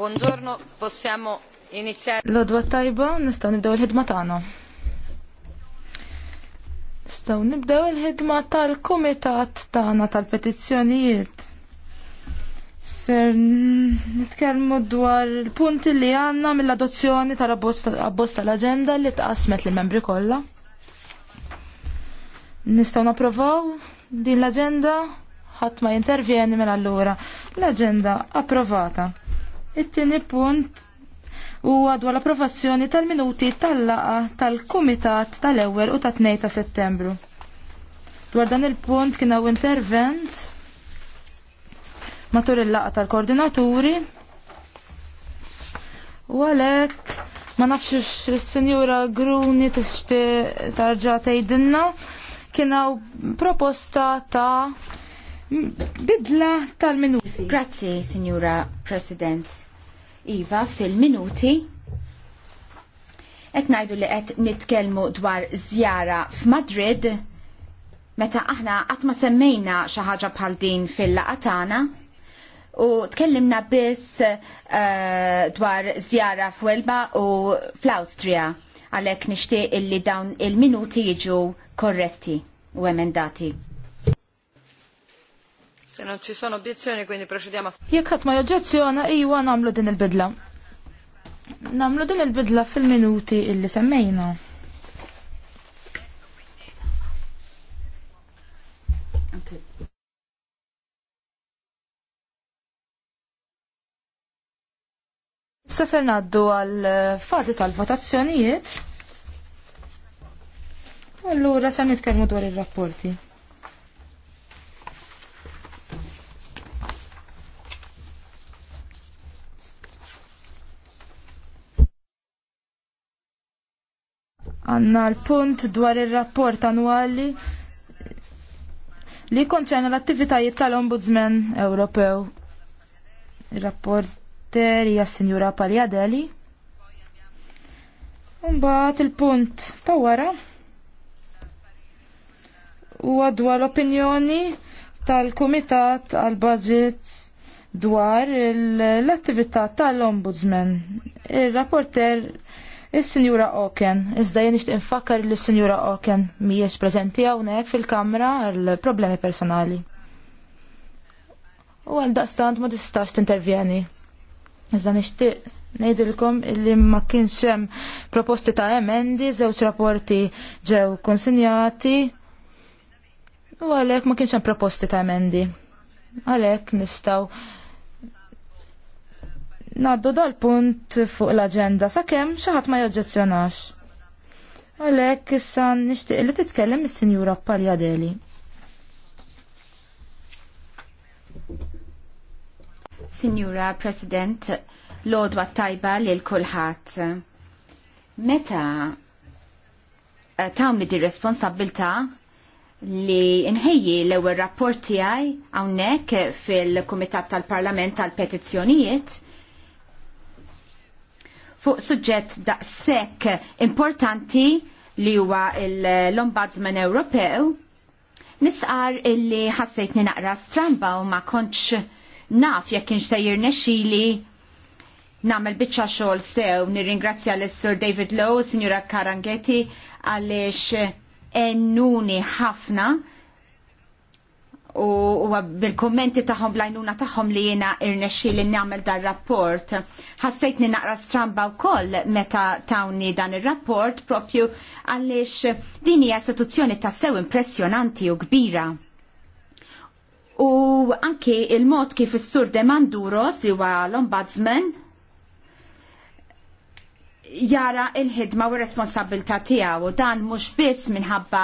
Buongiorno, possiamo iniziare. L'odwa tajba, nistaw nibdew il-ħidma tagħna. Nistaw nibdew il-ħidma tal-kumitat tagħna tal-petizzjonijiet. Ser nitkellmu dwar il-punti li għandna mill-adozzjoni tal-abbozz tal-aġenda li tqasmet lill-membri kollha. Nistgħu napprovaw din l-aġenda ħadd ma jintervjeni mela allura. L-aġenda approvata. It-tieni punt huwa dwar l-approvazzjoni tal-minuti tal-laqa tal-Kumitat tal-ewwel u tat-2 ta' Settembru. Dwar dan il-punt kien hawn intervent matul il-laqa tal-koordinaturi u għalhekk ma nafx is-Sinjura Gruni tixtieq tarġa' tgħidilna kien hawn proposta ta' bidla tal-minuti. Grazzi, Signora President. Iva, fil-minuti Et ngħidu li qed nitkellmu dwar zjara f'Madrid meta aħna qatt ma semmejna xi ħaġa bħal din fil laqatana u tkellimna biss uh, dwar żjara f'Welba u fl-Awstrija għalhekk nixtieq illi dawn il-minuti jiġu korretti u emendati. Se non ci sono obiezioni, quindi procediamo a... Jekk ħadd ma joġġezzjona, iwa nagħmlu din il-bidla. Namlu din il-bidla fil-minuti illi semmejna. Okay. Issa ser naddu għal eh, fazi tal-votazzjonijiet. Allura sa nitkellmu dwar ir-rapporti. Għanna l-punt dwar il-rapport annwali li konċerna l-attivitajiet tal-Ombudsman Ewropew. Il-rapporter hija Sinjura Paljadeli. Mbagħad il-punt ta' wara huwa dwar l-opinjoni tal-Kumitat għal budget dwar l-attività tal-Ombudsman. Il-rapporter Is-Sinjura Oken, iżda jien nixtieq infakkar li s-Sinjura Oken mhijiex preżenti hawnhekk fil-kamra għal problemi personali. U għal daqstant ma tistax tintervjeni. Iżda nixtieq ngħidilkom illi ma kienx hemm proposti ta' emendi, żewġ rapporti ġew konsinjati u għalhekk ma kienx hemm proposti ta' emendi. Għalhekk nistgħu naddu dal-punt fuq l-agenda sakemm xi ħadd ma jagġezzjonax. Għalhekk issa nishtiq li titkellem is-Sinjura Deli. Sinjura President, lodwa tajba lil kulħadd. Meta eh, tawni di responsabilta li nħejji l ewwel rapport tiegħi hawnhekk fil-Kumitat tal-Parlament tal-Petizzjonijiet fuq suġġett daqshekk importanti li huwa l-Ombudsman Ewropew, nistqar illi ħassejtni naqra stramba u ma kontx naf jekk kienx sejjer nexili namel bicċa xogħol sew nirringrazzja l sur David Lowe, Signora Karangeti għaliex ennuni ħafna u bil-kommenti taħħom għajnuna taħħom li jena irnexxi li nagħmel dar rapport. Ħassejt ni naqra stramba wkoll meta tawni dan ir-rapport propju għaliex din hija istituzzjoni ta' sew impressjonanti u kbira. U anki il-mod kif is-sur Demanduros li huwa l-ombudsman jara il-ħidma u r-responsabilità tiegħu u dan mhux biss minħabba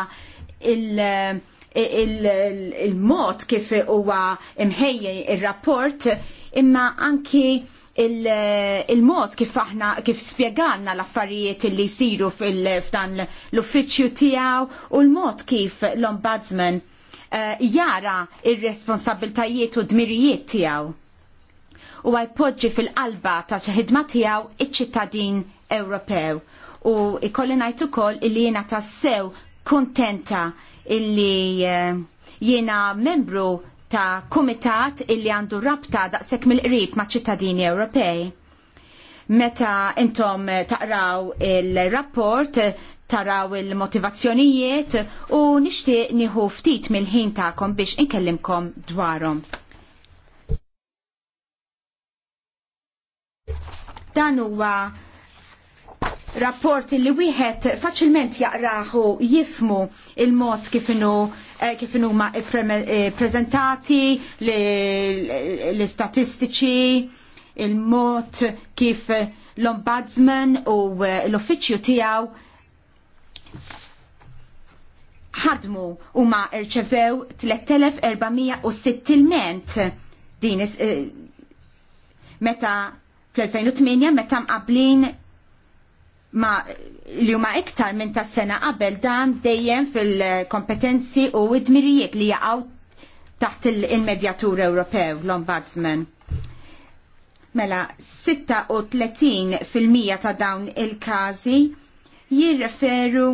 il- il-mod kif huwa imħejja il rapport imma anki il-mod kif aħna kif spjeganna l-affarijiet li jsiru f'dan l-uffiċċju tiegħu u l-mod kif l-ombudsman eh, jara ir-responsabiltajiet u dmirijiet tiegħu. U għajpoġġi fil-qalba ta' ħidma tiegħu iċ-ċittadin Ewropew. U ikolli ngħid ukoll illi jiena tassew kuntenta illi eh, jiena membru ta' kumitat illi għandu rabta daqshekk mill-qrib ma' ċittadini Ewropej. Meta intom eh, taqraw il-rapport taraw il-motivazzjonijiet u nixtieq nieħu ftit mill-ħin tagħkom biex inkellimkom dwarhom. Dan huwa rapport li wieħed faċilment jaqraħu jifmu il-mod kif inhu eh, kif huma ppreżentati eh, l-istatistiċi, il-mod kif l-ombudsman u eh, l-uffiċċju tiegħu ħadmu huma rċevew 3460 ment din meta fl-2008 meta mqablin ma li huma iktar minn tas sena qabel dan dejjem fil-kompetenzi u id-dmirijiet li jaqgħu taħt il-Medjatur Ewropew, l-Ombudsman. Mela, 36% ta' dawn il-każi jirreferu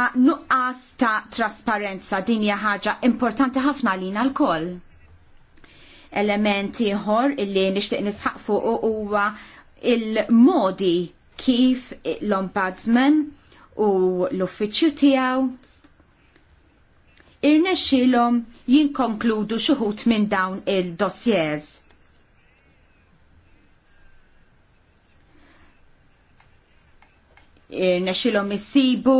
a nuqqas ta' trasparenza din hija ħaġa importanti ħafna lina l-koll. Elementi ħor illi nixtieq nisħaq fuq huwa il-modi kif l-ombudsman u l-uffiċju tiegħu irnexxilhom jinkonkludu xi ħut minn dawn il-dossiers. Irnexxilhom issibu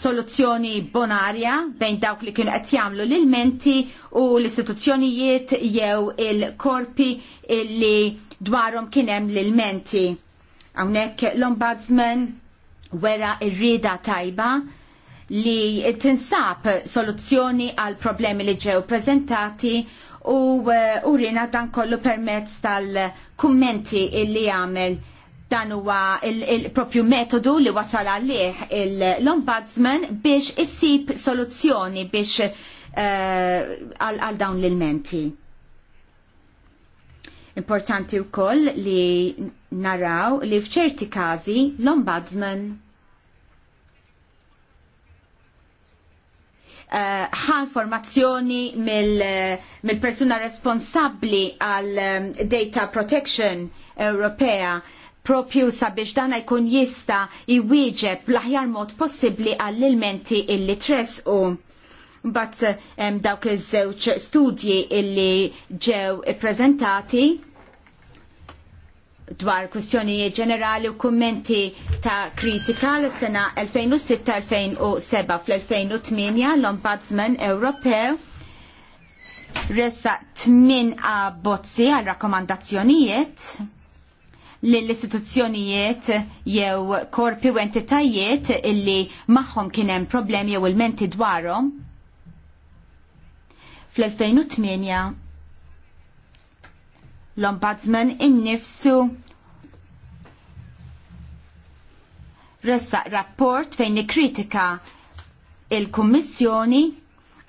soluzzjoni bonarja bejn dawk li kienu qed jagħmlu l-ilmenti u l-istituzzjonijiet jew il-korpi li dwarhom kien hemm l-ilmenti. Hawnhekk l-Ombudsman wera r-rieda tajba li tinsab soluzzjoni għal problemi li ġew prezentati u eh, urina dan kollu permezz tal-kummenti illi għamel dan huwa il-propju metodu li wasal għalih l-ombudsman biex issib soluzzjoni biex eh, għal uh, dawn l-ilmenti. Importanti wkoll li naraw li fċerti każi l-ombudsman eh, ħa uh, informazzjoni mill-persuna eh, mil responsabbli għal eh, data protection Ewropea propju sabiex dana jkun jista iwieġeb l-aħjar mod possibbli għall-ilmenti illi u Bat um, dawk iż-żewġ studji illi ġew ippreżentati dwar kwistjonijiet ġenerali u kummenti ta' kritika l sena 2006-2007 fl-2008 l-Ombudsman Ewropew ressa tmin bozzi għal rakkomandazzjonijiet l-istituzzjonijiet jew korpi u entitajiet illi magħhom kien hemm problemi jew il-menti dwarhom. Fl-2008 l-ombudsman innifsu ressaq rapport fejn kritika il-Kummissjoni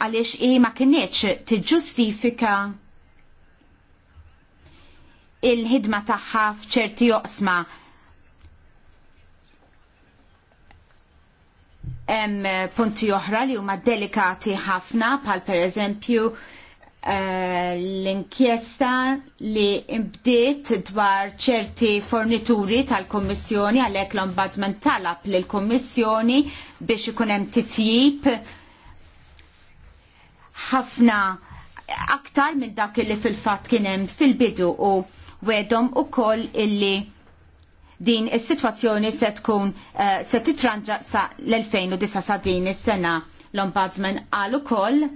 għaliex i ma kienieċ tiġġustifika il-ħidma tagħha f'ċerti joqsma hemm punti oħra li huma delikati ħafna bħal pereżempju Eh, l-inkjesta li imbdiet dwar ċerti fornituri tal-Kommissjoni għalhekk l-Ombudsman talab lill-Kommissjoni biex ikun hemm titjib ħafna aktar minn dak li fil-fat kienem fil-bidu u wedom u koll illi din is situazzjoni se tkun eh, se titranġa sa l-2009 sa din is-sena. L-Ombudsman għal ukoll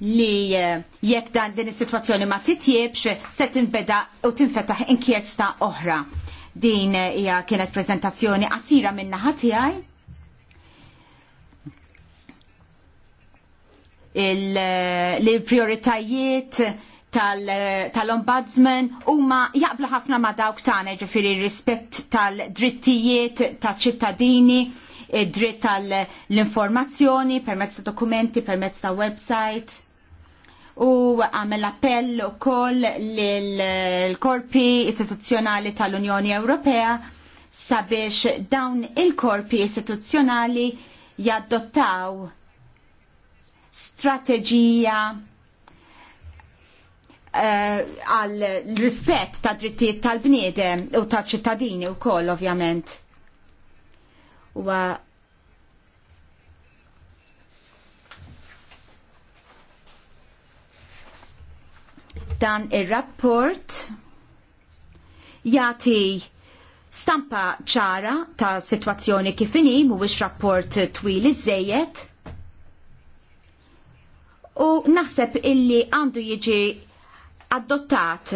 li eh, jekk dan din is-sitwazzjoni ma titjiebx se tinbeda u tinfetaħ inkjesta oħra. Din eh, hija kienet preżentazzjoni qasira min naħa tiegħi. Il-prioritajiet eh, tal-ombudsman u huma jaqblu ħafna ma dawk tagħna ġifieri rispett tal-drittijiet taċ ċittadini id-dritt tal-informazzjoni permezz ta' dokumenti, permezz ta' website u għamel appell u koll l-korpi istituzzjonali tal-Unjoni Ewropea sabiex dawn il-korpi istituzzjonali jaddottaw strategija eh, għal uh, rispett ta' drittijiet tal-bniedem u ta' ċittadini u koll ovvjament. Dan ir-rapport jagħti stampa ċara ta' situazzjoni kif mu mhuwiex rapport twil zzejet u naħseb illi għandu jiġi adottat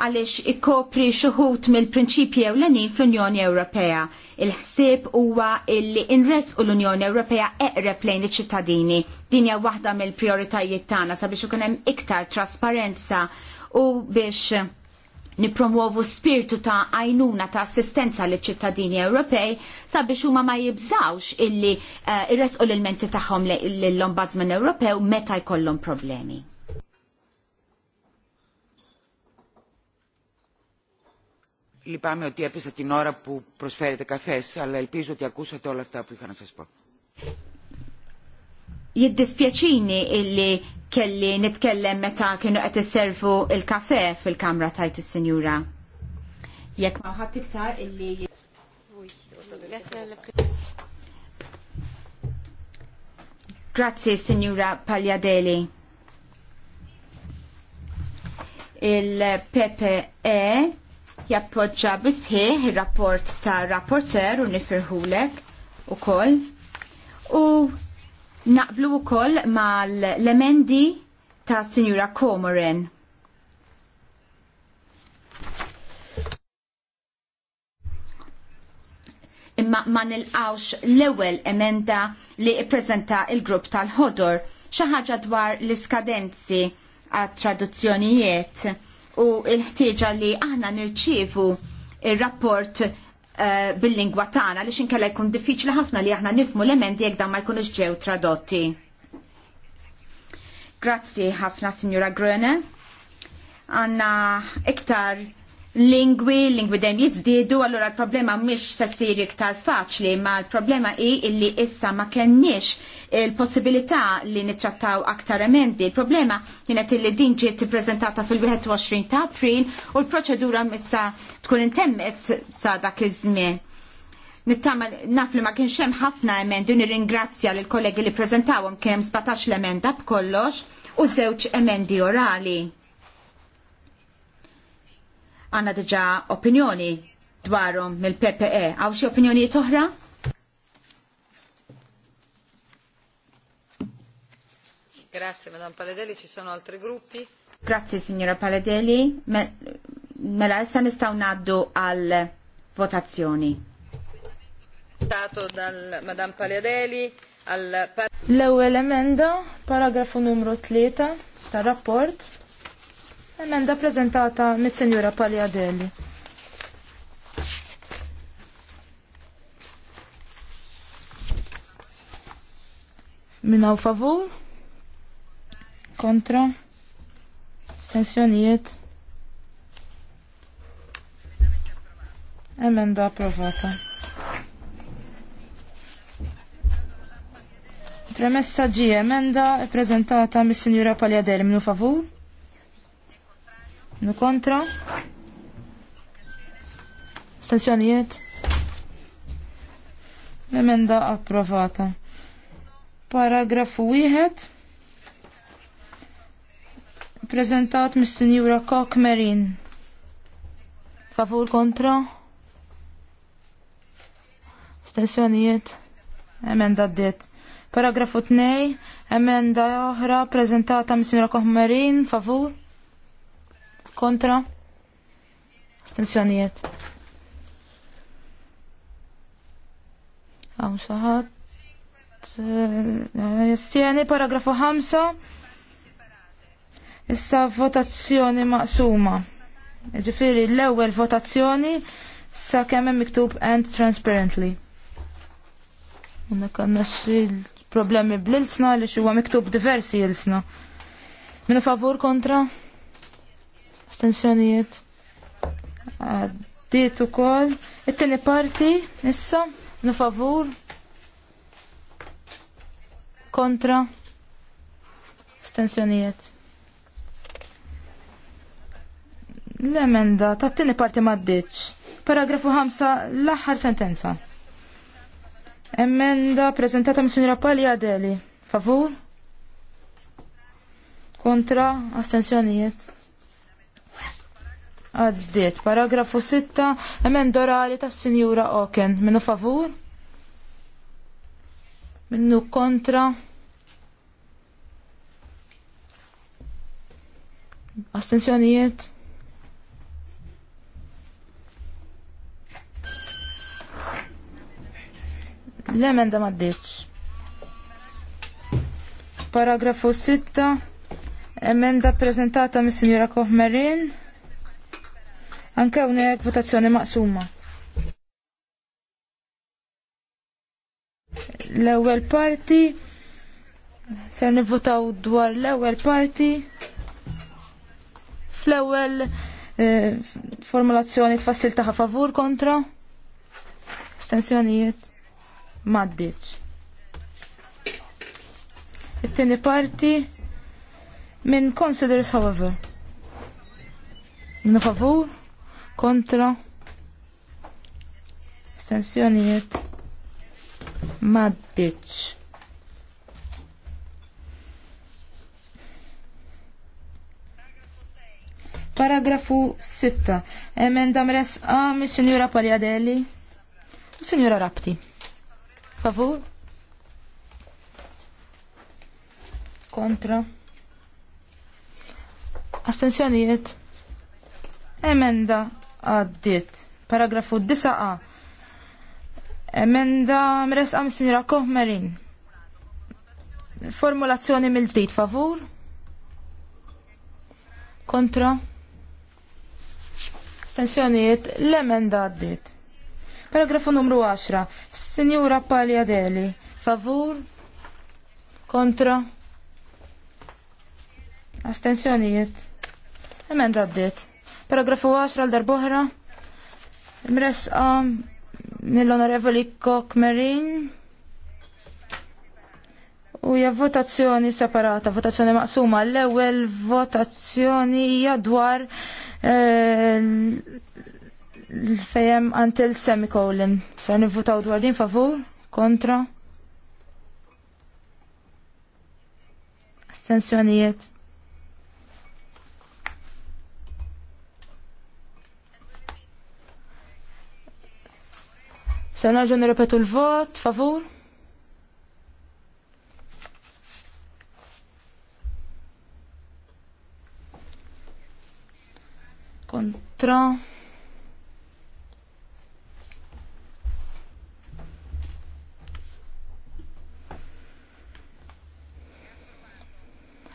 għaliex ikkopri xuħut mill-prinċipji ewlenin fl-Unjoni Ewropea Il-ħsieb huwa illi inres u l-Unjoni Ewropea eqreb lejn iċ-ċittadini. Din hija waħda mill-prijoritajiet tagħna sabiex ikun hemm iktar trasparenza u biex nipromuovu spiritu ta' għajnuna ta' assistenza li ċittadini Ewropej sabiex huma ma jibżawx illi uh, irresqu l-menti tagħhom l-Ombudsman Ewropew meta jkollhom problemi. Λυπάμαι ότι έπεσα την ώρα που προσφέρετε καφές, αλλά ελπίζω ότι ακούσατε όλα αυτά που είχα να σας πω. Jiddispjaċini illi kelli nitkellem meta kienu qed isservu il-kafe fil-kamra tajt is-sinjura. Jekk ma ħadd iktar illi Signora Pagliadeli. Il-PPE jappoġġa bisħieħ ir-rapport ta' rapporter u nifirħulek ukoll. U naqblu ma' mal-emendi ta' Sinjura Komoren. imma ma nil-għawx l-ewwel emenda li ppreżenta il-grupp tal-ħodor xaħġa ħaġa dwar l-iskadenzi għat traduzzjonijiet u l-ħtieġa li aħna nirċievu il rapport eh, bil-lingwa tagħna li xinkella jkun diffiċli ħafna li aħna nifmu l-emendi jekk dan ma jkunux ġew tradotti. Grazzi ħafna, Signora Gröne. Għanna iktar lingwi, lingwi dem jizdidu, allura l-problema mish se sir iktar faċli, ma l-problema i illi issa ma kenniex il-possibilità li nitrattaw aktar emendi. Il-problema jenet illi din ġiet prezentata fil-21 ta' april u l-proċedura missa tkun intemmet sa dak iż-żmien. Nittamal naf li ma kienx hemm ħafna emendi u nirringrazzja lill kollegi li preżentawhom kien hemm 17 l-emenda b'kollox u żewġ emendi orali Għanna diġa opinjoni dwarhom mill-PPE. Għaw xi opinjoni toħra? Grazie, Madame Paladelli. Ci sono altri gruppi? Grazie, signora Paladelli. Mela, issa nistaw naddu għal votazzjoni. dal Madame Paladelli għal... L-ewwel emenda, paragrafu numru 3 tar rapport Emenda prezentata mis-Sinjura Pagliadelli. Minnaw favur? Kontra? Stensjonijiet? Emenda approvata. Premessa G, emenda prezentata mis-Sinjura Pagliadelli. Minnu favur? Nu kontra. Stazzjonijiet. L-emenda approvata. Paragrafu wieħed. Prezentat mis-Sinjura Kok Merin. Favur kontra. Stazzjonijiet. Emenda d-diet. Paragrafu 2. Emenda oħra prezentata mis-Sinjura Kok Merin. Favur kontra astensjonijiet. Għaw saħat Jestieni eh, eh, paragrafu 5. Issa votazzjoni maqsuma. Ġifiri l-ewwel votazzjoni sa kemm hemm miktub and transparently. Unna kanna problemi bl-ilsna li xuwa miktub diversi ilsna. Minu favur kontra? astensjonijiet għaddiet ukoll. It-tieni parti issa nu favur kontra astensjonijiet. L-emenda ta' t-tieni parti maddiċ. Paragrafu 5 l-aħħar sentenza. Emenda prezentata mis-Sinjora Adeli. Favur? Kontra? Astensjonijiet? Għaddiet. Paragrafu 6. Emend orali ta' Sinjura Oken. Minnu favur? Minnu kontra? Astenzjonijiet? L-emenda maddiċ. Paragrafu 6. Emenda prezentata mis-Sinjura Kohmerin. Anke hawnhekk votazzjoni maqsuma. L-ewwel parti ser nivvotaw dwar l-ewwel parti fl-ewwel eh, formulazzjoni tfassil taħ favur kontra stensjonijiet maddiċ. It-tieni parti min considers however. Minn favur kontra astensjonijiet maddiċ. Paragrafu 6. Emenda mres a Sinjura Pagliadelli u Rapti. Favur? Kontra? Astenzjonijiet? Emenda għaddit. Paragrafu 9a. Emenda mres għam sinjura Kohmerin. Formulazzjoni mill-ġdid favur. Kontra. Stensjoniet l-emenda għaddit. Paragrafu numru 10. Sinjura Paliadeli. Favur. Kontra. Astensjoniet. Emenda għaddit. Paragrafu 10 għal darbohra. Mres mill-onorevoli Kok Merin. U hija votazzjoni separata, votazzjoni maqsuma. L-ewwel votazzjoni hija dwar eh, l-fejem until semicolon. Ser nivvotaw dwar din favur, kontra. Astensjonijiet. Se nerġu nirrepetu l-vot, favur? Kontra.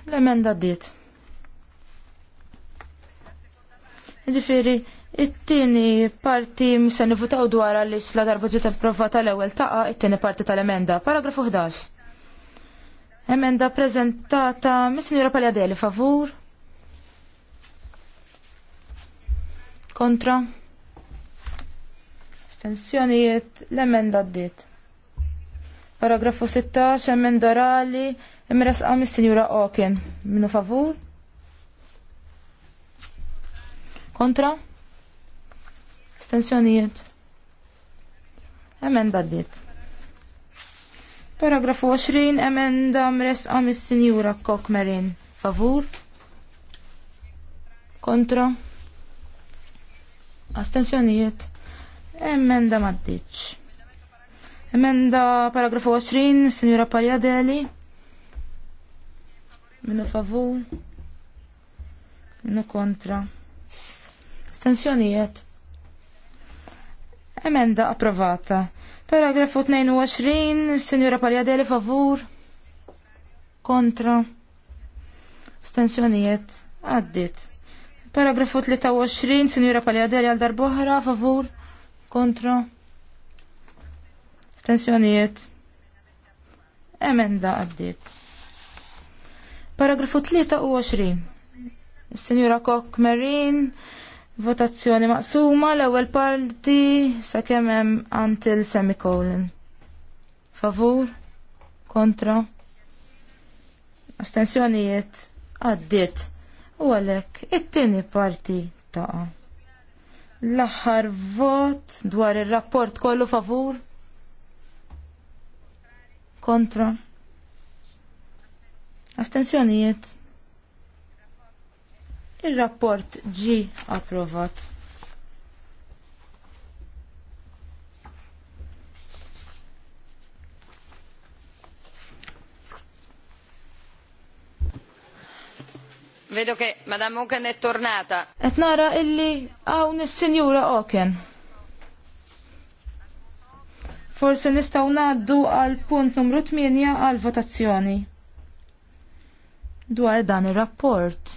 L-emenda d-diet. Ġifiri, It-tieni parti se nivutaw dwar għaliex la darba ġiet approvata tal-ewwel taqa' it-tieni parti tal-emenda. Paragrafu 11. Emenda preżentata mis-Sinjura Paljadeli favur. Kontra. Stenzjonijiet l-emenda d-diet. Paragrafu 16, emenda orali, imresqa mis sinjura Oken. Minu favur? Kontra? Stenzjonijiet. Emenda d-ditt. Paragrafu 20, emenda mres għamis sinjura Kokmerin. Favur? Kontra? Astenzjonijiet? Emenda maddiċ. Emenda paragrafu 20, sinjura Pajadeli. Minu favur? Minu kontra? Astenzjonijiet? Emenda approvata. Paragrafu 22, Signora Pagliadele, favur. Kontra. Stenzjonijiet. Għaddit. Paragrafu 23, Signora Pagliadele, għal darbohra favur. Kontra. Stensjonijiet, Emenda għaddit. Paragrafu 23, Signora Kok Marin Votazzjoni maqsuma l-ewwel parti kemm hemm until semicolon. Favur, kontra, astensjonijiet għaddiet u għalhekk it-tieni parti taqa. L-aħħar vot dwar ir-rapport kollu favur, kontra, astensjonijiet Il-rapport ġi approvat. Vedo che Madame Oken è tornata. Et nara illi hawn is-Sinjura Oken. Forse nistgħu ngħaddu għal punt numru 8 għal votazzjoni. Dwar dan ir-rapport.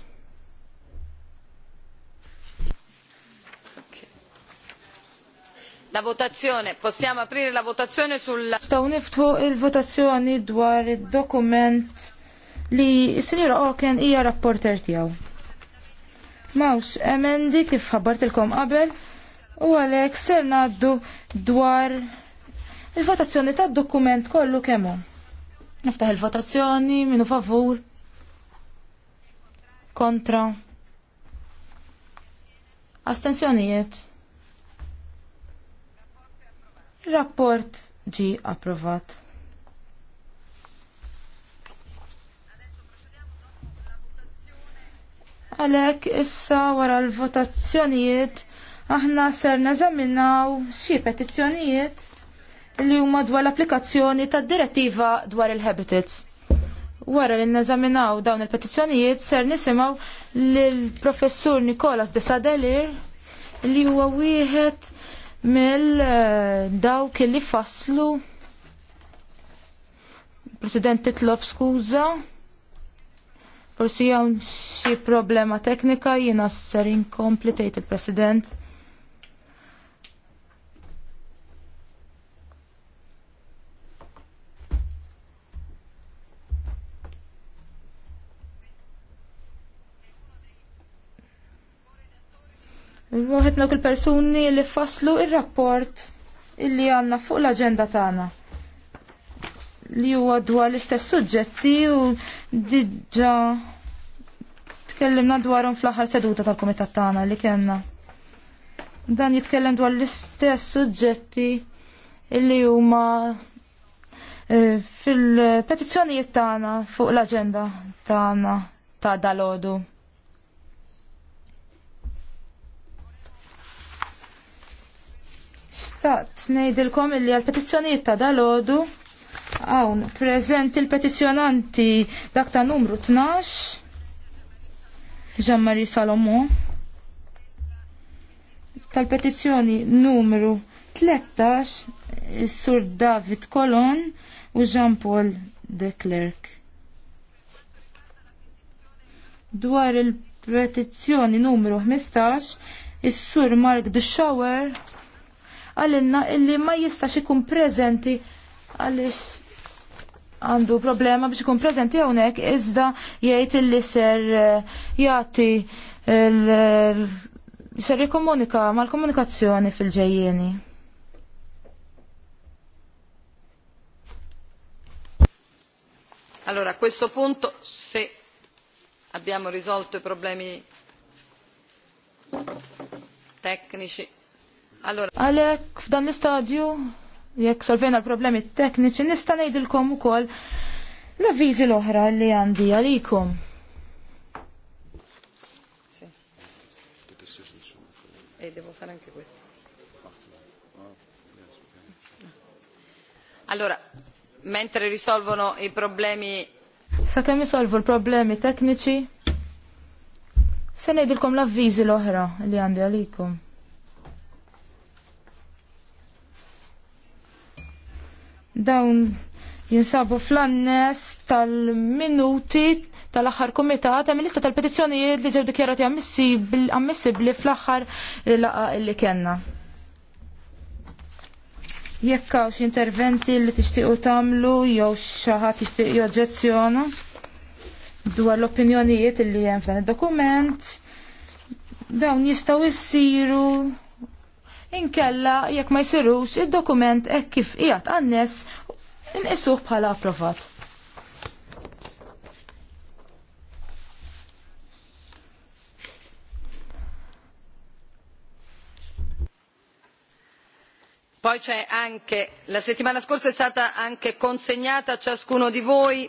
La votazione, possiamo aprire la votazione sul... Staw niftu il-votazzjoni dwar il-dokument li s-sinjura Oken hija rapporter tiegħu. Maws, emendi kif ħabbartilkom qabel u għalek ser ngħaddu dwar il-votazzjoni tad-dokument kollu kemm hu. Niftaħ il-votazzjoni minu favur. Kontra. Astensjonijiet. Rapport ġi approvat. Għalek, issa wara l-votazzjonijiet, aħna ser nazaminaw xi petizzjonijiet li huma dwar l-applikazzjoni tad-direttiva dwar il-habitats. Wara li nazaminaw dawn il-petizzjonijiet ser nisimaw lill professur Nikolas de Sadelir li huwa wieħed mill dawk li faslu President titlob skuża forsi hawn xi problema teknika jiena ser inkompli tgħid il-President. Moħetna kull persuni li faslu il-rapport illi għanna fuq l-agenda tagħna li huwa dwar l-istess suġġetti u diġa' tkellimna dwarhom fl-aħħar seduta tal-kumitat tagħna li kellna. Dan jitkellem dwar l-istess suġġetti illi huma eh, fil-petizzjonijiet tagħna fuq l-aġenda tagħna ta' dalodu. Ta, ngħidilkom illi għal-petizzjonijiet ta' dalodu hawn prezent il-petizzjonanti dak ta' numru 12 Ġammari Salomo tal-petizzjoni numru 13 is-Sur David Colon u Jean-Paul de Klerk. Dwar il-petizzjoni numru 15 is-Sur Mark de Shower għalinna illi ma jistax ikun prezenti għalix għandu problema biex ikun prezenti hawnhekk iżda jgħid illi ser eh, jati ser jikkomunika mal-komunikazzjoni fil-ġejjeni. Allora, a questo punto, se abbiamo risolto i problemi tecnici, Għalek, f'dan l-istadju, jekk solvena l-problemi tekniċi, nista' ngħidilkom ukoll l-avviżi l-oħra li għandi għalikom. E allora, mentre risolvono i problemi Sa kemm isolvu l-problemi tekniċi, se ngħidilkom l-avviżi l-oħra li għandi għalikom. Dawn jinsabu fl-annes tal-minuti tal-axar komitat hemm lista tal-petizzjonijiet li ġew dikjarati ammissibbli fl-aħħar eh, laqa li kena. Jekk u interventi li tixtiequ tagħmlu jew xi ħadd jixtieq joġġezzjona dwar l-opinjonijiet li hemm f'dan id-dokument dawn jistgħu jsiru inkella jekk ma jsirux id-dokument e kif qiegħed għannes inqisuh bħala approvat. Poi c'è anche, la settimana scorsa è stata anche consegnata a ciascuno di voi.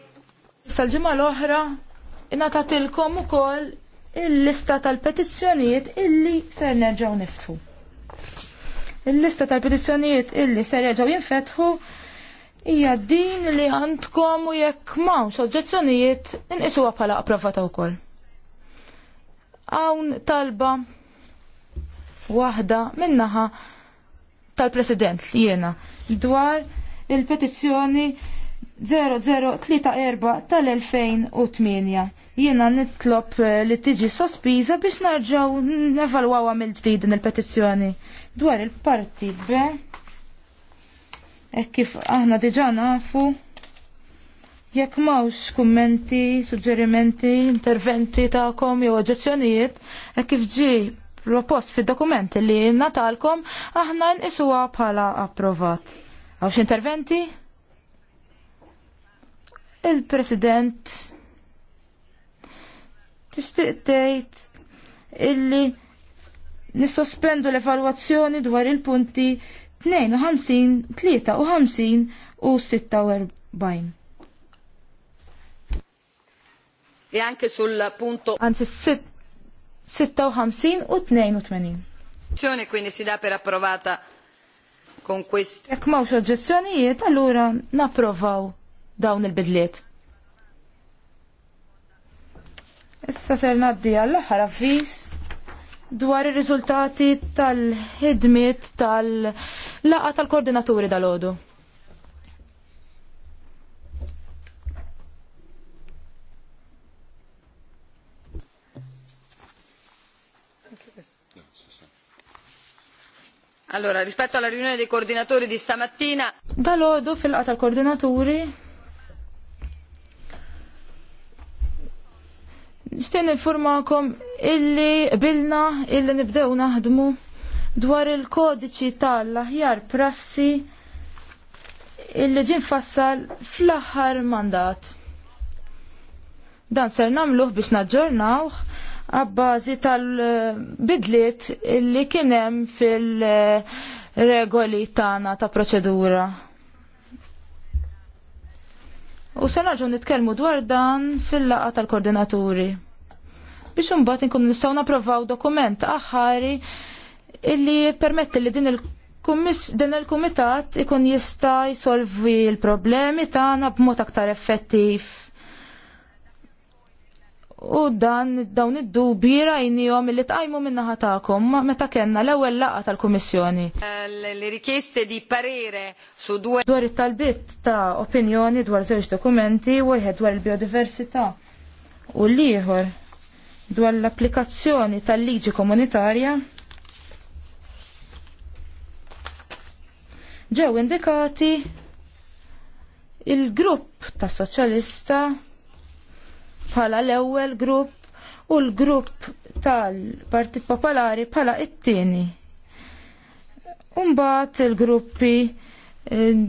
Sal-ġimgħa l-oħra ingħatatilkom ukoll il-lista tal-petizzjonijiet illi ser nerġgħu niftħu. Il-lista tal-petizzjonijiet illi ser jerġgħu jinfetħu hija din li għandkom u jekk m'hawnx oġġezzjonijiet inqisuha bħala approvata wkoll. Hawn talba waħda minnaħa tal-President jiena dwar il-petizzjoni 0034 tal-2008. Jiena nitlob eh, li tiġi sospiża biex narġaw nevalwaw mill ġdid din il-petizzjoni dwar il-parti B. E kif aħna diġa nafu jekk mawx kummenti, suġġerimenti, interventi ta'kom jew oġġezzjonijiet, e kif ġi propost fid-dokumenti li natalkom aħna nqisuha bħala approvat. Għawx interventi? il-President tixtieq tgħid illi nissospendu l-evalwazzjoni dwar il-punti 52, 53 u 46. E anche sul punto anzi 56 u 82. Azione quindi si dà per approvata con questo. Jekk mawx oġġezzjonijiet, allura napprovaw dawn il-bidliet. Issa ser naddi għall-aħħar avviż dwar ir-riżultati tal-ħidmiet tal-laqa tal-koordinaturi dal-għodu. Allora, rispetto alla riunione dei coordinatori di stamattina. Dal-għodu fil-laqa tal-koordinaturi Nishtin informakom illi bilna illi nibdew naħdmu dwar il-kodiċi tal-aħjar prassi illi ġin fassal fl-aħħar mandat. Dan ser namluħ biex naġġornawħ għabbażi tal-bidliet illi kienem fil- regoli tagħna ta' proċedura U se nitkelmu nitkellmu dwar dan fil-laqgħa tal-koordinaturi. Biex imbagħad inkunu nistgħu napprovaw dokument aħħari illi permetti li din il din il-kumitat ikun jista' jsolvi l-problemi tagħna b'mod aktar effettiv u dan dawn id-dubi rajnijom li tqajmu minnaħa tagħkom meta kellna l-ewwel laqgħa tal-Kummissjoni. Eh, le richieste di parere su due dwar it-talbit ta' opinjoni dwar żewġ dokumenti wieħed dwar il-biodiversità u l-ieħor dwar l-applikazzjoni tal-liġi komunitarja ġew indikati il-grupp ta' soċjalista bħala l-ewwel grupp u l-grupp tal-Partit Popolari bħala it-tieni. Umbat il-gruppi eh,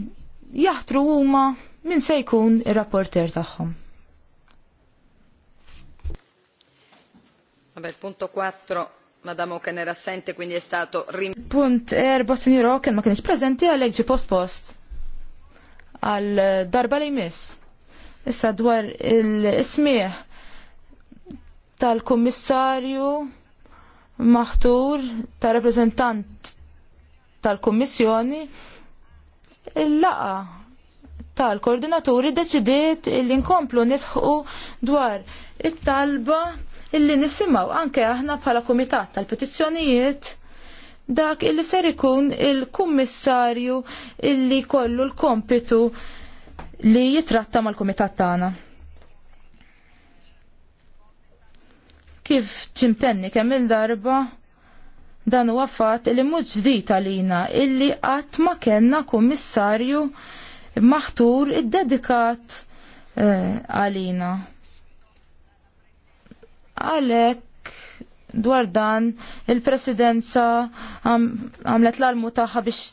jaħtru huma min se jkun ir-rapporter tagħhom. Vabbè, il punto 4 Madame Oken era assente, quindi è stato rim... Punt erba, signor Oken, ma kienx presenti a ġi post-post. Għal darba li jmiss. Issa dwar il ismieħ tal-Kummissarju maħtur ta' reprezentant tal-Kummissjoni il-laqa tal-koordinaturi deċidiet il nkomplu nisħu dwar it-talba illi nisimaw anke aħna bħala kumitat tal-petizzjonijiet dak illi ser ikun il-kummissarju illi kollu l-kompitu li jitratta mal-kumitat tagħna. Kif ċimtenni kemm il-darba dan huwa fatt li mhux ġdid għalina illi qatt ma kellna kummissarju maħtur iddedikat eh, għalina. Għalek dwar dan il-presidenza għamlet l-almu taħħa biex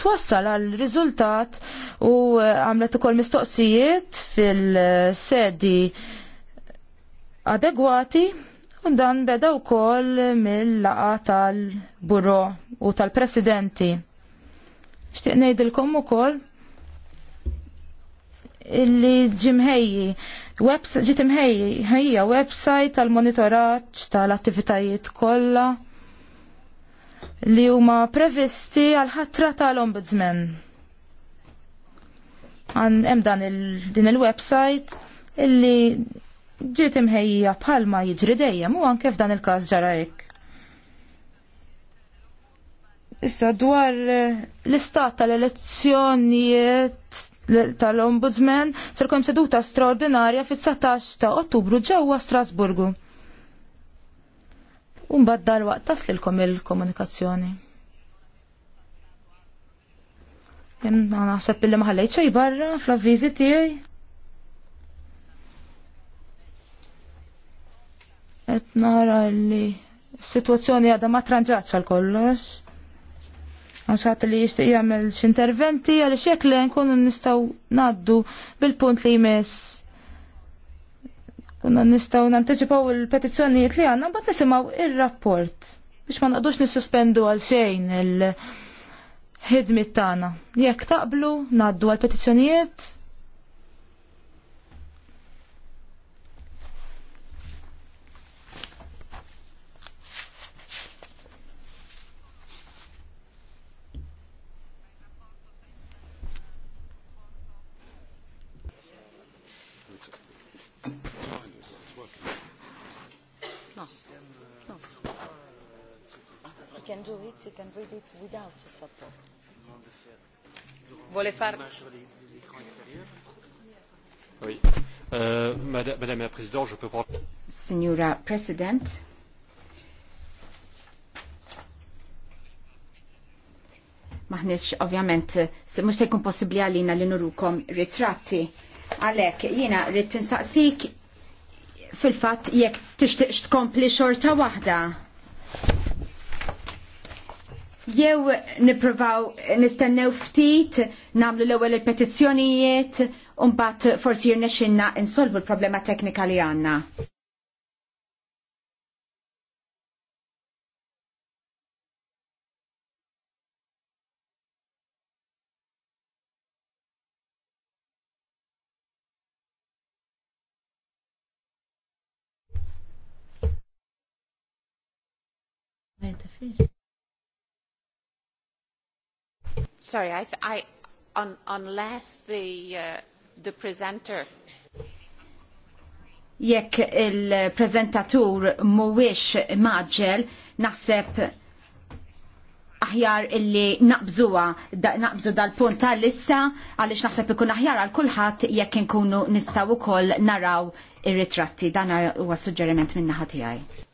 twassal għal riżultat u eh, għamlet ukoll mistoqsijiet fil-sedi adegwati u dan beda wkoll mill-laqa tal burro u tal-presidenti. Xtieq ngħidilkom ukoll illi ġimħejji ġiet ħejja website tal-monitoraġġ tal-attivitajiet kollha li huma previsti għal ħatra tal-Ombudsman. Għan hemm dan il din il-website illi ġiet imħejja bħalma jiġri dejjem u anke f'dan il-każ ġara hekk. Issa dwar eh, l-istat tal-elezzjonijiet tal-Ombudsman serkom seduta straordinarja fit-19 ta' Ottubru ġewwa Strasburgu u mbagħad darwaqt taslilkom il-komunikazzjoni. Jenna naħseb illi ma ħallejt barra fl-avviżi tiegħi. Qed nara li s-sitwazzjoni għadha ma tranġatx għal kollox. Għaxħat li jishtiq jgħamil x'interventi għaliex jekk le nkunu nistgħu ngħaddu bil-punt li jmiss Kunna nistaw nantiċipaw il-petizzjonijiet li għanna, bat nisimaw il-rapport biex ma naqdux nissuspendu għal xejn il-ħidmit tagħna. Jekk taqblu ngħaddu għal petizzjonijiet you can read it without a subtitle. Vuole far... Oui. Euh, Madame, Madame la Présidente, je peux prendre... Signora President, maħnix ovvjament se mux sejkun possibli għalina li nurukom ritratti għalek jina rrit tinsaqsik fil-fat jek tixtiqx tkompli xorta wahda jew niprovaw nistennew ftit, namlu l-ewwel il-petizzjonijiet, u mbagħad forsi jirnexxinna insolvu l-problema teknika li għandna. Thank you. Sorry, I, th I un unless the, uh, the presenter jekk il-prezentatur mhuwiex maġġel naħseb aħjar illi naqbżuha naqbżu dal-punt tal-issa għaliex naħseb ikun aħjar għal kulħadd jekk inkunu nistgħu wkoll naraw ir-ritratti. Dan huwa suġġeriment minn naħa tiegħi.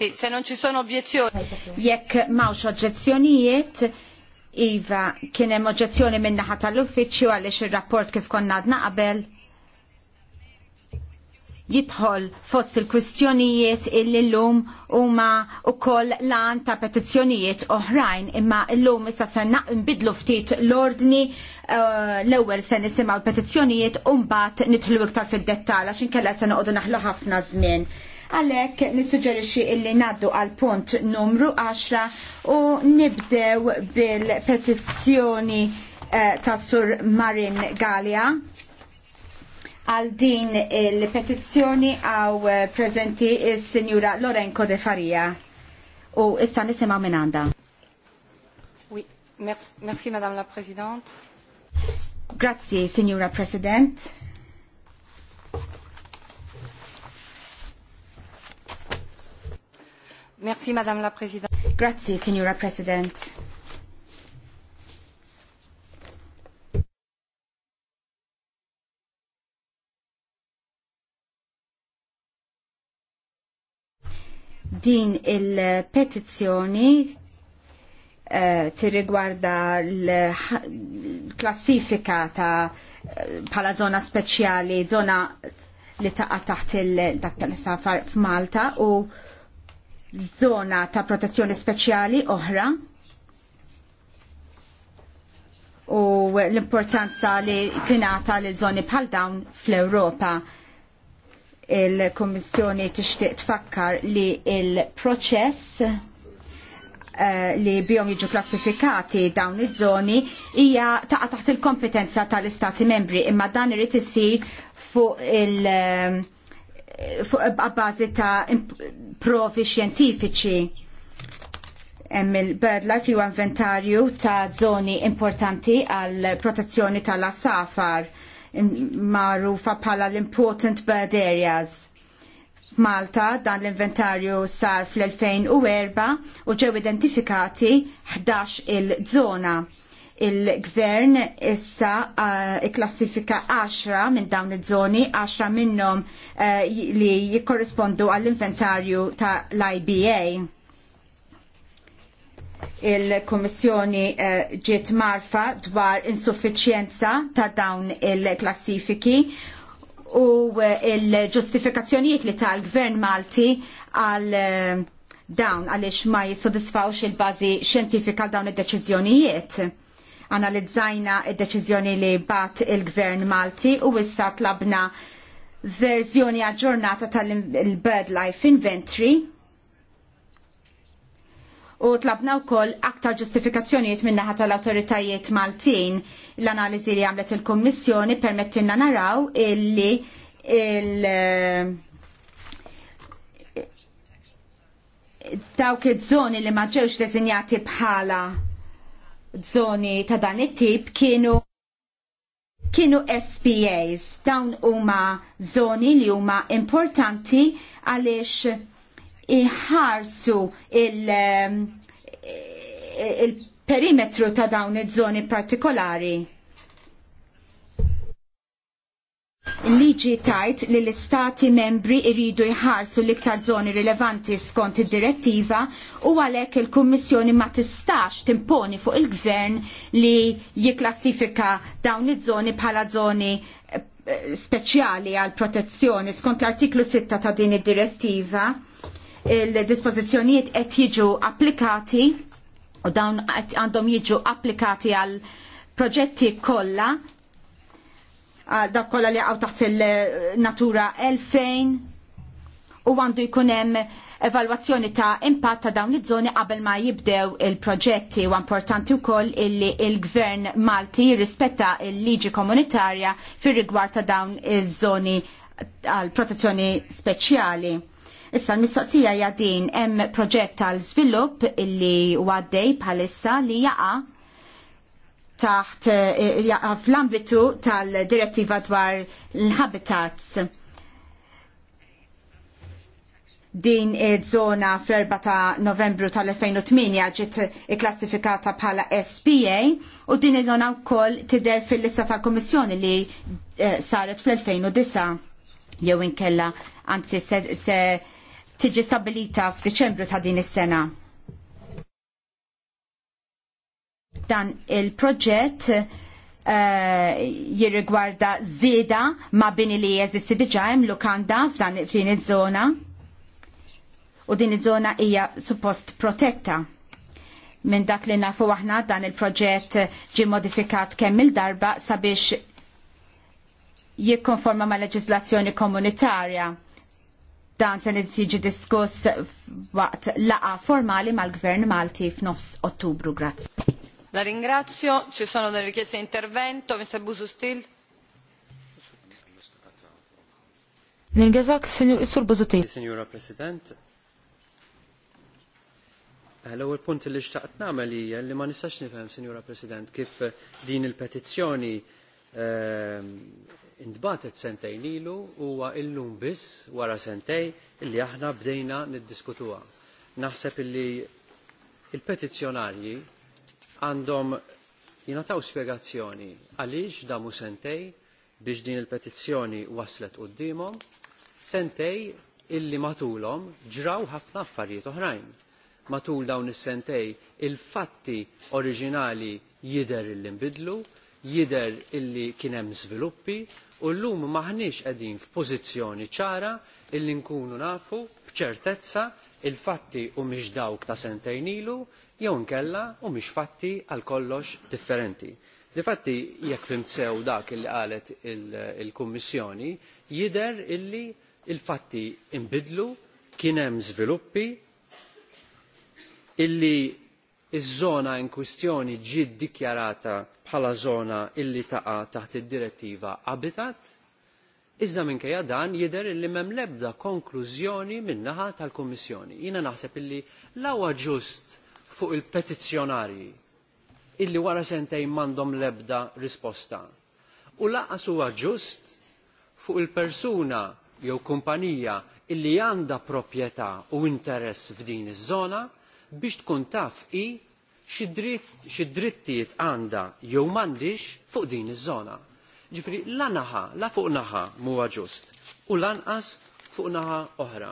Sì, se non ci sono obiezioni. Jekk mawx oġġezzjonijiet, Iva, kien hemm oġġezzjoni minn naħa tal-uffiċċju għaliex ir-rapport kif konna għadna qabel jidħol fost il-kwistjonijiet illi l-lum huma wkoll lan ta' petizzjonijiet oħrajn imma l-lum issa se nbidlu ftit l-ordni uh, l-ewwel se nisimgħu l-petizzjonijiet u mbagħad nidħlu iktar fid-dettall għax inkella se noqogħdu naħlu ħafna żmien. Għalhekk nissuġġerixxi illi ngħaddu għal punt numru 10 u nibdew bil-petizzjoni eh, tas Sur Marin Galia għal din il-petizzjoni għaw eh, prezenti il signora Lorenko de Faria u issa nisema minn għanda. Oui, merci, merci Madame la Presidente. Grazie, Signora President. Merci, Madame la President. Grazie, Signora President. Din il-petizzjoni eh, tirrigwarda l-klassifika ta' pala zona speċjali, zona li taqa taħt il-dak tal-safar f'Malta u zona ta' protezzjoni speċjali oħra u l-importanza li tingħata lil żoni bħal dawn fl-Ewropa il-Kommissjoni tixtieq tfakkar li il-proċess uh, li bihom jiġu klassifikati dawn iż-żoni hija taqa taħt il-kompetenza tal-Istati membri imma dan irid isir fuq il- fuq bażi ta' provi xjentifiċi hemm il-birdlife huwa inventarju ta' żoni importanti għal protezzjoni tal-asafar magħrufa bħala l-important bird areas. Malta dan l-inventarju sar fl-2004 u ġew identifikati 11 il-żona Il-gvern issa uh, eh, klassifika 10 minn dawn iż-żoni, 10 minnhom uh, li jikkorrispondu għall-inventarju ta' l-IBA. Il-Kommissjoni uh, eh, ġiet marfa dwar insuffiċjenza ta' dawn il-klassifiki u il-ġustifikazzjonijiet li ta' l-Gvern Malti għal dawn għaliex ma jissodisfawx il-bazi xjentifika dawn id-deċiżjonijiet analizzajna id-deċiżjoni li bat il-Gvern Malti u issa tlabna verżjoni aġġornata tal bird Life Inventory u tlabna wkoll aktar ġustifikazzjonijiet min-naħa tal-awtoritajiet Maltin. L-analiżi li għamlet il-Kummissjoni permettinna naraw illi il- dawk iż-żoni li ma ġewx deżinjati bħala żoni ta' dan it-tip kienu kienu SPAs, dawn huma żoni li huma importanti għaliex iħarsu il- eh, il-perimetru ta' dawn iż-żoni partikolari Il-liġi tajt li l-istati membri iridu jħarsu l-iktar zoni rilevanti skont id-direttiva u għalhekk il-Kummissjoni ma tistax timponi fuq il-Gvern li jiklassifika dawn iż-żoni bħala zoni eh, speċjali għal protezzjoni skont l-artiklu 6 ta' din id-direttiva il-dispożizzjonijiet qed jiġu applikati u dawn għandhom jiġu applikati għal proġetti kollha dak kollha li għaw taħt il-natura 2000 u għandu jkun hemm evalwazzjoni ta' impatt ta' dawn iż-żoni qabel ma jibdew il-proġetti u importanti wkoll illi il-Gvern Malti jirrispetta il-liġi komunitarja fir rigward ta' dawn iż-żoni għal protezzjoni speċjali. Issa l-mistoqsija hija din hemm proġett tal-żvilupp illi għaddej bħalissa li jaqa' taħt eh, fl-ambitu tal-direttiva dwar l-habitats. Din id żona fl-4 ta' novembru tal-2008 ġiet iklassifikata bħala SPA u din iż-żona wkoll tidher fil-lista tal-Kummissjoni li eh, saret fl-2009 jew inkella anzi se, se tiġi stabilita f'Diċembru ta' din is-sena dan il-proġett Uh, jirrigwarda zida ma bini li jeżisti diġa hemm lukanda f'dan f'din iż-żona. U din iż-żona hija suppost protetta. Minn dak li nafu aħna dan il-proġett ġie modifikat kemm il-darba sabiex jikkonforma ma' leġislazzjoni komunitarja. Dan se jiġi diskuss waqt laqa formali mal-Gvern Malti f'nofs Ottubru. Grazzi. La ringrazio. Ci sono delle richieste di intervento. Mr. Busustil. Nirgazak, Sur Buzutin. Signora Presidente. Eh, l-ewwel punt li xtaqt nagħmel hija li ma nistax nifhem, Signora President, kif eh, din il-petizzjoni ehm, intbatet sentejn ilu huwa illum biss wara sentej illi aħna bdejna niddiskutuha. Naħseb illi il-petizzjonarji għandhom jinataw spiegazzjoni għaliex damu sentej biex din il-petizzjoni waslet d-dimom, sentej illi matulhom ġraw ħafna affarijiet oħrajn. Matul dawn is-sentej il-fatti oriġinali jider illi nbidlu, jider illi kien hemm żviluppi u llum maħniex qegħdin f'pożizzjoni ċara illi nkunu nafu b'ċertezza il-fatti u mhix dawk ta' sentejn ilu jew nkella u mhix fatti għal kollox differenti. Difatti jekk fim sew dak li qalet il-Kummissjoni il jidher illi il-fatti imbidlu kien hemm illi iż-żona in kwistjoni ġiet dikjarata bħala żona illi taqa' taħt id-direttiva Habitat Iżda minkejja dan jidher li m'hemm l-ebda konklużjoni min-naħa tal-Kummissjoni. Jiena naħseb illi l-awa ġust fuq il-petizzjonarji illi wara sentejn m'għandhom l-ebda risposta. U laqas huwa ġust fuq il-persuna jew kumpanija illi għandha proprjetà u interess f'din iż-żona biex tkun taf i xi drittijiet għandha jew m'għandix fuq din iż-żona Ġifri, la naħa, la fuq naħa muwa ġust, u lanqas fuq naħa oħra.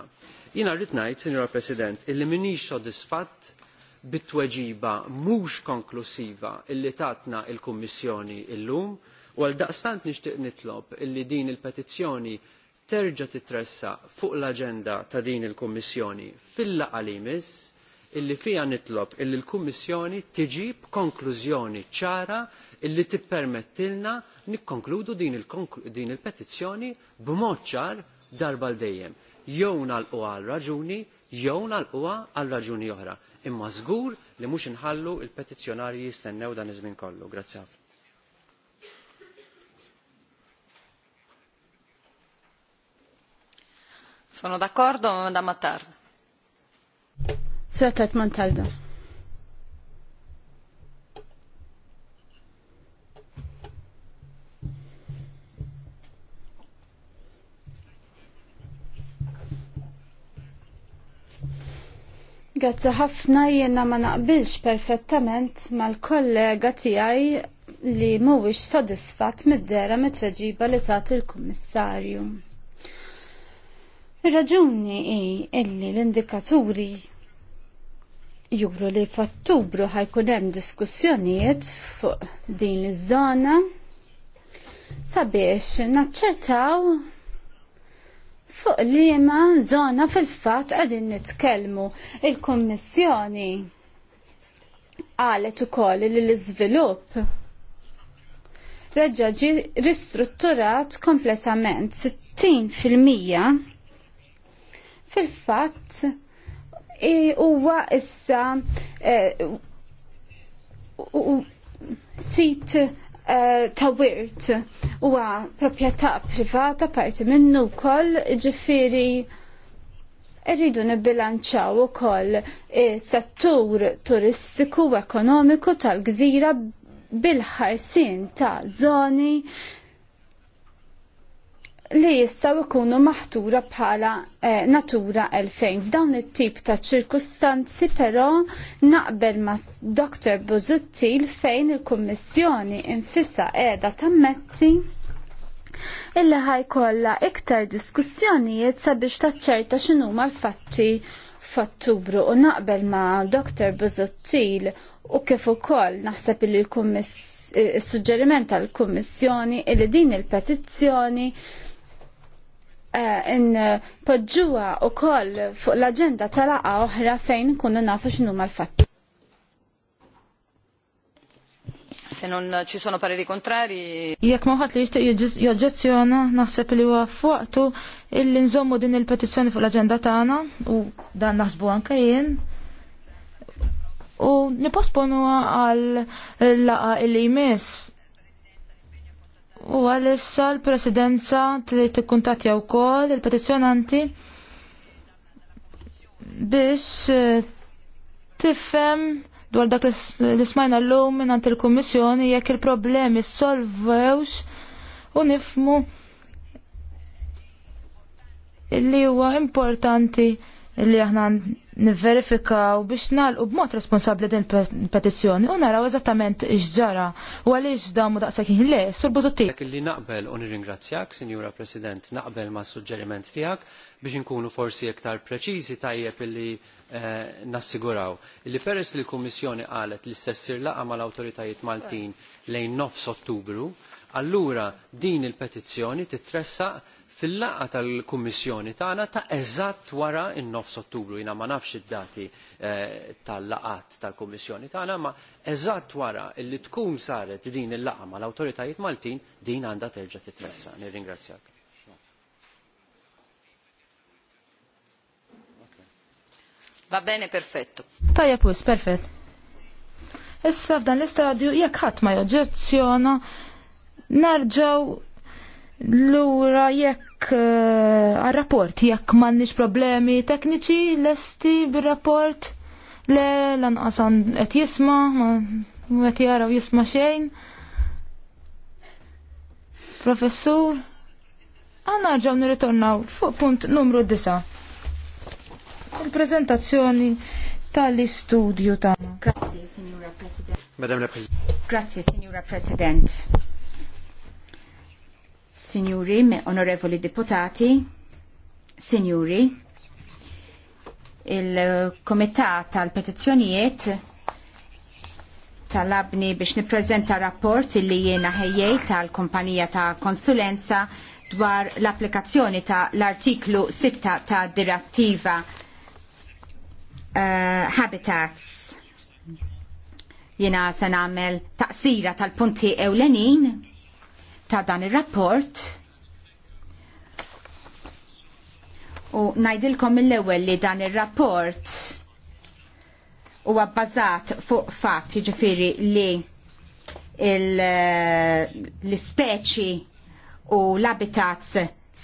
Jina rrit ngħid, Sinjora President, illi minix sodisfatt bit-tweġiba mhux konklusiva illi tatna il-Kummissjoni illum u għal daqstant nixtieq nitlob illi din il-petizzjoni terġa titressa fuq l-aġenda ta' din il-Kummissjoni fil-laqalimis illi fija nitlob illi l-Kummissjoni tiġib konklużjoni ċara illi tippermettilna nikkonkludu din il-petizzjoni b'mod ċar darba l-dejjem. Jew nalquha għal raġuni, jew nalquha għal raġuni oħra. Imma żgur li mhux inħallu il-petizzjonarji jistennew dan iż-żmien kollu. Grazzi Sono d'accordo, Madame Attard. Sratat Montalda. Grazzi ħafna jiena ma naqbilx perfettament mal-kollega tiegħi li mhuwiex sodisfatt mid-dera mit-tweġiba li tagħti l-Kummissarju. Ir-raġuni hi illi l-indikaturi juru li f'Ottubru ħajkun hemm diskussjonijiet fuq din iż-żona sabiex naċċertaw fuq liema żona fil-fatt qegħdin nitkellmu il-Kummissjoni qalet ukoll li l-iżvilupp reġa' ristrutturat kompletament 60% fil-fatt E huwa issa e, sit e, ta' wirt huwa proprjetà privata parti minnu wkoll ġifieri irridu nibbilanċaw ukoll settur turistiku u ekonomiku tal-gżira bil-ħarsin ta' zoni li jistaw ikunu maħtura bħala eh, natura elfejn. F'dawn it-tip ta' ċirkustanzi però naqbel ma' Dr. Buzuttil fejn il-Kummissjoni infissa qiegħda tammetti illi ħajkolla iktar diskussjonijiet sabiex taċċerta x'inhuma l-fatti f'Ottubru u naqbel ma' Dr. Buzottil u kif ukoll naħseb il l il suġġeriment tal-Kummissjoni illi din il-petizzjoni Eh, in eh, podġuwa u koll fuq l-agenda tal-laqa oħra fejn kunu nafu xinu mal-fatti. Se non ci sono pareri kontrari Jekk moħat li jishtiq joġġezzjona naħseb li huwa fuqtu illi nżommu din il-petizzjoni fuq l-agenda tagħna u dan naħsbu anke jien. U niposponu għal laqa illi jmiss U għalissa l-presidenza trid tikkuntatja wkoll il-petizzjonanti biex eh, tifhem dwar dak li smajna llum mingħand il-Kummissjoni jekk il-problemi solvewx u nifmu li huwa importanti li aħna nivverifikaw biex nalqu b'mod responsabbli din il-petizzjoni u naraw eżattament x'ġara u għaliex damu daqshekk kien le sur Buzutti. Dak li naqbel u nirringrazzjak, Sinjura President, naqbel ma' suġġeriment tiegħek biex inkunu forsi iktar preċiżi tajjeb illi eh, nassiguraw. Illi peress li l-Kummissjoni qalet li s-sessir laqa mal-autoritajiet Maltin lejn 9 Ottubru, allura din il-petizzjoni titressaq fil laqgħa tal-Kummissjoni tagħna ta' eżatt wara n-nofs Ottubru, jina ma nafx id-dati eh, tal laqat tal-Kummissjoni tagħna, ma eżatt wara li tkun saret din il laqgħa mal-awtoritajiet Maltin din għandha terġa' titressa. Nirringrazzjak. Va bene, perfetto. Tajja pus, perfett. Issa f'dan l-istadju jekk ħadd ma joġġezzjona nerġgħu Lura jekk jekk eh, għal-rapport, jekk mannix problemi tekniċi lesti bil-rapport, le lanqasan qed jisma, ma jara u jisma xejn. Professur, għanna ġaw nirritornaw fuq punt numru 9. Il-prezentazzjoni tal-istudju ta'. Grazie, Signora President. Madame la Presidente. Grazie, Signora President Signori, onorevoli deputati, signori, il-Komitat eh, tal-Petizzjonijiet talabni biex niprezenta rapport li jiena ħejjej tal-Kumpanija ta' Konsulenza dwar l-applikazzjoni ta' l-artiklu 6 ta' direttiva uh, Habitats. Jiena se nagħmel taqsira tal-punti ewlenin ta' dan ir-rapport u ngħidilkom mill-ewwel li dan ir-rapport huwa bbażat fuq fatt jiġifieri li eh, l-ispeċi u l-habitats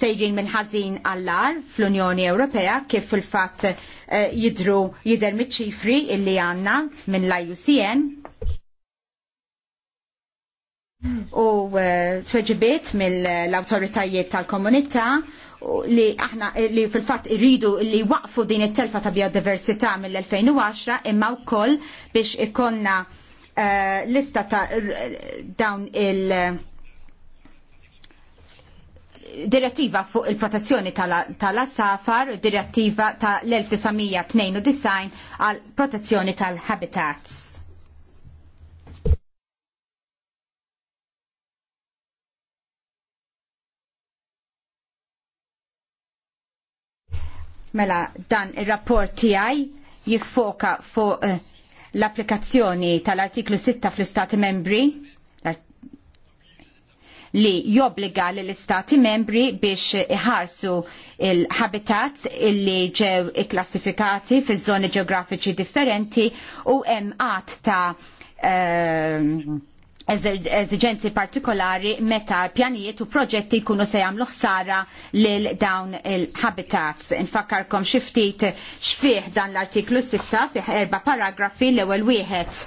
sejrin minn ħażin għallar fl-Unjoni Ewropea kif fil-fatt eh, jidru jidher miċ-ċifri illi għandna minn l-IUCN u eh, tweġibiet mill-autoritajiet tal-komunità li aħna li fil-fatt irridu li waqfu din it-telfa ta' biodiversità mill-2010 imma wkoll biex ikonna eh, lista ta' dawn il- direttiva fuq il-protezzjoni tal asafar ta direttiva tal-1992 għal protezzjoni tal-habitats. Mela dan ir-rapport tiegħi jiffoka fuq eh, l-applikazzjoni tal-artiklu 6 fl-Istati membri li jobbliga l istati membri biex iħarsu il-habitat illi ġew ikklassifikati fi żoni ġeografiċi differenti u hemm ta' uh, eżigenzi partikolari meta pjanijiet u proġetti jkunu se jagħmlu ħsara lil dawn il-habitats. Infakkarkom xi ftit xfih dan l-artiklu 6 fih erba' paragrafi l-ewwel wieħed.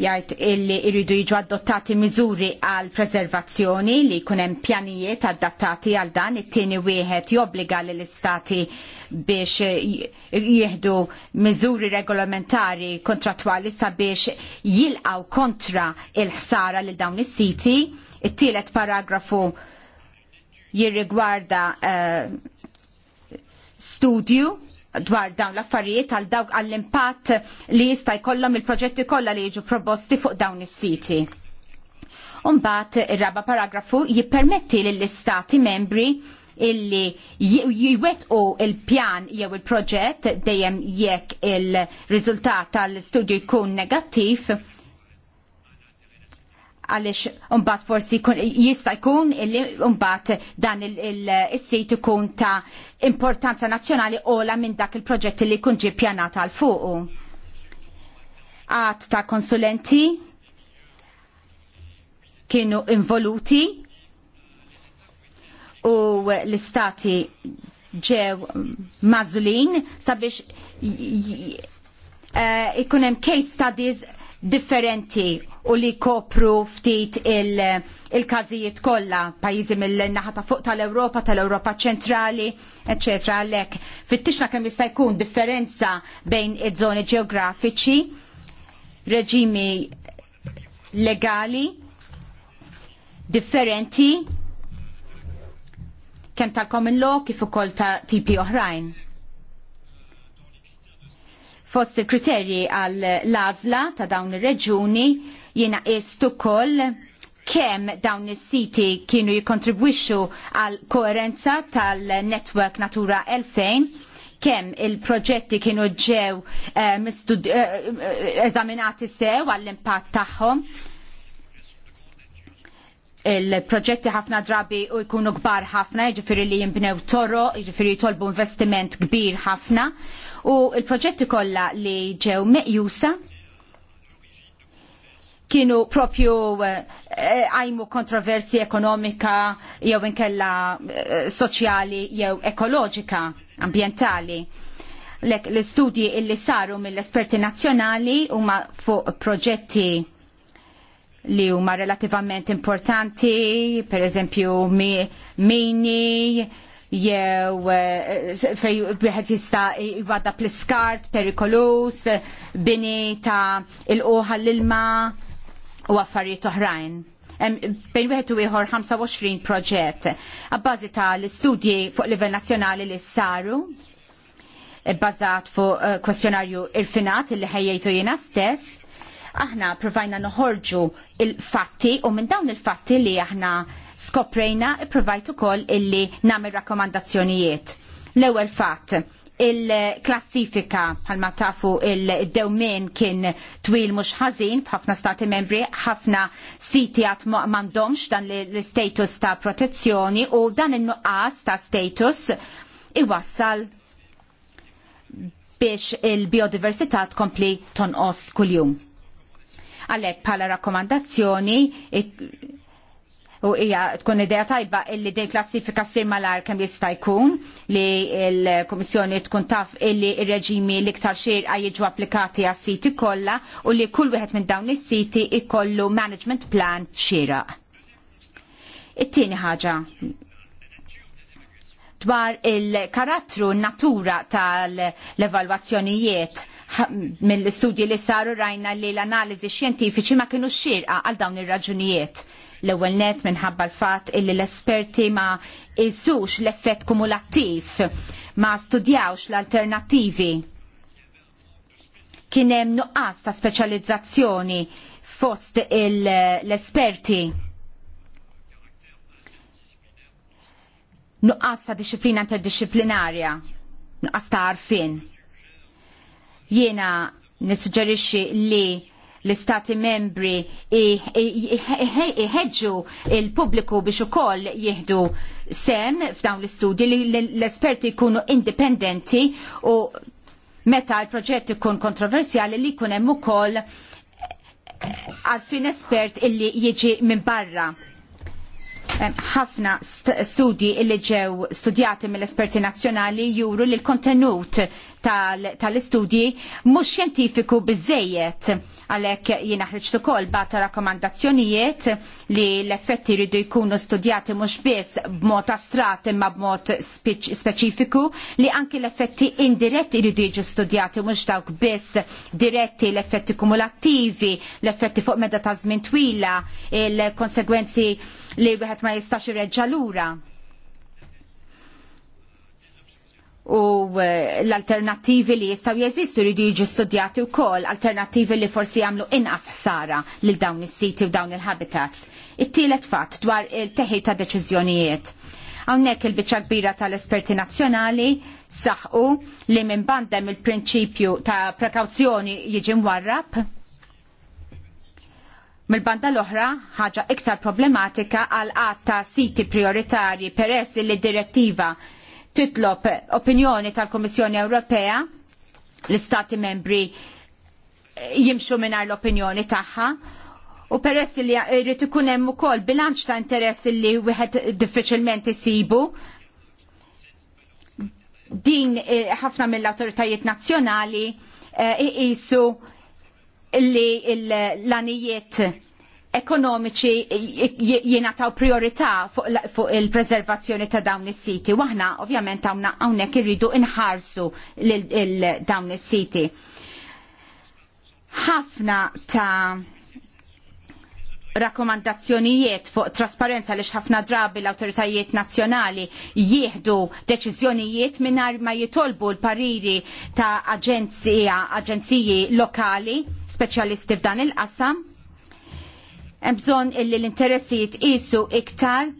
jgħid illi jridu jiġu adottati miżuri għal preservazzjoni li jkun hemm pjanijiet adattati għal dan it-tieni wieħed jobbliga lill istati biex jieħdu miżuri regolamentari kontrattwali sabiex jilqaw kontra il-ħsara lil dawn is-siti. It-tielet paragrafu jirrigwarda uh, studju dwar dawn l-affarijiet għal dawk għall-impatt li jista' jkollhom il-proġetti kollha li jiġu proposti fuq dawn is-siti. Umbat ir-raba paragrafu jippermetti lill-istati membri illi u il-pjan jew il-proġett dejjem jekk il-riżultat tal-studju jkun negattiv għalix unbat forsi jista jkun illi unbat dan il-sit ikun ta' importanza nazjonali ola minn dak il-proġett li kun ġi pjanata għal fuqu. Għat ta' konsulenti kienu involuti u l-istati ġew mażlin sabiex eh, ikun hemm case studies differenti u li kopru ftit il-każijiet il kollha pajjiżi mill-naħa ta' fuq tal-Ewropa, tal-Ewropa ċentrali, eċetera, għalhekk fittixna kemm jista' jkun differenza bejn iż-żoni ġeografiċi, reġimi legali differenti kemm tal-common law kif ukoll ta' tipi oħrajn. Fost il-kriterji għal lazla ta' dawn ir-reġuni jiena qist ukoll kemm dawn is-siti kienu jikkontribwixxu għal koerenza tal-network Natura 2000 kemm il-proġetti kienu ġew eh, eh, eh, eżaminati sew għall-impatt tagħhom il-proġetti ħafna drabi u jkunu kbar ħafna, jiġifieri li jimbnew toro, jiġifieri jitolbu investiment kbir ħafna. U l proġetti kollha li ġew meqjusa kienu propju eh, għajmu eh, kontroversi ekonomika jew inkella eh, soċjali jew ekoloġika, ambjentali l-istudji illi saru mill-esperti nazzjonali huma fuq proġetti li huma relativament importanti, per eżempju mini, jew eh, fej wieħed jista' jwadda pl-iskart perikolus, bini ta' il-qoħa l-ilma u affarijiet oħrajn. Bejn wieħed u ieħor 25 proġett abbażi ta' l-istudji fuq livell nazzjonali li saru eh, bbażat fuq eh, kwestjonarju irfinat li ħejjejtu jiena stess Aħna provajna noħorġu il-fatti u minn dawn il-fatti li aħna skoprejna u koll illi namil rakkomandazzjonijiet. L-ewel fatt, il-klassifika għal tafu il-dewmin kien twil mux ħażin f'ħafna stati membri, ħafna siti għat mandomx dan l-status ta' protezzjoni u dan il-nuqqas ta' status iwassal biex il-biodiversità tkompli tonqos kuljum għalek bħala rakkomandazzjoni u hija tkun idea tajba illi din klassifika ssir malar kemm jista' jkun li l-Kummissjoni tkun taf illi ir-reġimi l-iktar xierqa jiġu applikati għas-siti kollha u li kull wieħed minn dawn is-siti jkollu management plan xieraq. It-tieni ħaġa dwar il-karattru natura tal-evalwazzjonijiet mill-istudji li saru rajna li l-analiżi xjentifiċi ma kienu xirqa għal dawn ir-raġunijiet. L-ewwel net minħabba l-fatt illi l-esperti ma iżux l-effett kumulattiv, ma studjawx l-alternattivi. Kien hemm nuqqas ta' speċjalizzazzjoni fost l-esperti. Nuqqas ta' disciplina interdisciplinarja, nuqqas ta' arfin Jiena nissuġġerixxi li l-istati membri iħeġġu il-pubbliku biex ukoll jieħdu sem f'dawn l-istudji li l-esperti jkunu indipendenti u meta l-proġett ikun kontroversjali li jkun hemm ukoll għalfin espert illi jiġi minn barra ħafna studji li ġew studjati mill-esperti nazzjonali juru li l-kontenut tal-istudji mhux xjentifiku biżejjed għalhekk jiena ħriġt ukoll bata rakkomandazzjonijiet li l-effetti jridu jkunu studjati mhux biss b'mod astrat imma b'mod speċifiku li anki l-effetti indiretti jridu jiġu studjati mhux dawk biss diretti l-effetti kumulattivi, l-effetti fuq meta ta' żmien twila, il-konsegwenzi li wieħed ma jistax ireġġa' lura u eh, l-alternativi li jistgħu jeżistu jridu diġi studjati wkoll alternattivi li forsi jagħmlu inqas ħsara lil dawn is-siti u dawn il-habitats. It-tielet fatt dwar il teħi ta' deċiżjonijiet. Hawnhekk il-biċċa kbira tal-esperti nazzjonali saħu li minn bandem il-prinċipju ta' prekawzjoni jiġi mwarrab Mil-banda l-oħra, ħaġa iktar problematika għal qatt ta' siti prioritarji peress li direttiva titlob opinjoni tal-Komissjoni Ewropea l-Istati membri jimxu minar l-opinjoni tagħha u peress li jrid ikun hemm ukoll bilanċ ta' interess li wieħed diffiċilment isibu din eh, ħafna mill-awtoritajiet nazzjonali eh, iqisu li l-anijiet ekonomiċi jingħataw priorità fuq il-preservazzjoni ta' dawn is-siti. Waħna ovvjament hawnhekk irridu nħarsu lil dawn is-siti. Ħafna ta' rakkomandazzjonijiet fuq trasparenza li ħafna drabi l awtoritajiet nazzjonali jieħdu deċiżjonijiet mingħajr ma jitolbu l-pariri ta' aġenzija, aġenziji lokali, speċjalisti f'dan il-qasam. Hemm bżonn illi l-interessijiet jisu iktar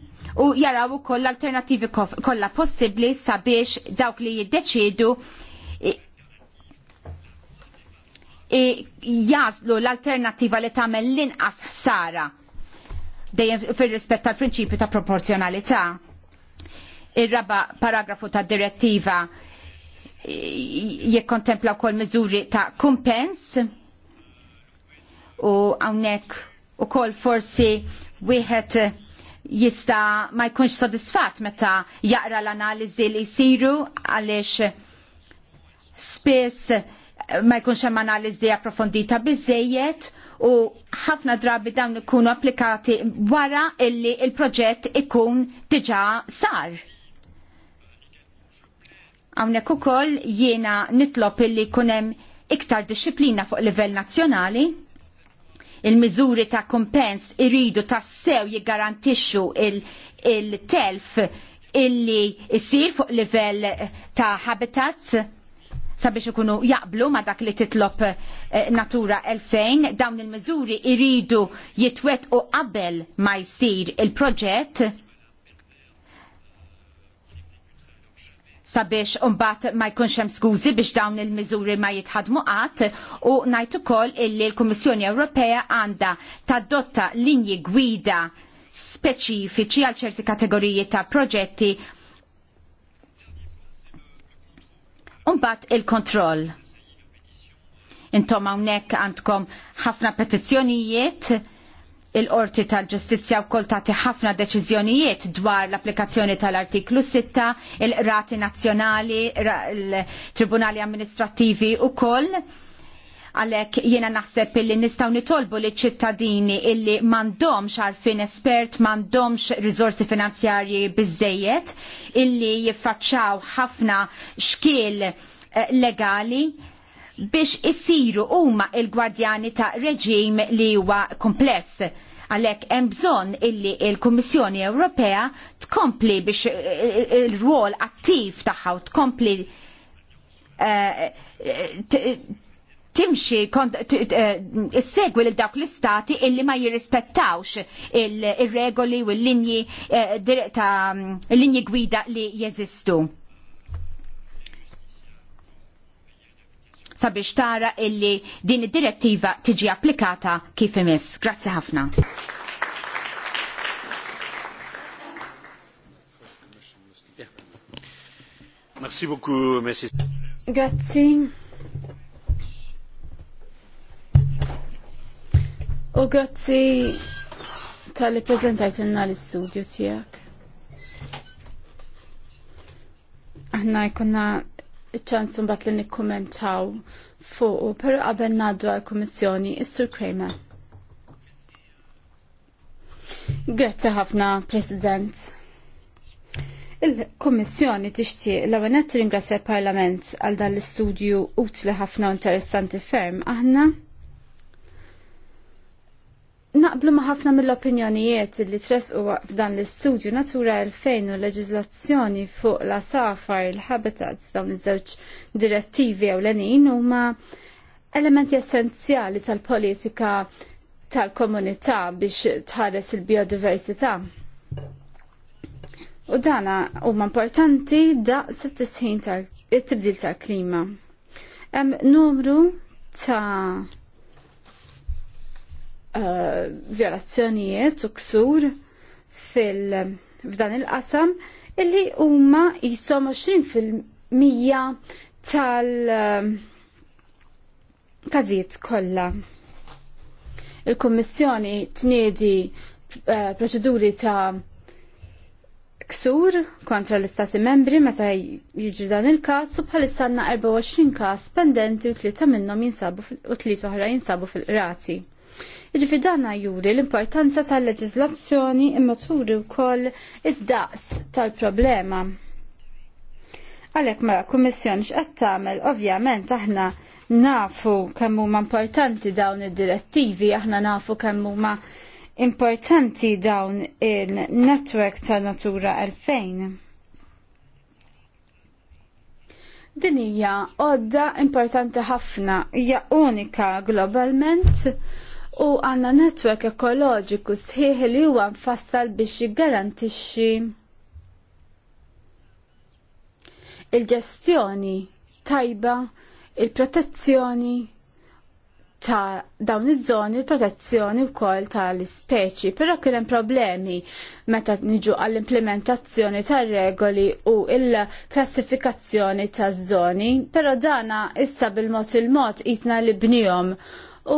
u jaraw ukoll alternattivi kollha possibbli sabiex dawk li jiddeċiedu jazlu l-alternativa li tagħmel l-inqas ħsara dejjem fir-rispett tal-prinċipju ta' proporzjonalità. Ir-raba paragrafu tad direttiva jikkontempla wkoll miżuri ta' kumpens u hawnhekk ukoll forsi wieħed eh, jista ma jkunx sodisfatt meta jaqra l-analiżi li jsiru għaliex spiss eh, ma jkunx hemm analiżi approfondita biżejjed u ħafna drabi dawn ikunu applikati wara illi l il proġett ikun diġà sar. Hawnhekk ukoll jiena nitlob illi jkun hemm iktar disċiplina fuq livell nazzjonali il-miżuri ta' kumpens iridu tassew jiggarantixxu il-telf il illi jsir fuq livell ta' habitats sabiex ikunu jaqblu ma dak li titlob eh, Natura 2000 dawn il-miżuri iridu u qabel ma jsir il-proġett sabiex umbat ma jkunx hemm skużi biex dawn il-miżuri ma jitħadmu qatt u ngħid ukoll illi l-Kummissjoni Ewropea għandha tadotta linji gwida speċifiċi għal ċerti kategoriji ta' proġetti Umbat il-kontroll. Intom hawnhekk għandkom ħafna petizzjonijiet il-Qorti tal-Ġustizzja wkoll tagħti ħafna deċiżjonijiet dwar l-applikazzjoni tal-artiklu 6, il-Rati Nazzjonali, il-Tribunali Amministrattivi wkoll. Għalhekk jiena naħseb illi nistgħu nitolbu liċ ċittadini illi m'għandhomx għarfien espert, m'għandhomx rizorsi finanzjarji biżżejjed illi jiffaċċjaw ħafna xkiel eh, legali biex isiru huma il-gwardjani ta' reġim li huwa kompless għalek hemm bżonn illi il-Kummissjoni Ewropea tkompli biex eh, eh, il-rwol attiv tagħha u tkompli eh, timxi segwi lil dawk l-istati illi ma jirrispettawx il-regoli u l-linji mm, gwida li jeżistu. sabiex tara illi din id-direttiva tiġi applikata kif imiss. Grazzi ħafna. Merci beaucoup, merci. Grazie. U grazzi tal-li prezentajt l l-istudju tijak. Aħna jkunna ċans mbagħad li nikkumentaw fuq, però qabel ngħaddu għall-Kummissjoni is-Sur Kramer. Grazzi ħafna, President. Il-Kommissjoni tixtieq l net ringrazzja l-Parlament għal dan l-istudju utli ħafna interessanti ferm aħna Naqblu ma' ħafna mill-opinjonijiet li tresqu f'dan l-istudju natura 2000 u leġizlazzjoni fuq la safar il-habitats dawn iż-żewġ direttivi ewlenin huma elementi essenzjali tal-politika tal-komunità biex tħares il-biodiversità. U dana huma importanti daqs it-tisħin tal-tibdil tal-klima. Hemm numru ta' Eh, violazzjonijiet u ksur fil f'dan il-qasam illi huma jisom 20% tal- eh, kazijiet kollha. Il-Kummissjoni tniedi eh, proċeduri ta' ksur kontra l-Istati membri meta jiġri dan il-każ u bħalissa għandna 24 każ pendenti u tlieta minnhom jinsabu u tliet oħra jinsabu fil-qrati. Ġifi juri l-importanza tal-leġizlazzjoni imma turi wkoll id-daqs tal-problema. Għalhekk mela kummissjoni x'qed tagħmel ovvjament aħna nafu kemm huma importanti dawn id-direttivi, aħna nafu kemm huma importanti dawn il-network ta' Natura 2000. Din hija għodda importanti ħafna, hija unika globalment u għanna netwerk ekoloġiku sħiħ li huwa mfassal biex jiggarantixxi il-ġestjoni tajba, il-protezzjoni ta' dawn iż-żoni il protezzjoni wkoll tal-ispeċi, però kien hemm problemi meta niġu għall-implementazzjoni tar-regoli u l-klassifikazzjoni taż-żoni, però dana issa bil-mod il-mod qisna li bnihom u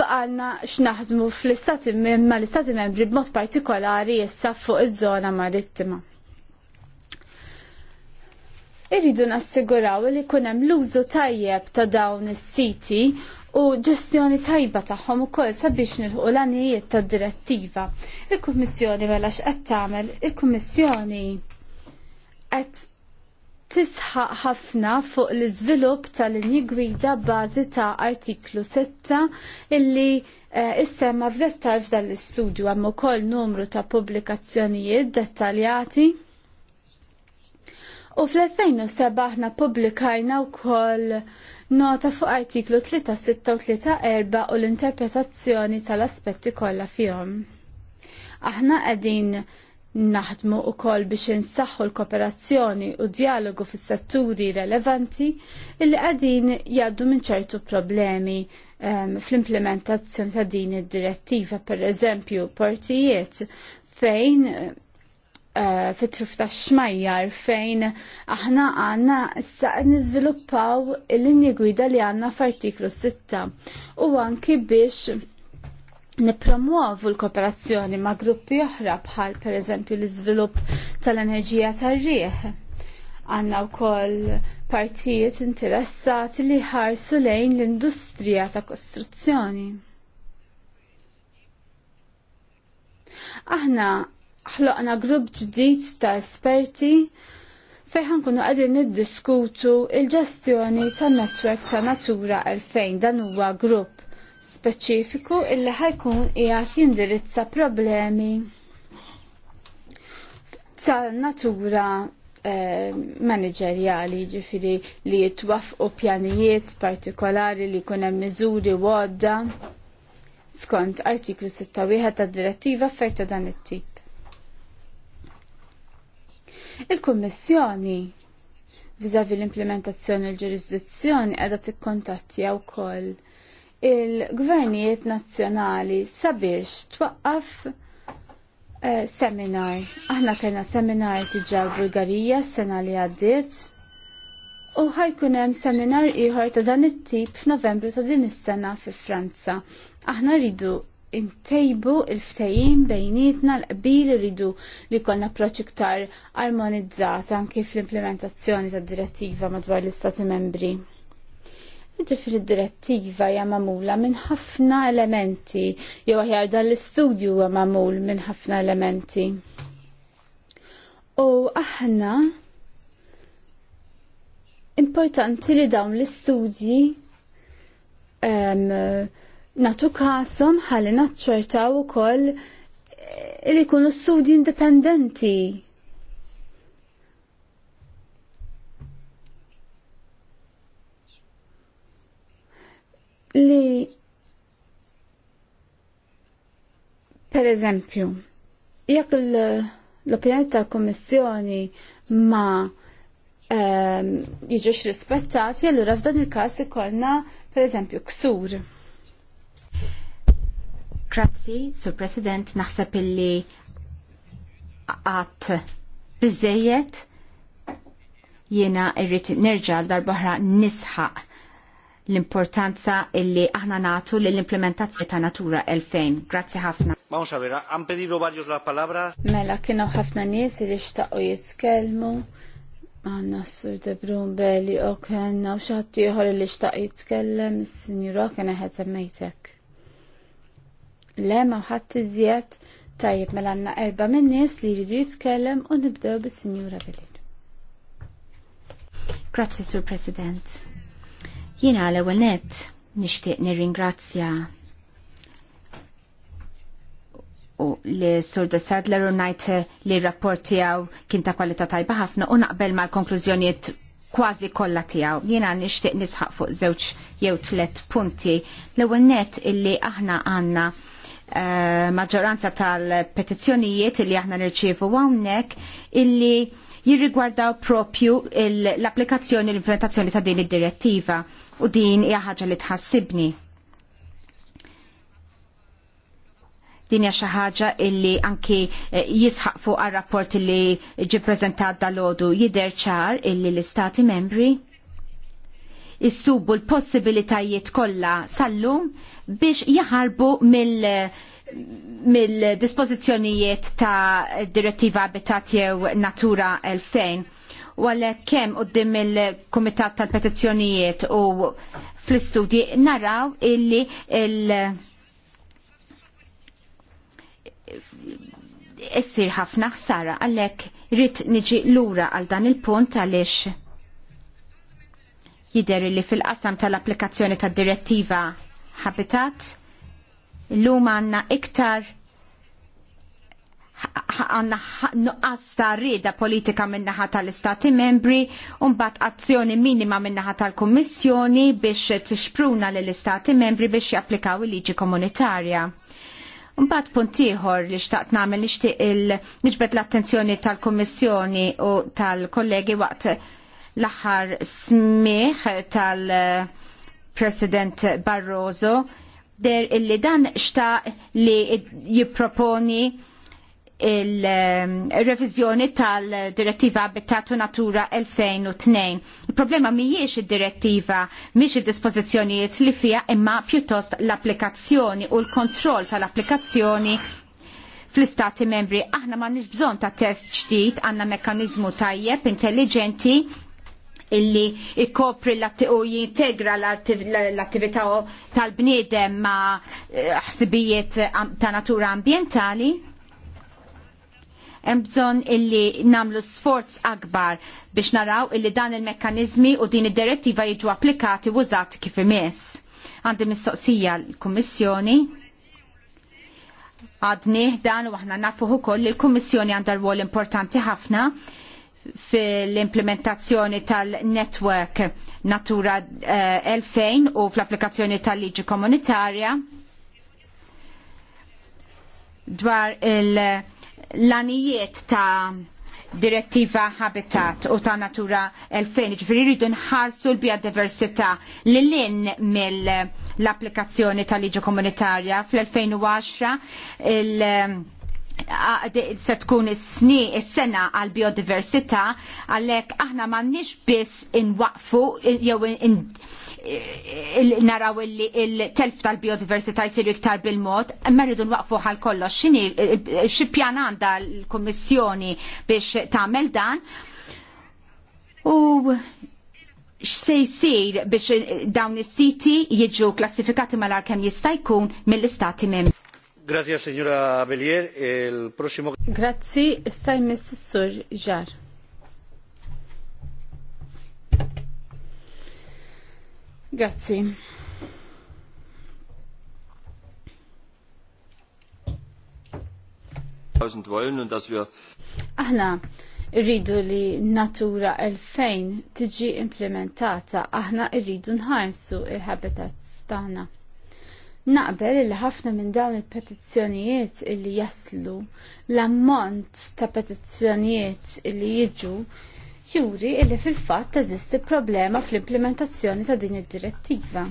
baqalna x'naħdmu fl-istati ma l-istati membri b'mod partikolari issa fuq iż-żona marittima. Irridu nassiguraw li kunem hemm l-użu tajjeb ta' dawn is-siti u ġestjoni tajba tagħhom ukoll sabiex nilħu l-għanijiet tad-direttiva. Il-Kummissjoni mela x'qed tagħmel, il-Kummissjoni qed tisħaq ħafna fuq l-iżvilupp tal-linji gwida bażi ta' artiklu 6 illi eh, issemma f'dettal f'dan l-istudju hemm ukoll numru ta' pubblikazzjonijiet dettaljati. U fl-2007 aħna pubblikajna wkoll nota fuq artiklu 3634 u l-interpretazzjoni tal-aspetti kollha fihom. Aħna qegħdin Naħdmu u kol biex insaxħu l-kooperazzjoni u dialogu fis setturi relevanti illi għadin jaddu minn ċertu problemi um, fl-implementazzjoni ta' din id-direttiva, per eżempju, portijiet fejn uh, fit-truf ta' xmajjar fejn aħna għanna issa nizviluppaw il-linji gwida li għanna f'artiklu 6 u anki biex nipromuovu l-kooperazzjoni ma' gruppi oħra bħal per eżempju l-iżvilupp tal-enerġija tar-rieħ. Għanna u partijiet interessati li ħarsu lejn l-industrija ta' kostruzzjoni. Aħna ħloqna grupp ġdid ta' esperti fejħan kunu għadin niddiskutu il-ġestjoni ta' netwerk ta' Natura 2000 dan huwa grupp speċifiku illi ħajkun qiegħed jindirizza problemi ta' natura eh, manageriali ġifiri li u pjanijiet partikolari li kunem miżuri għodda skont artiklu 61 ta' direttiva fejta dan it-tip. Il-Kummissjoni vizavi l-implementazzjoni l-ġurisdizzjoni għadha tikkontattja wkoll il-gvernijiet nazzjonali sabiex twaqqaf eh, seminar. Aħna kena seminar tiġa Bulgarija s-sena li għaddiet u ħajkun hemm seminar ieħor ta' dan it-tip f'Novembru ta' din is-sena fi Franza. Aħna rridu intejbu il ftejim bejnietna l-qbil rridu li konna proċiktar armonizzata anke fl-implementazzjoni tad direttiva madwar l-Istati membri id direttiva hija magħmula minn ħafna elementi, jew aħjar dan l-istudju huwa magħmul minn ħafna elementi. U aħna importanti li dawn l-istudji natu kasom ħalli naċċertaw ukoll li jkunu studji indipendenti li per eżempju jekk l-opinjoni tal-Kummissjoni ma um, ehm, jiġux rispettati, allura f'dan il-każ ikollna per eżempju ksur. Grazzi, Sur President, naħseb illi għat bizzejiet jena irrit nerġa l-darbohra nisħaq l-importanza illi aħna natu l-implementazzjoni ta' Natura 2000. Grazzi ħafna. Vamos a ver, han pedido varios la palabra. Mela kienu ħafna nies li xtaqgħu jitzkelmu. Għanna s-sur de Brunbeli u kena u xaħti uħor li xtaq jitkellem, s-signora kena ħed mejtek. Lema ma ħadd tajib, mela għanna erba' minn nies li jridu jitkellem u nibdew bis-Sinjura Belli. Grazie, Sur President. Jiena l ewwel nett nixtieq nirringrazzja u li Surda Sadler u najt li rapport tiegħu kien ta' kwalità tajba ħafna u naqbel mal-konklużjonijiet kważi kollha tiegħu. Jiena nixtieq nisħaq fuq żewġ jew tliet punti. L-ewwel nett illi aħna għandna eh, maġġoranza tal-petizzjonijiet li aħna nirċievu hawnhekk illi jirrigwardaw propju l-applikazzjoni l-implementazzjoni ta' din id-direttiva u din hija ħaġa li tħassibni. din hija xi ħaġa illi anki eh, jisħaq fuq ar-rapport li ġi preżentat dal-għodu jidher ċar illi l-istati membri issubu l-possibilitajiet kollha sal-lum biex jaħarbu mill- mill-dispożizzjonijiet ta' direttiva Abitat jew Natura 2000 u għalhekk kemm quddiem il-Kumitat tal-Petizzjonijiet u fl-istudji naraw illi il- issir ħafna ħsara għalhekk rrid niġi lura għal dan il-punt għaliex jider li fil-qasam tal-applikazzjoni tad direttiva Habitat l-lum għanna iktar għanna nuqqas ta' rieda politika minnaħa tal-Istati membri, mbagħad azzjoni minima minnaħa tal-Kommissjoni biex tixpruna l-Istati membri biex japplikaw il-liġi komunitarja. punt puntiħor li xtaqt namel nixtieq il-nġbet l-attenzjoni tal-Kommissjoni u tal-kollegi waqt l-aħħar smigħ tal-President Barroso der illi dan xtaq li jipproponi il-revizjoni tal-direttiva Abitatu Natura 2002. Il-problema mhijiex id-direttiva, miex id-dispożizzjonijiet li fija imma pjuttost l-applikazzjoni u l-kontroll tal-applikazzjoni fl-istati membri. Aħna ma nix bżon ta' test ġdid, għanna mekanizmu tajjeb, intelligenti, illi ikopri u jintegra l-attività tal-bniedem ma' ħsibijiet ta' natura ambientali Hemm bżonn illi nagħmlu sforz akbar biex naraw illi dan il-mekkaniżmi u din id-direttiva jiġu applikati u użat kif imiss. Għandi mistoqsija l-Kummissjoni. Għadni dan u aħna nafu ukoll li l-Kummissjoni għandha rwol importanti ħafna fil-implementazzjoni tal-network Natura 2000 eh, u fl-applikazzjoni tal-liġi komunitarja dwar il- l-anijiet ta' direttiva Habitat u ta' Natura 2000, ġifiri rridu nħarsu l-biodiversità li l-in mill-applikazzjoni tal-liġi komunitarja fl-2010 il- se tkun is-sni is-sena għal biodiversità għalhekk aħna m'għandniex biss inwaqfu jew in, in, in naraw illi il-telf tal-biodiversità jsiru iktar bil-mod, merridu nwaqfu għal kollox xini xipjan għanda l-Kommissjoni biex tagħmel dan. U x'se jsir biex dawn is-siti jiġu klassifikati mal-ar kemm jista' jkun mill-istati mem. Grazie signora Belier, e il prossimo Grazie, stai Mrs. Sur ġar. Grazzi. Aħna rridu li natura 2000 tiġi implementata, aħna rridu nħarsu il habitat tagħna. Naqbel li ħafna minn dawn il-petizzjonijiet illi jaslu l-ammont ta' petizzjonijiet illi jiġu juri illi fil-fatt teżisti problema fl-implementazzjoni ta' din id-direttiva.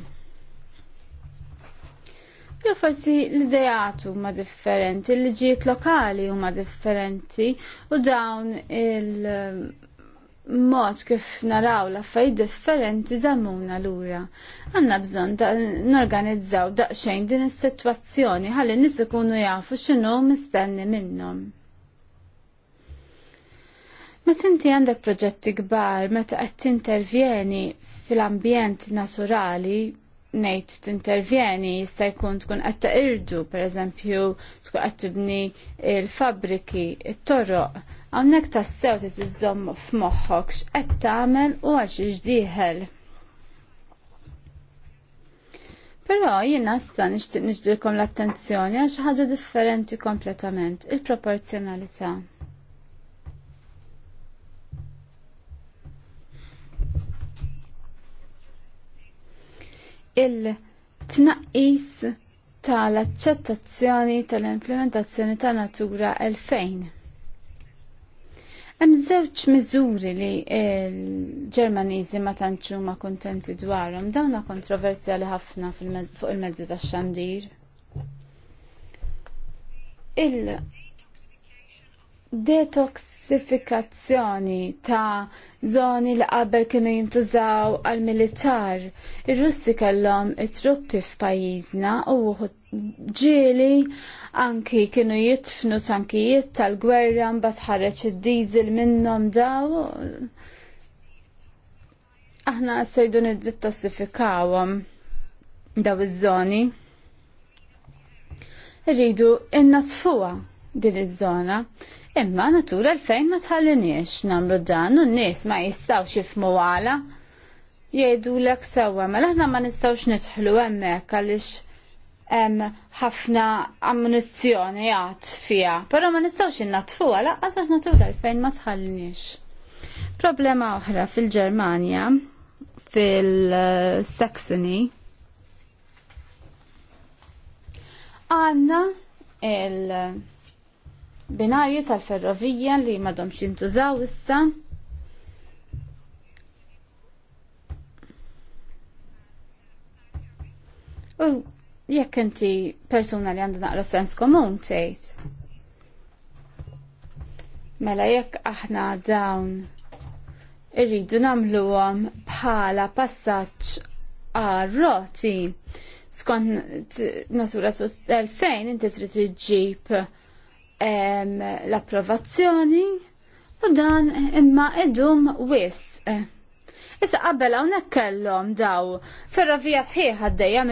Jo forsi l-idejat huma differenti, l-liġijiet lokali huma differenti u dawn il- mod kif naraw l-affarijiet differenti żammuna lura. Għanna bżonn da, norganizzaw daqsxejn din is-sitwazzjoni ħalli nis ikunu jafu x'inhu mistenni minnhom. Meta inti għandek proġetti kbar, meta qed tintervjeni fil-ambjent naturali, nejt tintervjeni jista' jkun tkun qed taqirdu, pereżempju tkun qed tibni l-fabriki, it-toroq, hawnhekk tassew titiżomm f'moħħok x'qed tagħmel u għax iġdieħel. Però jiena issa nixtieq niġbilkom l-attenzjoni għal xi ħaġa differenti kompletament, il-proporzjonalità. il-tnaqqis tal-accettazzjoni tal-implementazzjoni ta' natura 2000. Hemm żewġ miżuri li l-Ġermaniżi ma tantx huma kuntenti dwarhom dawna kontroversjali ħafna fuq il-mezzi tax-xandir. Il-detox klassifikazzjoni ta' zoni li qabel kienu jintużaw għal militar. Ir-Russi kellhom it-truppi f'pajjiżna u ġieli anki kienu jitfnu tankijiet tal-gwerra mbagħad ħareġ id-diesel minnhom daw. Aħna sejdu niddittassifikawhom daw iż-żoni. Irridu innasfuha din iż-żona. Imma natura l-fejn ma tħallinix namlu dan u n-nies ma jistgħux jifmu għala. Jgħidu l sewwa, ma mela aħna ma nistgħux nidħlu hemmhekk għaliex hemm ħafna ammunizzjoni għad fija, però ma nistgħux innatfuha laqqas għax natura l-fejn ma tħallinix. Problema oħra fil-Ġermanja, fil-Saxony, għanna il- binarji tal-ferrovija li madhom xintużaw issa. U jekk inti persuna li għandha naqra sens komun tgħid. Mela jekk aħna dawn irridu nagħmluhom bħala passaġġ għar-roti skont natura 2000 inti trid iġġib l-approvazzjoni u dan imma idum wis. Issa qabel hawnhekk kellhom daw ferrovija sħiħa għaddejja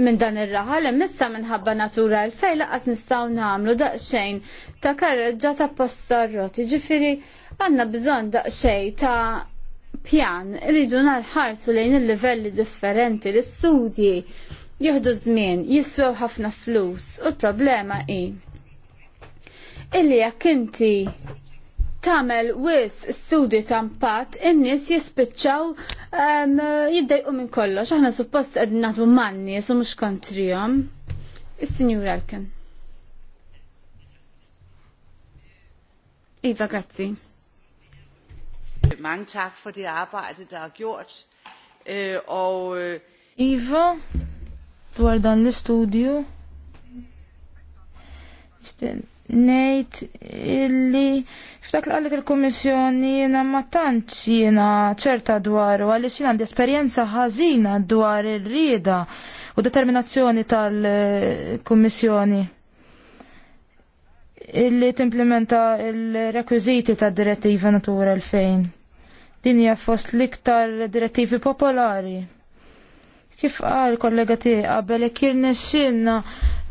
minn dan ir-raħal imissa minħabba natura l fej laqas nistgħu nagħmlu daqsxejn ta' karreġġa ta' posta roti ġifieri għandna bżonn daqsxejn ta' pjan rridu nħarsu lejn il-livelli differenti l-istudji jihdu żmien jiswew ħafna flus u l-problema hi illi jekk inti tagħmel wis studi ta' impatt in-nies jispiċċaw um, jiddejqu minn kollox aħna suppost qed nagħtu man-nies u mhux kontrihom. Is-Sinjur Elkin. Iva, grazzi. Mange tak for det arbejde, der er gjort. Øh, og, øh... Iva, dwar dan l-istudju nejt illi f'dak li qalet il-Kummissjoni jena ma tantx jiena ċerta u għaliex xina għandi esperjenza ħażina dwar ir-rieda u determinazzjoni tal-Kummissjoni illi timplementa il-rekwiżiti tad-direttiva Natura 2000. Din hija fost l-iktar direttivi popolari Kif qal kollega tiegħi qabel jekk jirnexxinna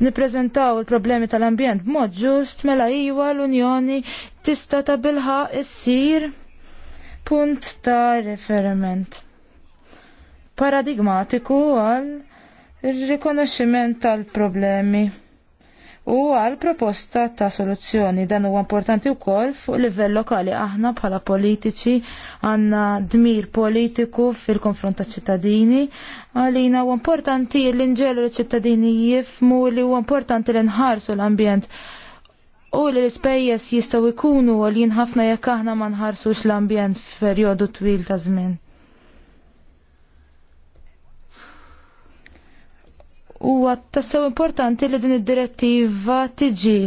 nippreżentaw il-problemi tal-ambjent b'mod ġust mela jiva l-Unjoni tista' ta' bilħa issir punt ta' referiment. Paradigmatiku għal ir-rikonoxximent tal-problemi u għal proposta ta' soluzzjoni. Dan huwa importanti wkoll fuq livell lokali aħna bħala politiċi għandna dmir politiku fil-konfront ta' ċittadini. Għalina huwa importanti li nġelu l-ċittadini jifmu li huwa importanti li nħarsu l-ambjent u li l-ispejjeż jistgħu jkunu għal ħafna jekk aħna ma nħarsux l-ambjent f'perjodu twil ta' żmien. huwa tassew importanti li din id-direttiva tiġi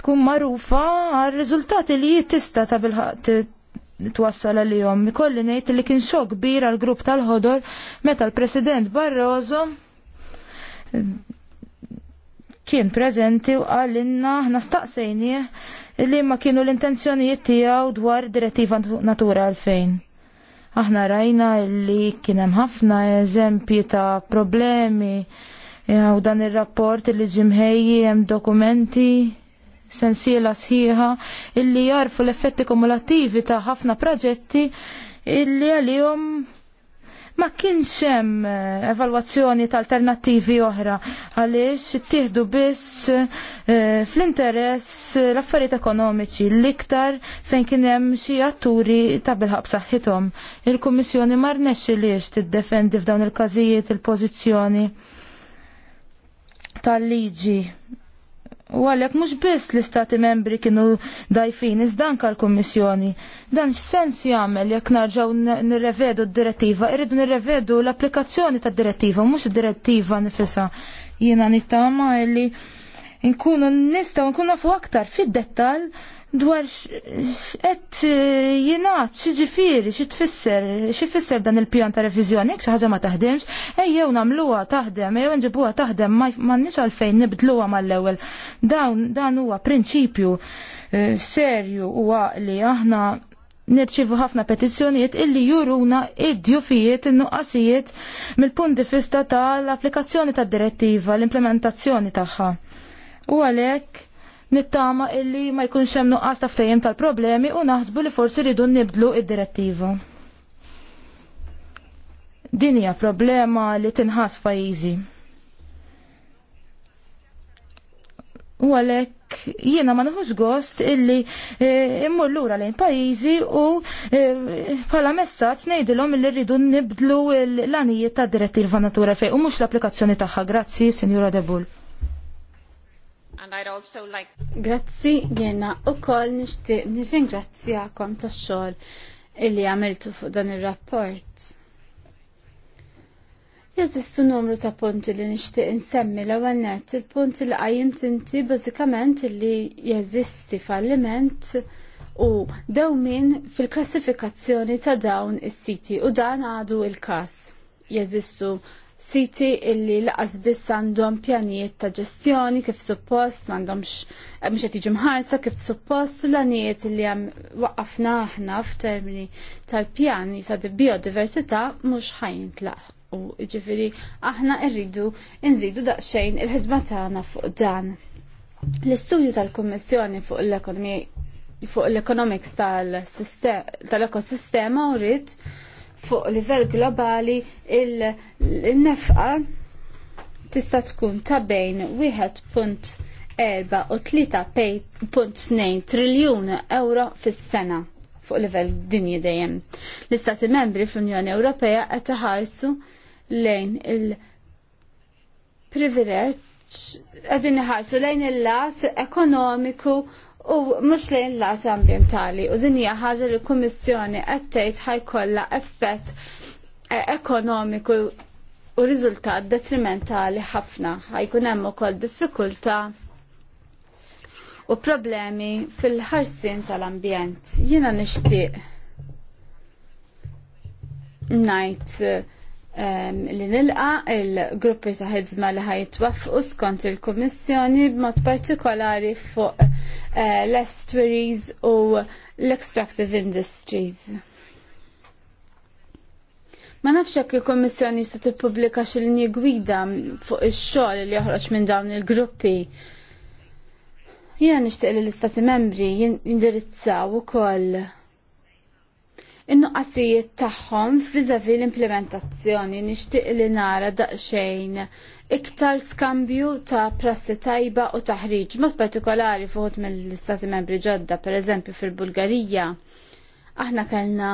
tkun magħrufa għal riżultati li jittista ta' bilħaq twassal għalihom. Ikolli ngħid li kien xok kbir għal grupp tal-ħodor meta l-President Barroso kien preżenti u għalinna ħna staqsejnieh li ma kienu l-intenzjonijiet tiegħu dwar direttiva Natura għalfejn. Aħna rajna li kienem ħafna eżempji ta' problemi e, u dan il-rapport li ġimħeji hemm dokumenti sensiela sħiħa illi jarfu l-effetti kumulattivi ta' ħafna proġetti illi għalihom ma kienx hemm eh, evalwazzjoni ta' alternattivi oħra għaliex ittieħdu biss eh, fl-interess eh, l-affarijiet ekonomiċi l-iktar fejn kien hemm xi atturi ta' bilħab saħħithom. Il-Kummissjoni ma iliex tiddefendi f'dawn il-każijiet il-pożizzjoni tal-liġi U għalek mux biss l-istati membri kienu dajfin, izdan kal kommissjoni Dan x-sens jgħamil jek narġaw nirrevedu d-direttiva, irridu nirrevedu l-applikazzjoni ta' direttiva, mux direttiva nifisa. Jena nittama illi nkunu nistaw nkunu nafu aktar fid-dettal dwar x'qed eh, jingħad xi ġifieri xi tfisser xi tfisser dan il-pjan ta' reviżjoni xi ħaġa ma taħdimx, ejjew nagħmluha taħdem, ejjew nġibuwa taħdem nix għalfejn nibdluha mal-ewwel. Dawn dan huwa prinċipju eh, serju u għaqli aħna nirċivu ħafna petizzjonijiet illi juruna id fijiet in-nuqqasijiet mill-punt di ta' tal-applikazzjoni tad-direttiva, l-implementazzjoni tagħha. U għalhekk nittama illi ma jkunx hemm nuqqas ta' ftehim tal-problemi u naħsbu li forsi rridu nibdlu id-direttiva. Din hija problema li tinħas fajizi. U għalek jiena ma nħuż gost illi e, immur lura lejn pajizi u e, bħala messaġġ ngħidilhom illi rridu nibdlu l anijiet ta' direttiva natura fej u mhux l-applikazzjoni tagħha. Grazzi, Sinjura Debul and I'd also like Grazzi jena u koll nishtiq nirringrazzjakom ta' xogħol illi għamiltu fuq dan ir-rapport. Jeżistu numru ta' punti li nixtieq insemmi l-ewwel nett il-punti li qajjim tinti bażikament li jeżisti falliment u dewmin fil-klassifikazzjoni ta' dawn is-siti u dan għadu il-każ. Jeżistu siti illi laqas biss għandhom pjanijiet ta' ġestjoni kif suppost, m'għandhomx eh, mhux qed jiġu mħarsa kif suppost l-għanijiet illi hemm waqafna aħna f'termini tal-pjani ta' biodiversità mhux ħajintlaq. U ġifiri aħna rridu nżidu daqsxejn il-ħidma tagħna fuq dan. L-istudju tal-Kummissjoni fuq l-ekonomi fuq l-economics tal-ekosistema tal u rrit fuq livell globali il-nefqa tista' tkun ta' bejn 1.4 u 3.2 triljun euro fis-sena fuq livell dinji dejjem. L-Istati membri fl-Unjoni Ewropea qed iħarsu lejn il-privileġġ qegħdin iħarsu lejn il-lat ekonomiku u mhux lejn l-lat ambjentali u din hija ħaġa li l-Kummissjoni qed tgħid ħajkollha effett eh, ekonomiku u riżultat detrimentali ħafna ħajkun hemm ukoll diffikultà u problemi fil-ħarsin tal-ambjent. Jiena nixtieq ngħid eh, li nilqa il-gruppi ta' ħidma li ħajtwaffqu skont il-Kummissjoni b'mod partikolari fuq eh, l-estuaries u l-extractive industries. Ma nafx hekk il-Kummissjoni se tippubblika xi linji gwida fuq ix-xogħol li joħroġ minn dawn il-gruppi. Jiena nixtieq li l-Istati Membri jindirizzaw ukoll in-nuqqasijiet tagħhom viżavi l-implementazzjoni nixtieq li nara daqsxejn iktar skambju ta' prassi tajba u taħriġ, mod partikolari fuq mill-Stati Membri ġodda, per eżempju fil-Bulgarija. Aħna kellna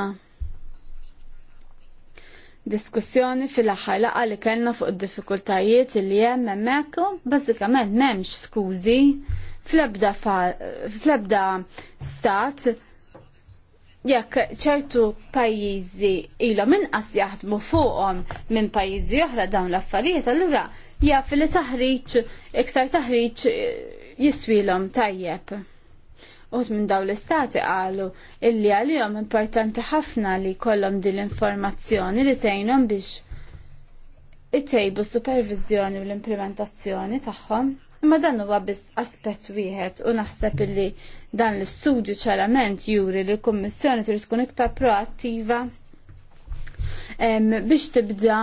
diskussjoni fil-aħħar laqa li kellna fuq id-diffikultajiet li hemm hemmhekk u bażikament m'hemmx skużi fl-ebda stat jekk ċertu pajjiżi ilhom inqas jaħdmu fuqhom minn pajjiżi oħra dawn l-affarijiet, allura jaf li taħriġ iktar taħriġ eh, jiswilhom tajjeb. Uħt minn dawn l-istati qalu illi għalihom importanti ħafna li kollhom din l-informazzjoni li tgħinhom biex itejbu supervizjoni u l-implementazzjoni tagħhom. Imma dan huwa biss aspett wieħed u naħseb illi dan l-istudju ċarament juri li l-Kummissjoni trid tkun iktar proattiva biex tibda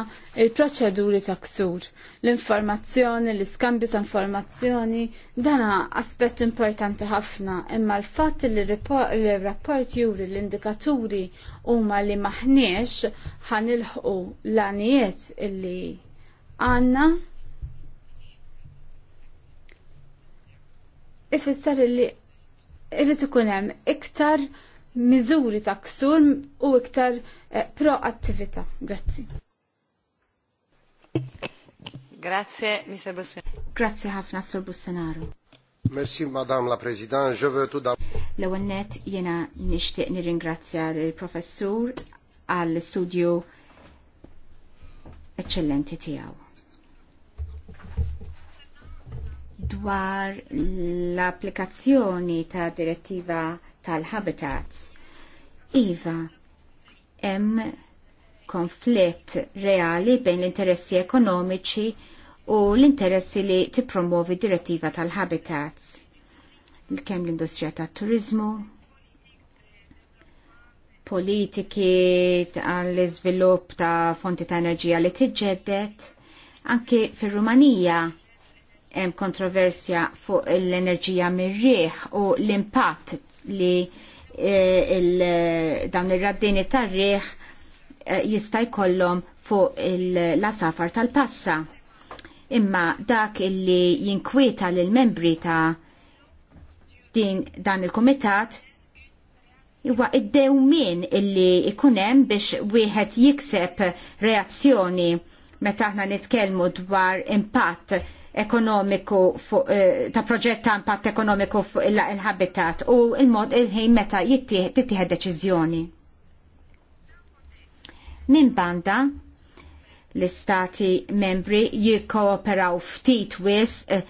il-proċeduri ta' ksur. L-informazzjoni, l-iskambju ta' informazzjoni, dan aspett importanti ħafna, imma l-fatt li l-rapport juri l-indikaturi huma li maħniex ħanilħu l-għanijiet illi għanna ifisser li irrit ikun hemm iktar miżuri ta' ksur u iktar eh, proattività. Grazzi. Grazie, Mr. Bussenaro. Grazie ħafna, Sur Bussenaro. Merci, Madame la President. Je veux tout d'abord. L-ewwel nishtiq jiena nixtieq nirringrazzja l-professur għall-studju eccellenti tiegħu. dwar l-applikazzjoni ta' direttiva tal-habitats. Iva, hemm konflitt reali bejn l-interessi ekonomiċi u l-interessi li tippromovi direttiva tal-habitats. Kemm l-industrija tat-turizmu, politiki għall iżvilupp ta' fonti ta' enerġija li tiġġedded, anke fir-Rumanija hemm kontroversja fuq l-enerġija mir-riħ u l-impatt li eh, dawn ir-raddini tar-riħ eh, jista' jkollhom fuq l-asafar tal-passa. Imma dak illi jinkwieta lil membri ta' din dan il-kumitat huwa id-dewmin illi ikunem biex wieħed jikseb reazzjoni meta aħna nitkellmu dwar impatt ekonomiku fuq eh, ta' proġett ta' impatt ekonomiku fuq il-habitat u il-mod il-ħin meta jittieħed deċiżjoni. Min banda l-istati membri jikkooperaw ftit wis eh,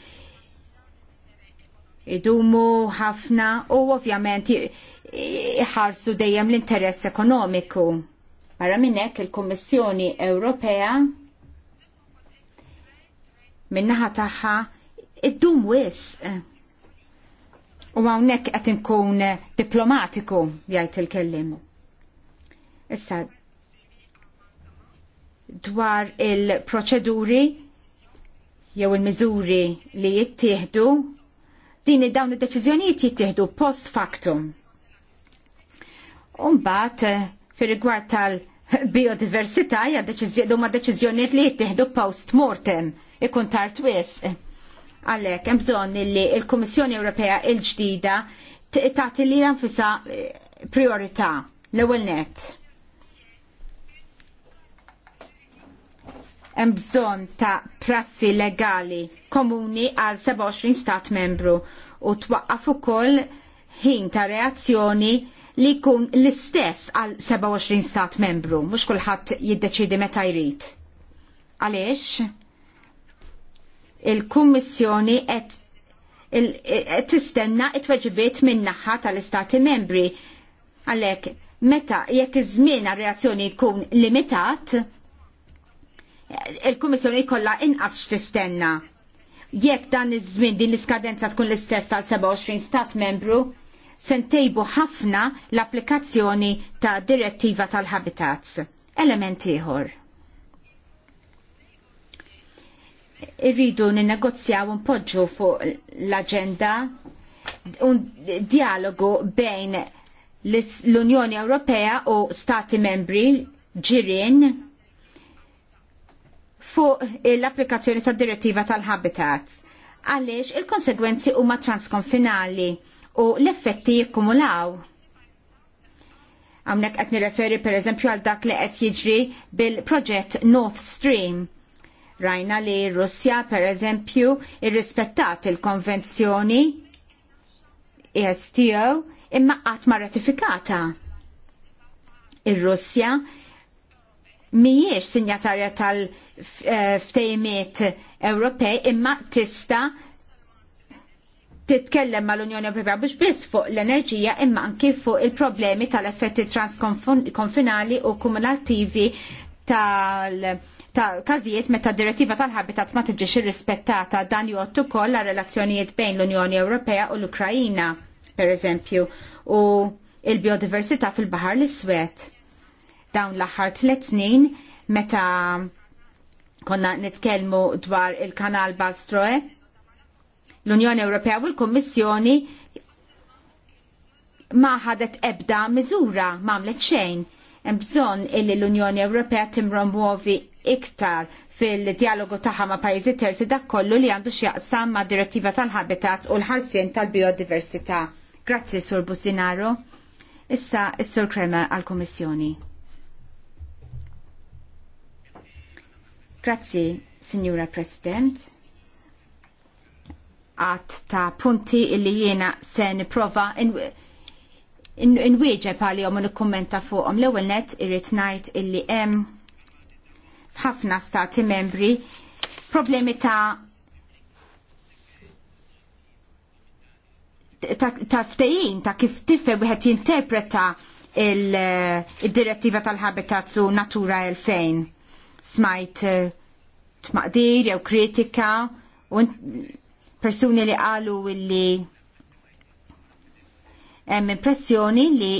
idumu ħafna u ovvjament iħarsu dejjem l-interess ekonomiku. Mara minnek il-Kommissjoni Ewropea minnaħa tagħha id-dum wis. U hawnhekk qed inkun diplomatiku jgħid il-kellimu. Issa dwar il-proċeduri jew il-miżuri li jittieħdu din dawn id-deċiżjonijiet jittieħdu post factum. Umbat fir rigward tal- biodiversità hija huma deċiżjonijiet li jittieħdu post mortem ikun tard wisq. Għalhekk hemm bżonn li l-Kummissjoni Ewropea l-ġdida tagħti li nfisha eh, priorità l-ewwel nett. hemm bżonn ta' prassi legali komuni għal 27 stat membru u twaqqaf ukoll ħin ta' reazzjoni li jkun l-istess għal 27 stat membru, mhux kulħadd jiddeċidi meta jrid. Għaliex? Il-Kummissjoni qed tistenna it weġibiet min-naħa tal-istati membri. Għalhekk meta jekk iż-żmien għar-reazzjoni jkun limitat, il-Kummissjoni kollha inqas x'tistenna. Jekk dan iż-żmien din l-iskadenza tkun l-istess tal-27 stat membru, se ntejbu ħafna l-applikazzjoni ta' direttiva tal-habitats. Element ieħor. Irridu ninnegozjaw npoġġu fuq l-aġenda un dialogu bejn l-Unjoni Ewropea u Stati membri ġirin fuq l-applikazzjoni tad direttiva tal-habitats għaliex il-konsegwenzi huma transkonfinali u l-effetti jikkumulaw. Għamnek qed nirreferi per eżempju għal dak li qed jiġri bil-proġett North Stream. Rajna li Russja per eżempju irrispettat il-konvenzjoni ESTO imma qatt ma ratifikata. Ir-Russja mhijiex sinjatarja tal-ftejmiet eh, Ewropej imma tista' titkellem mal-Unjoni Ewropea biex biss fuq l-enerġija imma anki fuq il-problemi tal-effetti transkonfinali u kumulattivi tal- ta' każijiet meta direttiva tal-habitat ma tiġix irrispettata dan jgħottu koll la' relazzjonijiet bejn l-Unjoni Ewropea u l-Ukrajina, per eżempju, u il-biodiversità fil-Bahar l-Iswed. Dawn l-aħħar tliet snin meta konna nitkellmu dwar il-kanal Balstroe, L-Unjoni Ewropea u l-Kummissjoni ma ħadet ebda miżura m'għamlet xejn. Hemm bżonn illi l-Unjoni Ewropea timpromuovi iktar fil-dialogu tagħha ma' pajjiżi terzi dak kollu li għandu x'jaqsam ma' direttiva tal-habitat u l-ħarsien tal-biodiversità. Grazzi, Sur Businaro. Issa, Sur Kremer għal kummissjoni Grazzi, Signora President għat ta' punti illi jiena se niprofa inwieġeb in għalihom u nikkummenta fuqhom l-ewwel net irrid ngħid illi hemm ħafna stati membri problemi ta' ta', ta ftejin ta' kif tifhem wieħed jinterpreta il-direttiva il eh, tal-habitat u Natura 2000 smajt eh, tmaqdir jew kritika u persuni li qalu illi hemm impressjoni li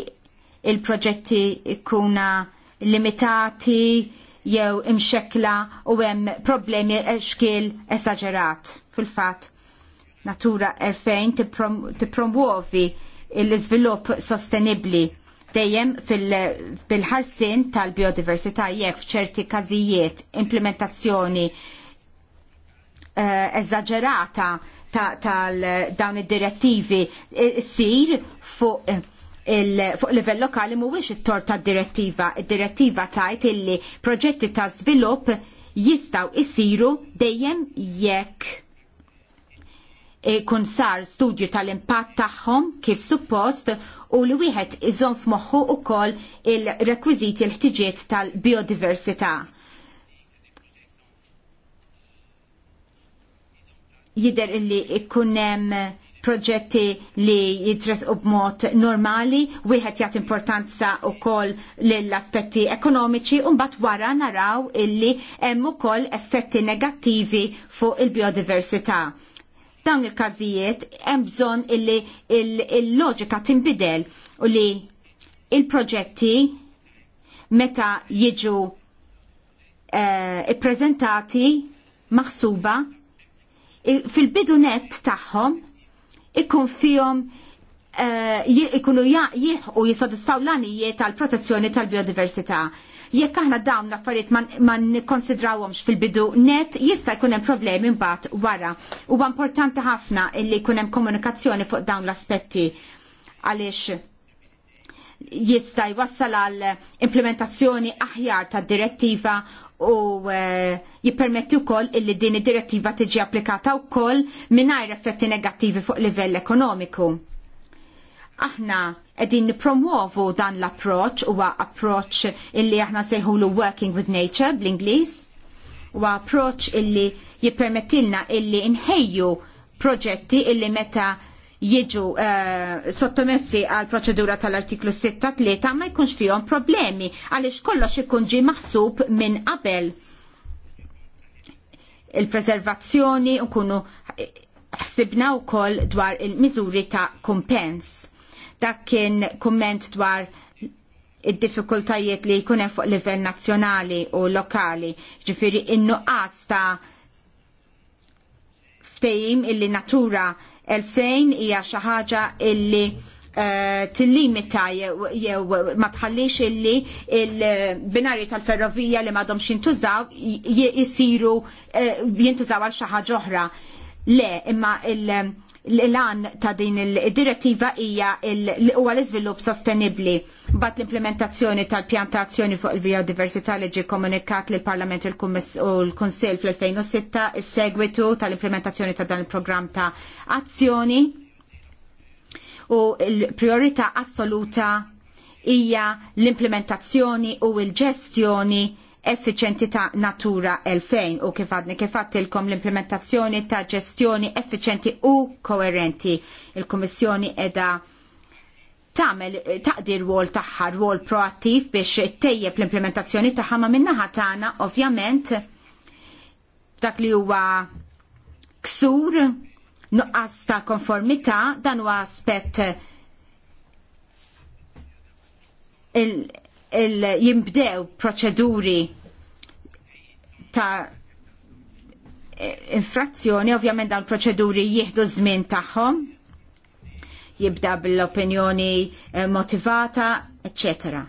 il-proġetti ikkuna limitati jew imxekla u hemm problemi xkiel esagerat fil-fatt. Natura erfejn tippromuovi l-iżvilupp sostenibbli dejjem fil-ħarsin tal-biodiversità jekk f'ċerti każijiet implementazzjoni uh, tal-dawn id-direttivi e, sir fuq eh, fuq livell lokali mhuwiex it-tort tad-direttiva. Id-direttiva tajt illi proġetti ta' żvilupp jistaw isiru dejjem jekk kun sar studju tal-impatt tagħhom kif suppost u li wieħed iżomm f'moħħu wkoll il-rekwiżiti l-ħtiġiet tal-biodiversità. jider illi ikkunem proġetti li jitresqu b'mod normali, wieħed jagħti importanza wkoll l aspetti ekonomiċi u mbagħad wara naraw illi hemm ukoll effetti negattivi fuq il-biodiversità. Dawn il-każijiet hemm bżonn illi il-loġika timbidel tinbidel u li il-proġetti meta jiġu uh, ippreżentati maħsuba fil-bidunet tagħhom ikun fihom eh, ikunu u jisodisfaw l-għanijiet tal-protezzjoni tal-biodiversità. Jekk aħna dawn l-affarijiet ma nikkonsidrawhomx fil-bidu net jista' jkun hemm problemi mbagħad wara. Huwa importanti ħafna illi jkun hemm komunikazzjoni fuq dawn l-aspetti għaliex jista' jwassal għal implementazzjoni aħjar tad direttiva u e, jippermetti wkoll illi din id-direttiva tiġi applikata wkoll mingħajr effetti negattivi fuq livell ekonomiku. Aħna qegħdin nipromuovu dan l approċċ huwa approċċ illi aħna sejħulu working with nature bl-Ingliż huwa approċċ illi jippermettilna illi nħejju proġetti illi meta jiġu uh, sottomessi għal proċedura tal-artiklu 6-3 ma jkunx fihom problemi għaliex kollox ikun ġi maħsub minn qabel il-preservazzjoni u kunu ħsibna wkoll dwar il-miżuri ta' kumpens. Dak kien kumment dwar id-diffikultajiet li jkun hemm fuq livell nazzjonali u lokali, ġifiri innu ta' ftehim illi natura 2000 hija xi ħaġa illi eh, tillimita jew ma tħallix illi il-binarji tal-ferrovija li m'għadhom jintużaw jisiru eh, jintużaw għal xi ħaġa oħra. Le, imma il- l-lan ta' din il-direttiva hija huwa l-iżvilupp sostenibbli bat l-implementazzjoni tal-pjantazzjoni fuq il-biodiversità li ġie komunikat lill parlament u l-Kunsill fl-2006 is-segwitu tal-implementazzjoni ta' dan il-programm ta' azzjoni u l-priorità assoluta hija l-implementazzjoni u l-ġestjoni effiċenti ta' Natura 2000 u kif għadni kif għattilkom l-implementazzjoni ta' ġestjoni effiċenti u koerenti. Il-Kommissjoni edha tamel taqdir wol tagħha rwol proattiv biex tejjeb l-implementazzjoni tagħha ma minna tagħna ovvjament dak li huwa ksur nuqqas ta' konformità dan huwa aspett jimbdew proċeduri ta' infrazzjoni, ovvjament dawn proċeduri jieħdu żmien tagħhom, jibda bil-opinjoni eh, motivata, eccetera.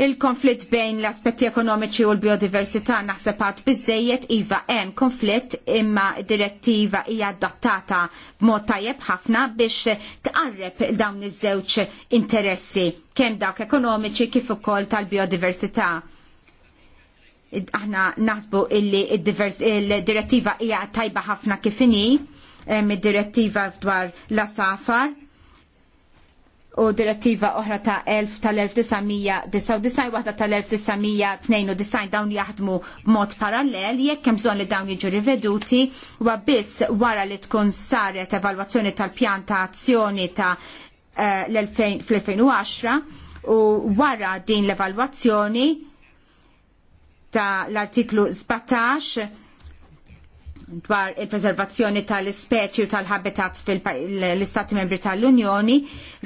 Il-konflitt bejn l-aspetti ekonomiċi u l-biodiversità naħseb għad biżejjed iva hemm konflitt imma direttiva hija adattata b'mod tajjeb ħafna biex tqarreb dawn iż-żewġ interessi kemm dawk ekonomiċi kif ukoll tal-biodiversità aħna naħsbu illi il-direttiva hija tajba ħafna kif inhi, id-direttiva dwar l-asafar u direttiva oħra ta' 1000 tal-1999 waħda tal-1992 dawn jaħdmu mod parallel jekk hemm bżonn li dawn jiġu riveduti wa biss wara li tkun saret evalwazzjoni tal-pjan ta' azzjoni ta' eh, fl-2010 u wara din l-evalwazzjoni ta' l-artiklu 17 dwar il-preservazzjoni tal-speċi u tal-habitats fil-istati membri tal-Unjoni,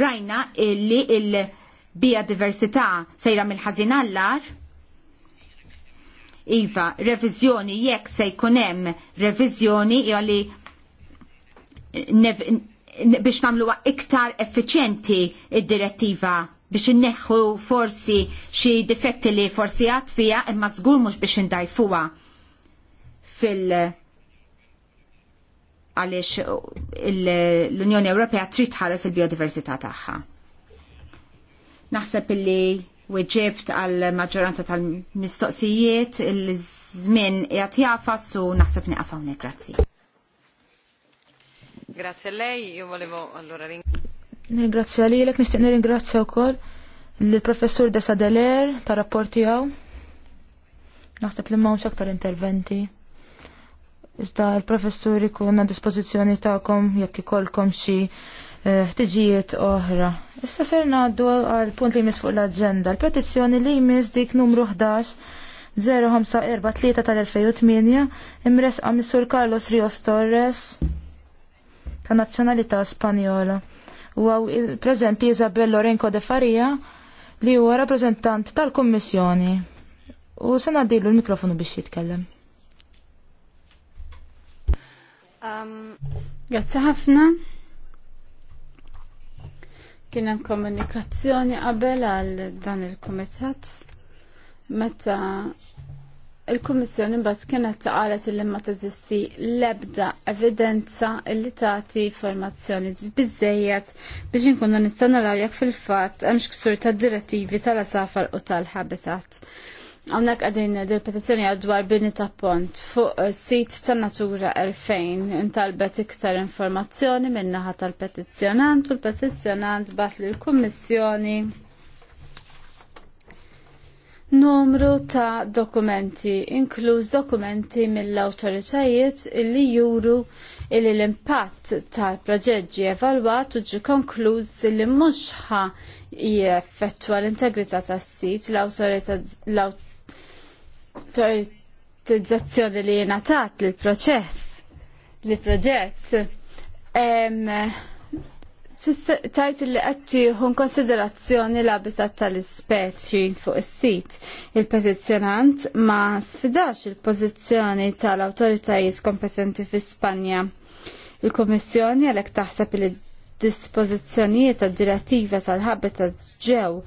rajna illi il-biodiversità sejra mill-ħazin għallar, Iva, revizjoni jekk se jkun hemm revizjoni jolli biex nagħmluha iktar effiċenti id-direttiva biex inneħħu forsi xi difetti li forsi għat fija imma żgur mhux biex indajfuha fil- għaliex l-Unjoni Ewropea trid tħares il-biodiversità tagħha. Naħseb illi weġibt għal maġġoranza tal-mistoqsijiet il-żmien qiegħed jafas u naħseb nieqaf hawnhekk grazzi. Grazzi lei, io volevo allora ringraziare. Nirgrazzja lilek, nixtieq nirringrazzja wkoll lill-professur Desadeler ta' rapporti għaw. Naħseb li m'hawnx aktar interventi. Iżda l-professur ikun a dispożizzjoni tagħkom jekk ikolkom xi eh, ħtiġijiet oħra. Issa ser ngħaddu għal punt li jmiss fuq l-aġenda. L-petizzjoni li jmiss dik numru 11 0543 tal-2008 imres Missur Carlos Rios Torres ta' nazzjonalità Spanjola. U għaw prezenti Isabel Lorenco de Faria li huwa rappresentant tal-Kommissjoni. U se dilu l-mikrofonu biex jitkellem. Um, Grazzi ħafna. Kien hemm komunikazzjoni qabel għal dan il-kumitat meta il-Kummissjoni mbagħad kienet qalet illi ma teżisti l-ebda evidenza li tagħti informazzjoni biżejjed biex inkunu nistgħu naraw jekk fil-fatt hemm ksur tad-direttivi tal-asafar u tal-habitat. tal habitat Għamnek għadin dil-petizjoni għadwar bini ta' pont fuq sit ta' natura 2000 intalbet iktar informazzjoni minnaħa tal-petizjonant u l-petizjonant bat li l-kommissjoni numru ta' dokumenti, inkluż dokumenti mill-autoritajiet illi juru illi l-impatt tal-proġeġġi evalwat u ġi konkluż li mhux ħa jeffettwa l-integrità tas-sit l-autoritajiet l-autorizzazzjoni li natat l-proċess li proġett tajt li hun konsiderazzjoni l-abitat tal-speċi fuq is-sit. Il-petizjonant ma sfidax il-pozizjoni tal-autoritajiet kompetenti fi Spanja. Il-Komissjoni għalek taħseb li dispożizzjonijiet tad direttiva tal-habitat ġew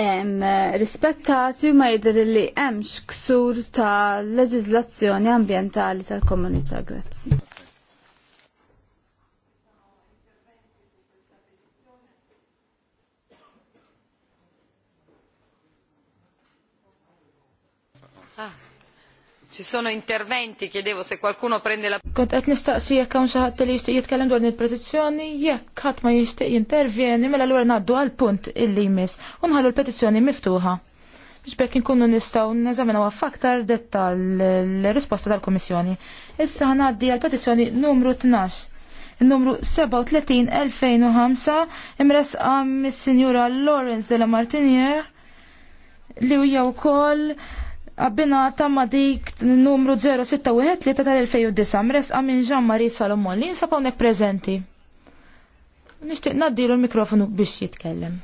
Em rispettati ma jidher li hemmx ksur ta' leġiżlazzjoni ambjentali tal-komunità. Grazzi. Ci sono interventi, chiedevo se qualcuno prende la... Kont qed nistaqsi jekk hawn xi ħadd li jixtieq jitkellem dwar il-petizzjoni, jekk ħadd ma jixtieq jintervjeni, mela allura ngħaddu għal punt illi jmiss u nħallu l-petizzjoni miftuħa. Biex inkunu nistgħu neżaminaw f'aktar dettal l-risposta tal-Kummissjoni. Issa ħnaddi għal petizzjoni numru 12 numru 37-2005 imresqa mis-Sinjura Lawrence de la Martinier li huja wkoll abbinata ma dik numru 061 li ta' tal-2009 mres għamin ġan marie Salomon li nsabaw prezenti. Nishtiq naddilu l-mikrofonu biex jitkellem.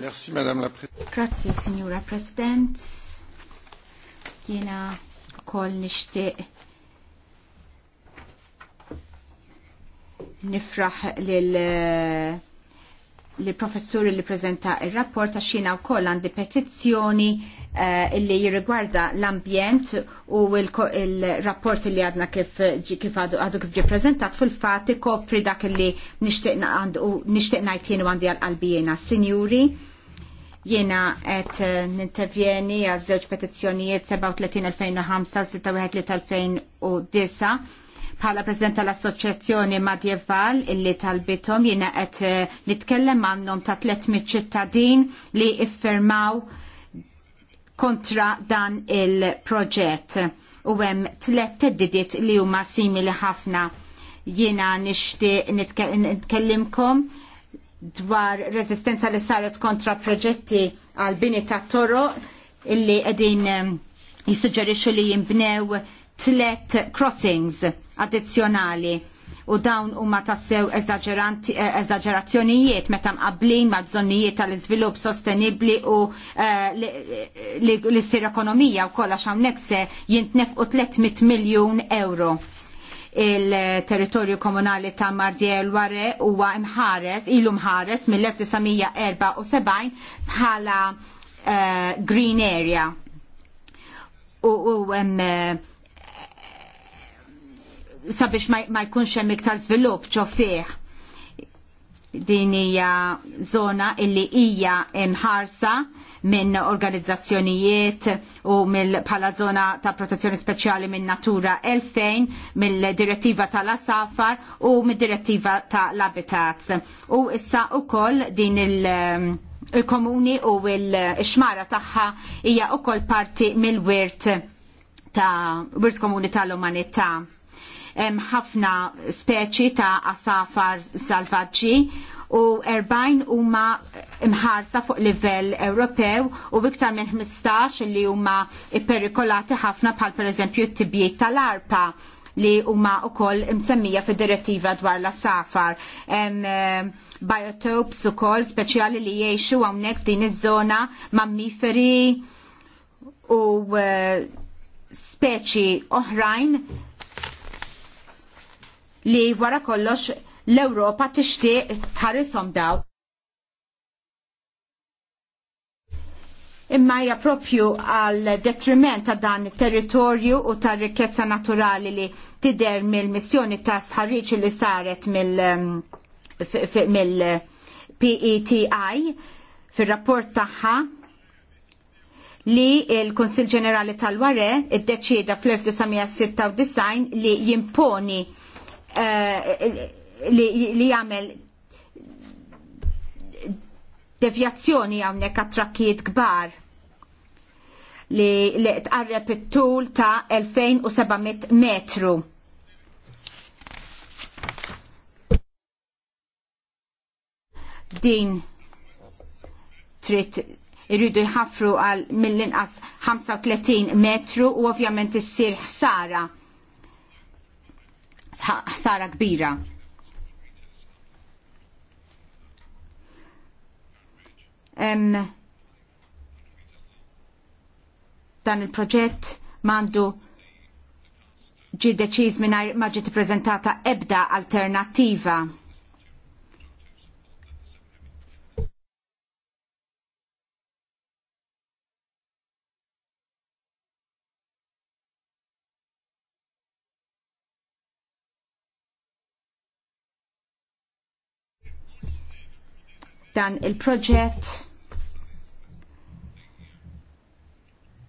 Merci, Madame la Presidente. Grazie, Signora President. Jena kol nishtiq nifraħ lil eh, li professuri li prezenta il-rapport ta' xina u koll għandi petizzjoni eh, li jirrigwarda l-ambjent u il-rapport li għadna kif għadu kif ġi prezentat fil-fat kopri dak li nishtiqna jtienu għandi għal-qalbijena. Signuri, jena et eh, nintervjeni għal żewġ petizzjonijiet 37-2005, bħala President tal-Assoċjazzjoni Madjeval illi talbitom jiena qed eh, nitkellem għandhom ta' 300 ċittadin li iffirmaw kontra dan il-proġett u hemm tliet teddidiet li huma simili ħafna jiena nixtieq nitkellimkom dwar resistenza li saret kontra proġetti għal bini ta' toro illi qegħdin eh, jissuġġerixxu li jinbnew tlet crossings addizzjonali u dawn huma tassew eżagġerazzjonijiet eh, meta mqabblin mal bżonnijiet tal-iżvilupp sostenibbli u eh, l-issir ekonomija wkoll għax hawnhekk se jintnefqu 300 miljun euro il-territorju komunali ta' Mardiel Ware huwa imħares, ilu mħares mill-1974 bħala uh, green area. U, u um, sabiex ma jkunx hemm iktar żvilupp ġo fih. Din hija żona illi hija mħarsa minn organizzazzjonijiet u mill bħala żona ta' protezzjoni speċjali minn Natura 2000 mill-direttiva tal-Asafar u mid-direttiva tal-Habitats. U issa ukoll din il- um, il-komuni u il-xmara tagħha hija ukoll parti mill-wirt ta' wirt komuni tal-umanità hemm ħafna speċi ta' asafar salvaġġi u 40 huma imħarsa fuq livell Ewropew u iktar minn 15 li huma perikolati ħafna bħal pereżempju t-tibjiet tal-arpa li huma wkoll msemmija fid-direttiva dwar l-safar. Eh, biotopes ukoll speċjali li jgħixu hawnhekk f'din iż-żona mammiferi u eh, speċi oħrajn li wara kollox l-Ewropa tixtieq tħarisom daw. Imma hija propju għal detriment ta' dan it-territorju u tar rikkezza naturali li tider mill-missjoni ta' sħarriċ li saret mill-PETI mill um, uh, peti fil fir rapport tagħha li il-Konsil Ġenerali tal-Ware id-deċida fl-1996 li jimponi Eh, li jagħmel devjazzjoni hawnhekk għat-trakkijiet kbar li, li tqarreb it-tul ta' 2700 metru. Din trid irridu jħafru għal mill-inqas 35 metru u ovvjament issir ħsara ħsara kbira. Um, dan il-proġett mandu ġi deċiż minn ma ġiet ippreżentata ebda alternattiva. dan il-proġett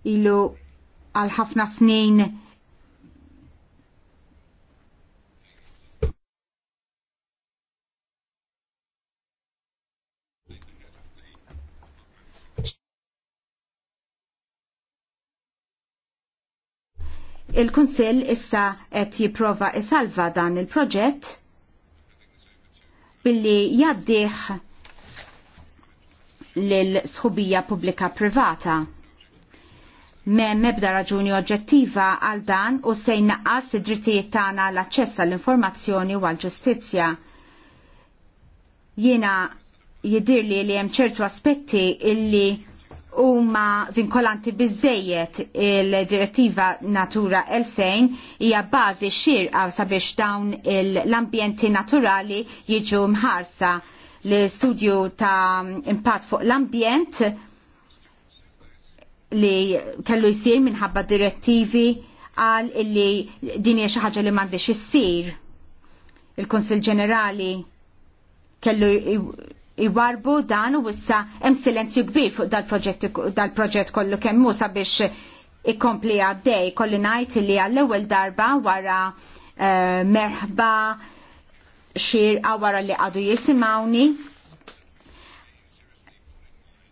ilu għal ħafna snin il-Kunsill issa qed jipprova isalva dan il-proġett billi jaddih lil sħubija pubblika privata. Mem mebda raġuni oġġettiva għal dan u se jnaqqas id-drittijiet tagħna l-aċċess għall-informazzjoni u għall-ġustizzja. Jiena jidirli li hemm ċertu aspetti illi huma vinkolanti biżejjed il-direttiva Natura 2000 hija bażi xirqa sabiex dawn l-ambjenti naturali jiġu mħarsa li studju ta' impatt fuq l-ambjent li kellu jisir minħabba direttivi għal illi din hija xi ħaġa li m'għandix issir. il kunsill Ġenerali kellu iwarbu dan u wissa hemm silenzju kbir fuq dal-proġett kollu kemm hu sabiex ikkompli għaddej kolli ngħid li għall-ewwel darba wara eh, merħba Xir għawara li għadu jisimawni.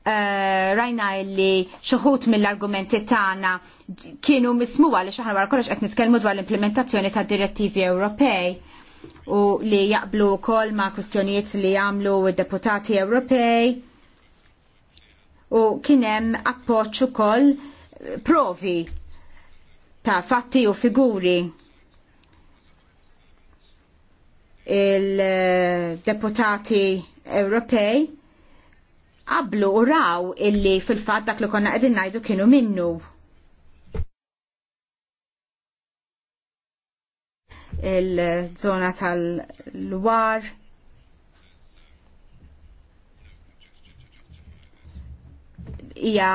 Uh, rajna li xuħut mill-argumenti tagħna kienu mismu għalli xaħna wara kollox qed nitkellmu dwar l-implementazzjoni ta' direttivi Ewropej u li jaqblu wkoll ma' kwistjonijiet li jamlu d-deputati Ewropej u kien hemm kol provi ta' fatti u figuri il-deputati Ewropej qablu u raw illi fil-fatt dak li konna qegħdin ngħidu kienu minnu. Il-żona tal-Lwar, hija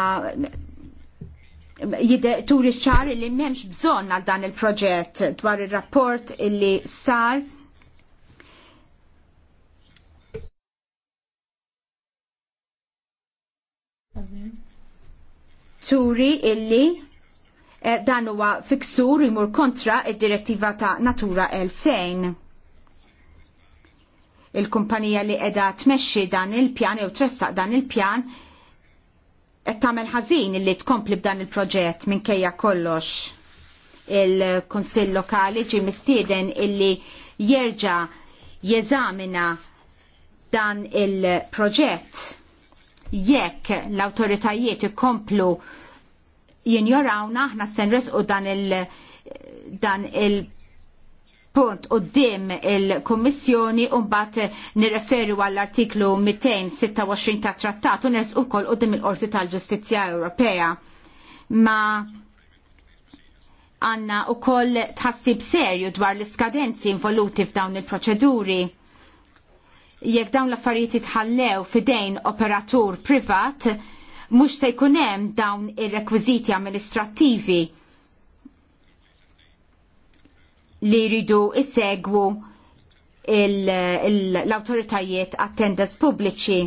turi ċar li m'hemmx bżonn għal dan il-proġett dwar ir-rapport il illi sar turi illi eh, dan huwa fiksur imur kontra id-direttiva ta' Natura 2000. Il-kumpanija li edha tmexxi dan il-pjan jew tressaq dan il-pjan qed tagħmel ħażin li tkompli b'dan il-proġett minkejja kollox. Il-Kunsill Lokali ġie mistieden illi jerġa' jeżamina dan il-proġett jekk l awtoritajiet ikomplu jinjorawna aħna senres u dan il- dan il punt u dim il-Kommissjoni u mbagħad nirreferi għall-artiklu 226 ta' trattat u ners ukoll u dim il-Qorti tal-Ġustizzja Ewropea. Ma għanna u koll tħassib serju dwar l-iskadenzi involuti f'dawn il-proċeduri jekk dawn l-affarijiet jitħallew fidejn operatur privat, mhux se jkun hemm dawn ir-rekwiżiti amministrattivi li jridu isegwu l awtoritajiet għat-tenders pubbliċi.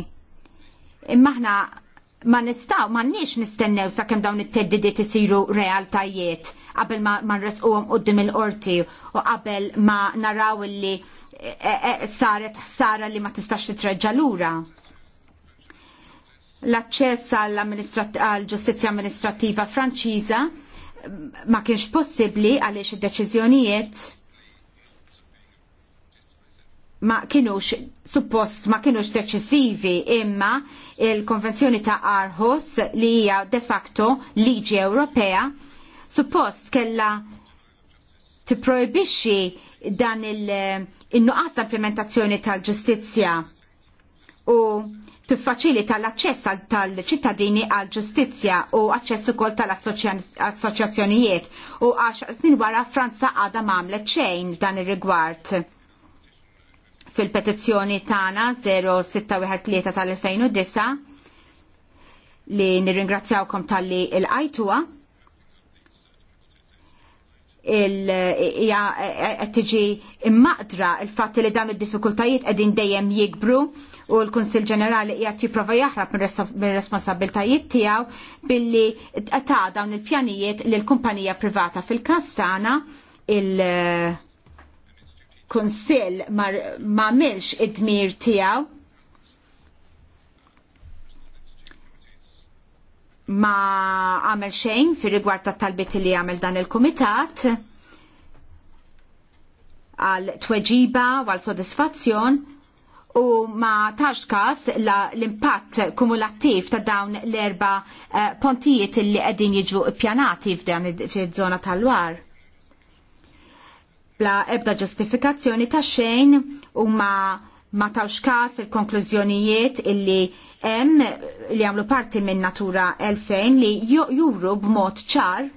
Imma aħna ma nistaw, ma nix nistennew sakemm dawn it-teddidiet isiru realtajiet qabel ma, ma nresquhom qudiem il-qorti u qabel ma naraw illi E, e, saret ħsara li ma tistax titreġġa lura l-aċċess għall ġustizzja amministrattiva franċiża ma kienx possibbli għaliex id-deċiżjonijiet ma kienux suppost ma kienux deċisivi imma il-Konvenzjoni ta' Arhus li hija de facto liġi Ewropea suppost kella tipprojbixxi dan il-nuqqas tal implementazzjoni tal-ġustizzja u tiffaċili tal-aċċess tal-ċittadini għal ġustizzja u aċċess ukoll tal-assoċjazzjonijiet u għax snin wara Franza għadha m'għamlet xejn dan ir-rigward. Fil-petizzjoni tagħna 0613 tal-2009 li nirringrazzjawkom tal-li il-qajtuha il eh, tiġi immaqdra il-fatt li dawn id-diffikultajiet qegħdin dejjem jikbru u l-Kunsil Ġenerali qiegħed jipprova jaħrab mir-responsabbiltajiet tiegħu billi ta' dawn il-pjanijiet l kumpanija privata fil kastana tagħna il kunsill ma' għamilx id-dmir tiegħu ma għamel xejn fir rigward ta' talbiet li għamel dan il-komitat għal tweġiba u għal sodisfazzjon u ma tax kas l-impatt kumulattiv ta' dawn l-erba eh, pontijiet li qegħdin jiġu ppjanati f'dan iż-żona tal-war. Bla ebda ġustifikazzjoni ta' xejn u ma ma tawx kas il-konklużjonijiet illi hemm li għamlu parti minn Natura 2000 li juru b'mod ċar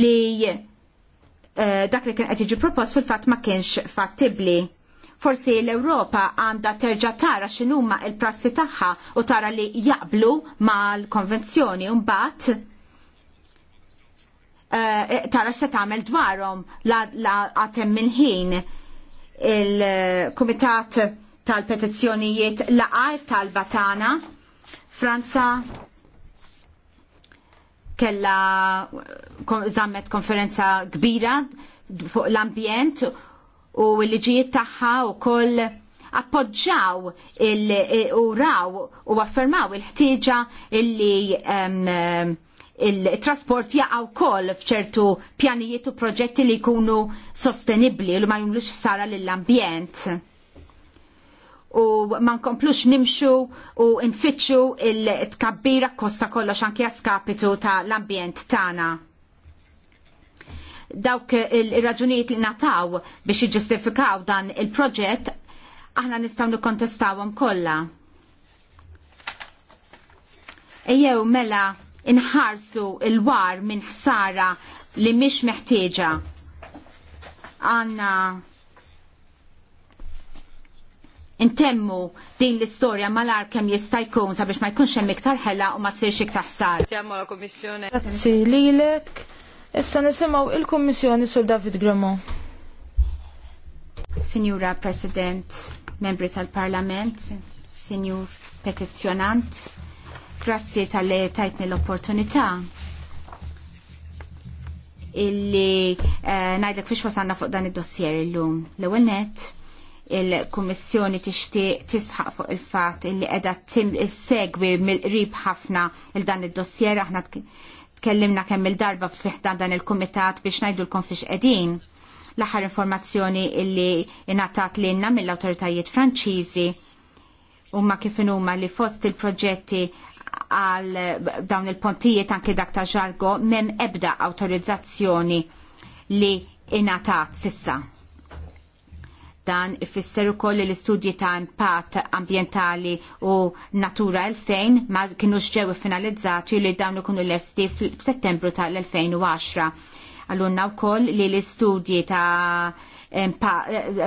li eh, dak li kien qed jiġi propost fil-fatt ma kienx fattibbli. Forsi l-Ewropa għandha terġa' tara x'inhuma l-prassi tagħha u tara li jaqblu mal-konvenzjoni u mbagħad eh, tara x'se tagħmel dwarhom la għatem minn ħin il-Kumitat tal-petizzjonijiet laqar tal-Batana. Franza kella zammet konferenza kbira fuq l-ambjent u l-liġijiet tagħha wkoll appoġġaw u raw u affermaw il-ħtieġa illi um, il-trasport jaqaw kol fċertu pjanijiet u proġetti li jkunu sostenibli u ma jumlux ħsara lill-ambjent u ma nkomplux nimxu u nfittxu il-tkabbira kosta kollox anke skapitu ta' l-ambjent tagħna. Dawk il-raġunijiet li nataw biex jiġġustifikaw dan il-proġett aħna nistgħu nikkontestawhom kollha. Ejjew mela inħarsu il-war minn ħsara li mhix meħtieġa għanna intemmu din l-istorja malar kem jista' jkun sabiex ma jkunx hemm iktar ħella u ma sirx iktar ħsar. Ġemmu la Kummissjoni. Grazzi lilek. Issa nisimgħu il-Kummissjoni sur David Gromo. Signora President, membri tal-Parlament, Signor Petizzjonant, grazzi tal-li tajtni l-opportunità illi eh, najdlek fiex wasanna fuq dan id-dossier illum. L-ewwel net, il-Kummissjoni tixtieq tisħaq fuq il-fatt li qiegħda segwi mill-qrib ħafna il dan id-dossier aħna tkellimna kemm il-darba fiħdan dan il-kumitat biex lkom fiex qegħdin. L-aħħar informazzjoni illi ingħatat lilna mill-awtoritajiet Franċiżi huma kif huma li fost il-proġetti għal dawn il-pontijiet anke dak ta' ġargo mem ebda awtorizzazzjoni li ingħatat sissa Dan ifisser ukoll li l-istudji ta' impatt ambjentali u natura 2000 ma kinux ġew finalizzati li dawn ikunu lesti f'Settembru tal-2010. Għallunna wkoll li l-istudji ta'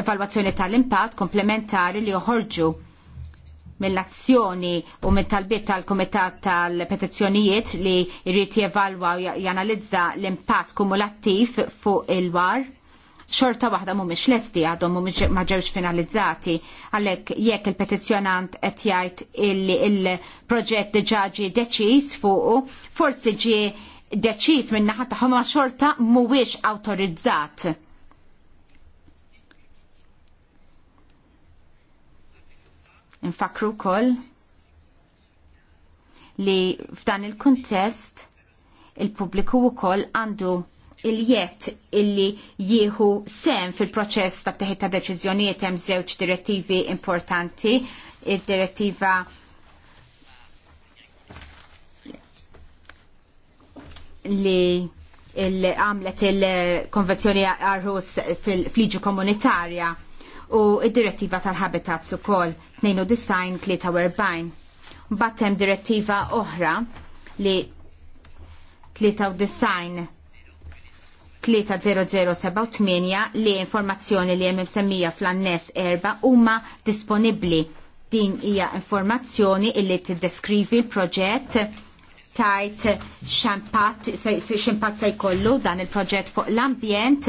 evalwazzjoni tal-impatt komplementari li joħorġu mill-azzjoni u mill talbiet tal-Komitat tal-Petizzjonijiet li jrid jevalwa u janalizza l-impatt kumulattiv fuq il-war xorta waħda mhumiex lesti għadhom mu ma ġewx finalizzati għalhekk jekk il-petizzjonant qed jgħid illi il-proġett diġà ġie deċiż fuqu, forsi ġie deċiż minn naħa tagħhom xorta mhuwiex awtorizzat. Infakru wkoll li f'dan il-kuntest il-pubbliku wkoll għandu il-jett illi jieħu sem fil-proċess ta' teħi ta' deċiżjonijiet hemm żewġ direttivi importanti, il direttiva li għamlet il-konvenzjoni Arhus fil-liġi komunitarja u id-direttiva tal-habitats su kol 92-43. Battem direttiva oħra li design. 3078 li informazzjoni li hemm semmija fl-annes erba huma disponibbli. Din hija informazzjoni illi tiddeskrivi l-proġett tajt xampat, xampat se jkollu dan il-proġett fuq l-ambjent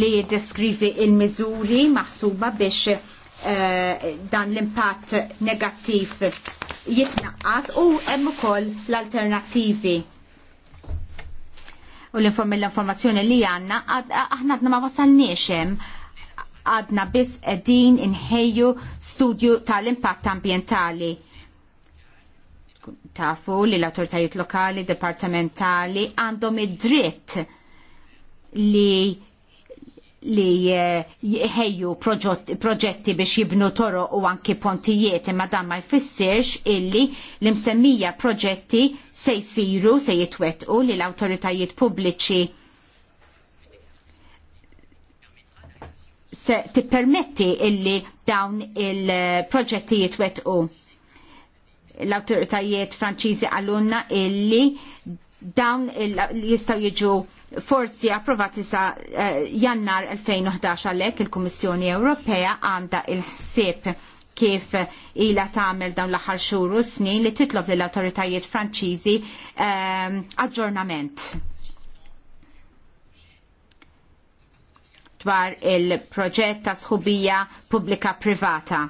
li jiddeskrivi il-miżuri maħsuba biex eh, dan l-impatt negattiv jitnaqqas u hemm ukoll l-alternattivi u l-informazzjoni li għanna, aħna għadna ma wasalniex hemm għadna biss qegħdin inħejju studju tal-impatt ambjentali. Tafu li l-autoritajiet lokali, departamentali għandhom id-dritt li li eh, ħejju proġetti biex jibnu toro u anki pontijiet imma dan ma jfissirx illi l-imsemmija proġetti se jsiru se jitwetqu li l-autoritajiet pubbliċi se tippermetti illi dawn il-proġetti jitwetqu. L-autoritajiet franċiżi għallunna illi dawn li jistaw jiġu forsi approvati sa eh, jannar 2011 għalhekk il-Kummissjoni Ewropea għandha il-ħsieb kif ila tagħmel dawn l-aħħar xhur u snin li titlob lill awtoritajiet Franċiżi ehm, aġġornament dwar il-proġett ta' sħubija pubblika privata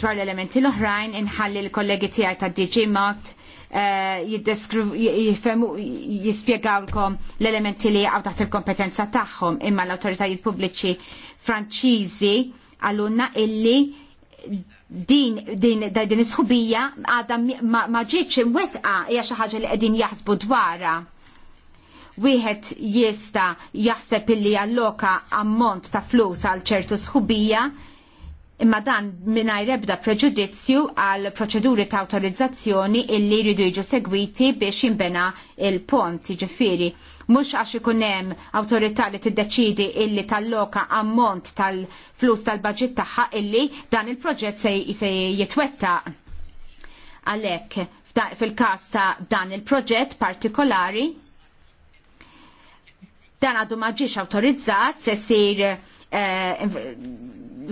dwar l-elementi l-oħrajn inħalli l-kollegi tiegħi ta' DG Mott Eh, jispjegawlkom l-elementi li għaw taħt il-kompetenza tagħhom imma l-awtoritajiet pubbliċi Franċiżi għallunna illi din din din is-ħubija għadha ma ġietx imwettqa hija xi ħaġa li qegħdin jaħsbu dwarha. Wieħed jista' jaħseb illi alloka ammont ta' flus għal ċertu sħubija imma dan mingħajr ebda preġudizzju għal proċeduri ta' awtorizzazzjoni illi jridu jiġu segwiti biex jinbena il-pont ġifiri. Mhux għax ikun hemm awtorità li deċidi illi talloka ammont tal-flus tal-baġit tagħha illi dan il-proġett se jitwettaq. Għalhekk fil-każ ta' dan il-proġett partikolari dan għadu maġiex autorizzat se sir eh,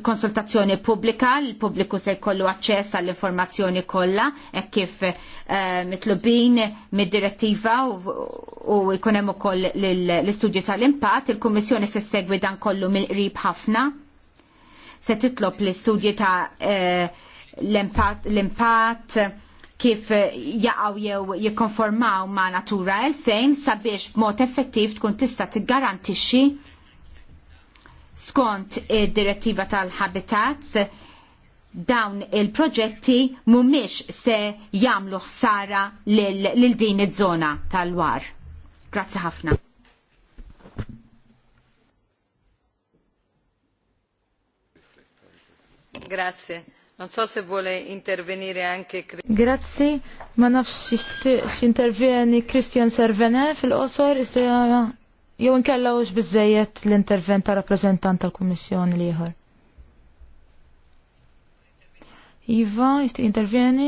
konsultazzjoni pubblika, l-pubbliku se jkollu aċċess għall-informazzjoni kollha hekk kif eh, mitlubin mid-direttiva u jkun hemm ukoll l-istudju tal-impatt, il-Kummissjoni se segwi dan kollu mill-qrib ħafna. Se titlob l-istudji ta' eh, l-impatt kif jaqaw jew jikkonformaw ma' natura 2000 sabiex b'mod effettiv tkun tista' tiggarantixxi skont id-direttiva tal-habitats dawn il-proġetti mumiex se jagħmlu ħsara lil din iż-żona tal-war. Grazzi ħafna. Grazie. Non so se vuole intervenire anche Grazie, ma nafx x'interveni Christian Servene fil-qosor, jew inkellawx biżejjed l-intervent ta' rappreżentant tal-Kummissjoni ieħor. Iva, jista' intervjeni?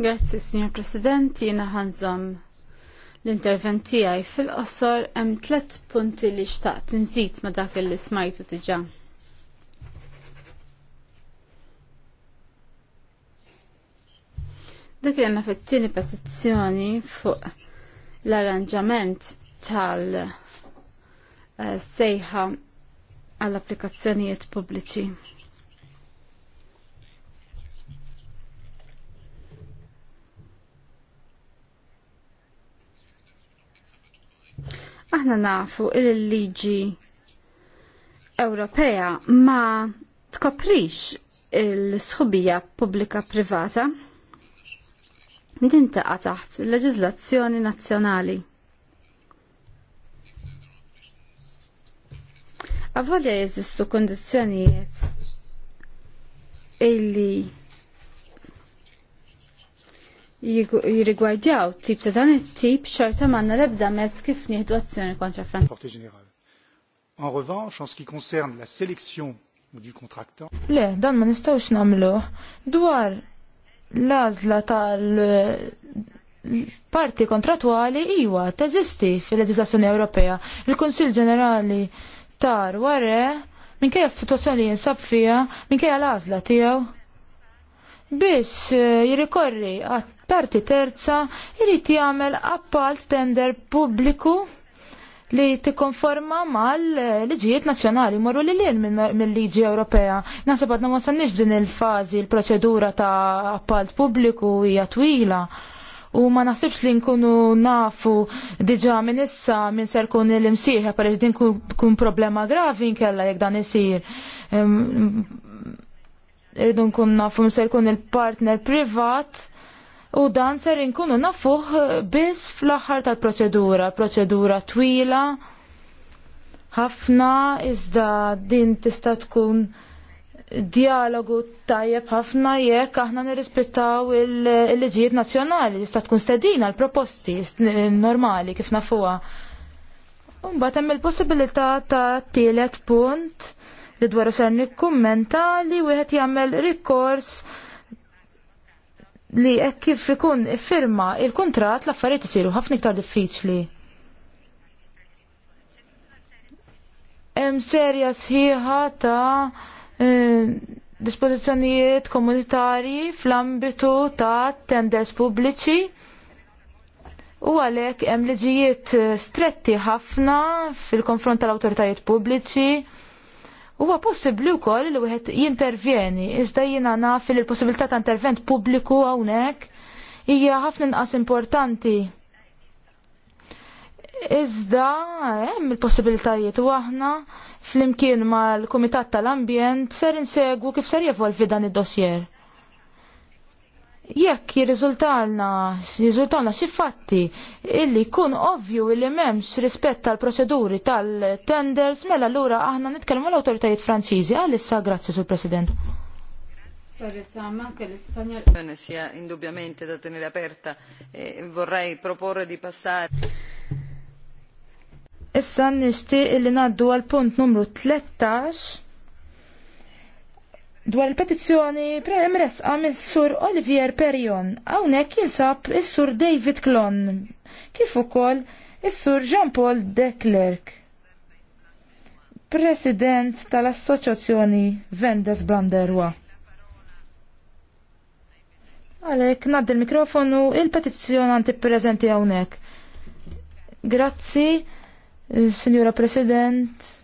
Grazzi, Signor President, jiena ħanżom l-intervent tiegħi fil-qosor hemm tliet punti li xtaqt nżid ma' dak li smajtu diġà. Dak jenna fettini fit-tieni petizzjoni fuq l-arranġament tal eh, sejħa għall-applikazzjonijiet pubbliċi. Aħna nafu il-liġi Ewropea ma tkoprix il-sħubija pubblika privata tintaqa' taħt leġiżlazzjoni nazzjonali. Avolja jeżistu kondizjonijiet illi jirrigwardjaw tip ta' dan it-tip xorta manna lebda mezz kif nieħdu azzjoni kontra Franza. En revanche, en ce qui concerne la sélection du contractant. Le, dan ma nistawx namlu. dwar l-azla tal-parti kontratwali iwa teżisti fil-leġislazzjoni Ewropea. Il-Konsil Ġenerali tar warre minkejja s-situazzjoni li jinsab fija, minkejja l-azla tiegħu. Biex eh, jirikorri għat parti terza jrid jagħmel appalt tender pubbliku li tikkonforma mal-liġijiet eh, nazzjonali morru li lil mill-liġi Ewropea. Nasab għadna ma sanniex din il-fazi l-proċedura ta' appalt pubbliku hija twila. U ma nasibx li nkunu nafu diġa minn issa minn ser kun l-imsieħ, għaparix din kun problema gravi nkella jek dan isir. Mm, irridu nkun nafu minn ser kun il-partner privat U dan ser inkunu nafuħ biss fl-aħħar tal-proċedura, proċedura twila, ħafna iżda din tista' tkun dialogu tajjeb ħafna jekk aħna nirrispettaw il-liġijiet nazzjonali, jista' tkun stedina l-proposti normali kif nafuha. Mbagħad hemm il-possibilità ta' tielet punt li dwaru ser nikkummenta li wieħed jagħmel rikors li hekk kif ikun firma il-kontrat l-affarijiet isiru ħafna iktar diffiċli. Hemm serja sħiħa ta' eh, dispożizzjonijiet komunitarji fl-ambitu ta' tenders pubbliċi u għalhekk hemm liġijiet stretti ħafna fil-konfront tal-awtoritajiet pubbliċi Huwa possibbli wkoll li wieħed jintervjeni, iżda jiena naf li l-possibilità ta' intervent pubbliku hawnhekk hija ħafna inqas importanti. Iżda hemm il-possibilitajiet u aħna flimkien mal-Kumitat tal-Ambjent ser insegwu kif ser jevolvi dan id-dossier jekk jirriżultalna jirriżultalna xi fatti illi jkun ovvju illi m'hemmx rispett tal-proċeduri tal-tenders mela allura aħna nitkellmu l-awtoritajiet Franċiżi għalissa grazzi sul President. Sia indubbiamente da tenere aperta e vorrei proporre di passare. Issa nixtieq li ngħaddu għal punt numru 13 dwar il-petizzjoni resqa mis sur Olivier Perion. Hawnhekk jinsab is-sur David Klon, kif ukoll is-sur Jean-Paul De Klerk, President tal-Assoċjazzjoni Vendes Blanderwa. Għalek, nadd il-mikrofonu il-petizzjonanti prezenti hawnhekk. Grazzi, Signora President.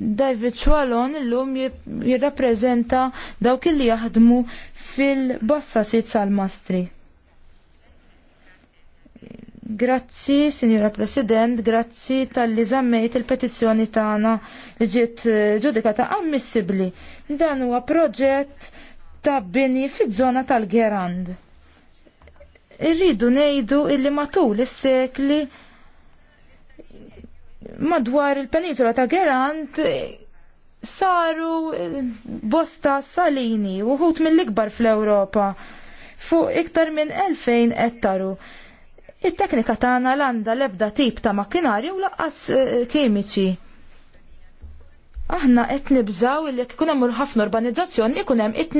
David Swallon illum jirrappreżenta dawk li jaħdmu fil-bassa sit sal-mastri. Grazzi, Signora President, grazzi tal-li zammejt il-petizzjoni tagħna li ġiet eh, ġudikata ammissibli. Dan huwa proġett ta' bini fiż-żona tal-Gerand. Irridu ngħidu illi matul is-sekli il madwar il-penisola ta' Gerant eh, saru eh, bosta salini uħut mill-ikbar fl-Europa fuq iktar minn 2000 ettaru. Il-teknika tagħna l-għanda lebda tip ta' makkinarju u laqqas eh, kimiċi. Aħna qed nibżaw li jekk ikun hemm ħafna urbanizzazzjoni ikun hemm it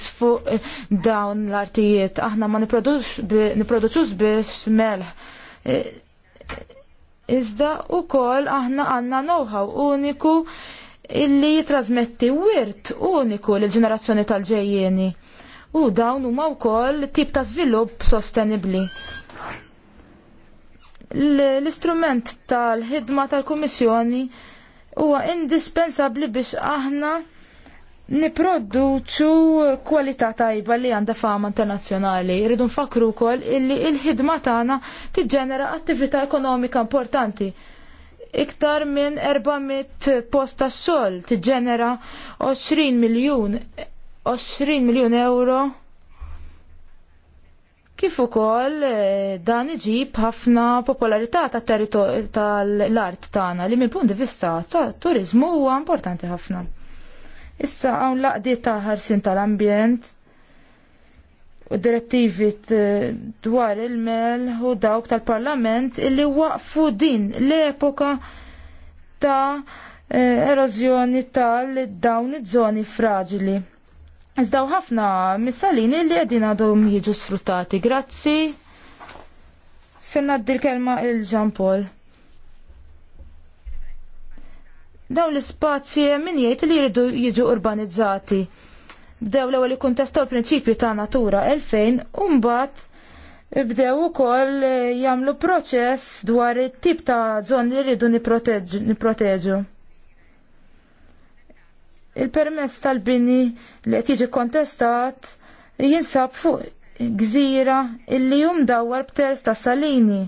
fuq dawn l-artijiet. Aħna ma nipproduċux biss melħ Iżda u kol aħna għanna know-how uniku illi jitrasmetti wirt uniku l-ġenerazzjoni tal-ġejjeni. U dawn huma wkoll tip ta' żvilupp sostenibbli. L-istrument tal-ħidma tal-Kummissjoni huwa indispensabbli biex aħna niproduċu kwalità tajba li għandha fama internazzjonali. Rridu nfakru wkoll illi il-ħidma tagħna tiġġenera attività ekonomika importanti. Iktar minn 400 post tax-xogħol tiġġenera 20 miljun 20 miljun euro kif ukoll eh, dan iġib ħafna popolarità tat-territorju tal-art tagħna li minn punt di vista ta' turizmu huwa importanti ħafna. Issa hawn laqdi ta' sin tal-ambjent u direttivi dwar il-mel u dawk tal-parlament illi waqfu din l-epoka ta' erozjoni tal-dawn iż-żoni fragili. Iżdaw ħafna missalini li għedin għadhom jiġu sfruttati. Grazzi. Senna d kelma il-Ġampol. Dawn l-ispazji min jgħid li jridu jiġu urbanizzati. Bdew l-ewwel il prinċipju ta' natura 2000 u mbagħad bdew ukoll eh, jagħmlu proċess dwar it-tip ta' żoni li rridu nipproteġu. Il-permess tal-bini li qed jiġi kontestat jinsab fuq gżira illi jum dawwar b'ters ta' salini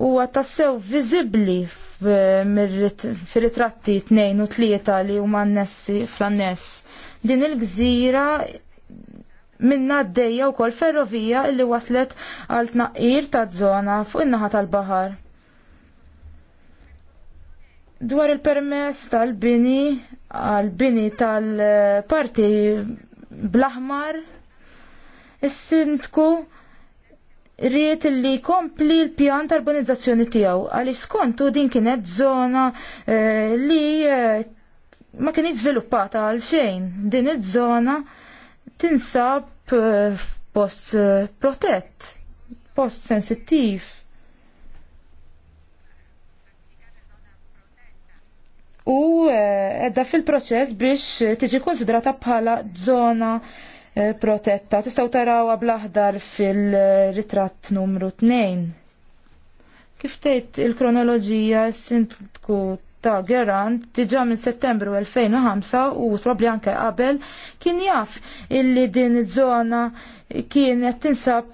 huwa tassew viżibbli fir-ritratti tnejn u tlieta li huma annessi fl-anness. Din il-gżira minna d-dejja u kol ferrovija illi waslet għal tnaqqir ta' zona fuq in-naħa tal-bahar. Dwar il-permess tal-bini għal-bini tal-parti bl-aħmar, is-sintku riet li kompli l-pjan tal urbanizzazzjoni tiegħu għaliex skontu din kienet zona eh, li eh, ma kien żviluppata għal xejn. Din iż-żona tinsab post eh, f'post protett, post sensittiv. U edda fil-proċess biex tiġi konsidrata bħala zona Eh, protetta. Tistgħu tarawha għablaħdar fil-ritratt numru 2. Kif tgħid il-kronoloġija sintku ta' Gerant diġa minn settembru 2005 u probli anke qabel kien jaf illi din iż-żona kienet tinsab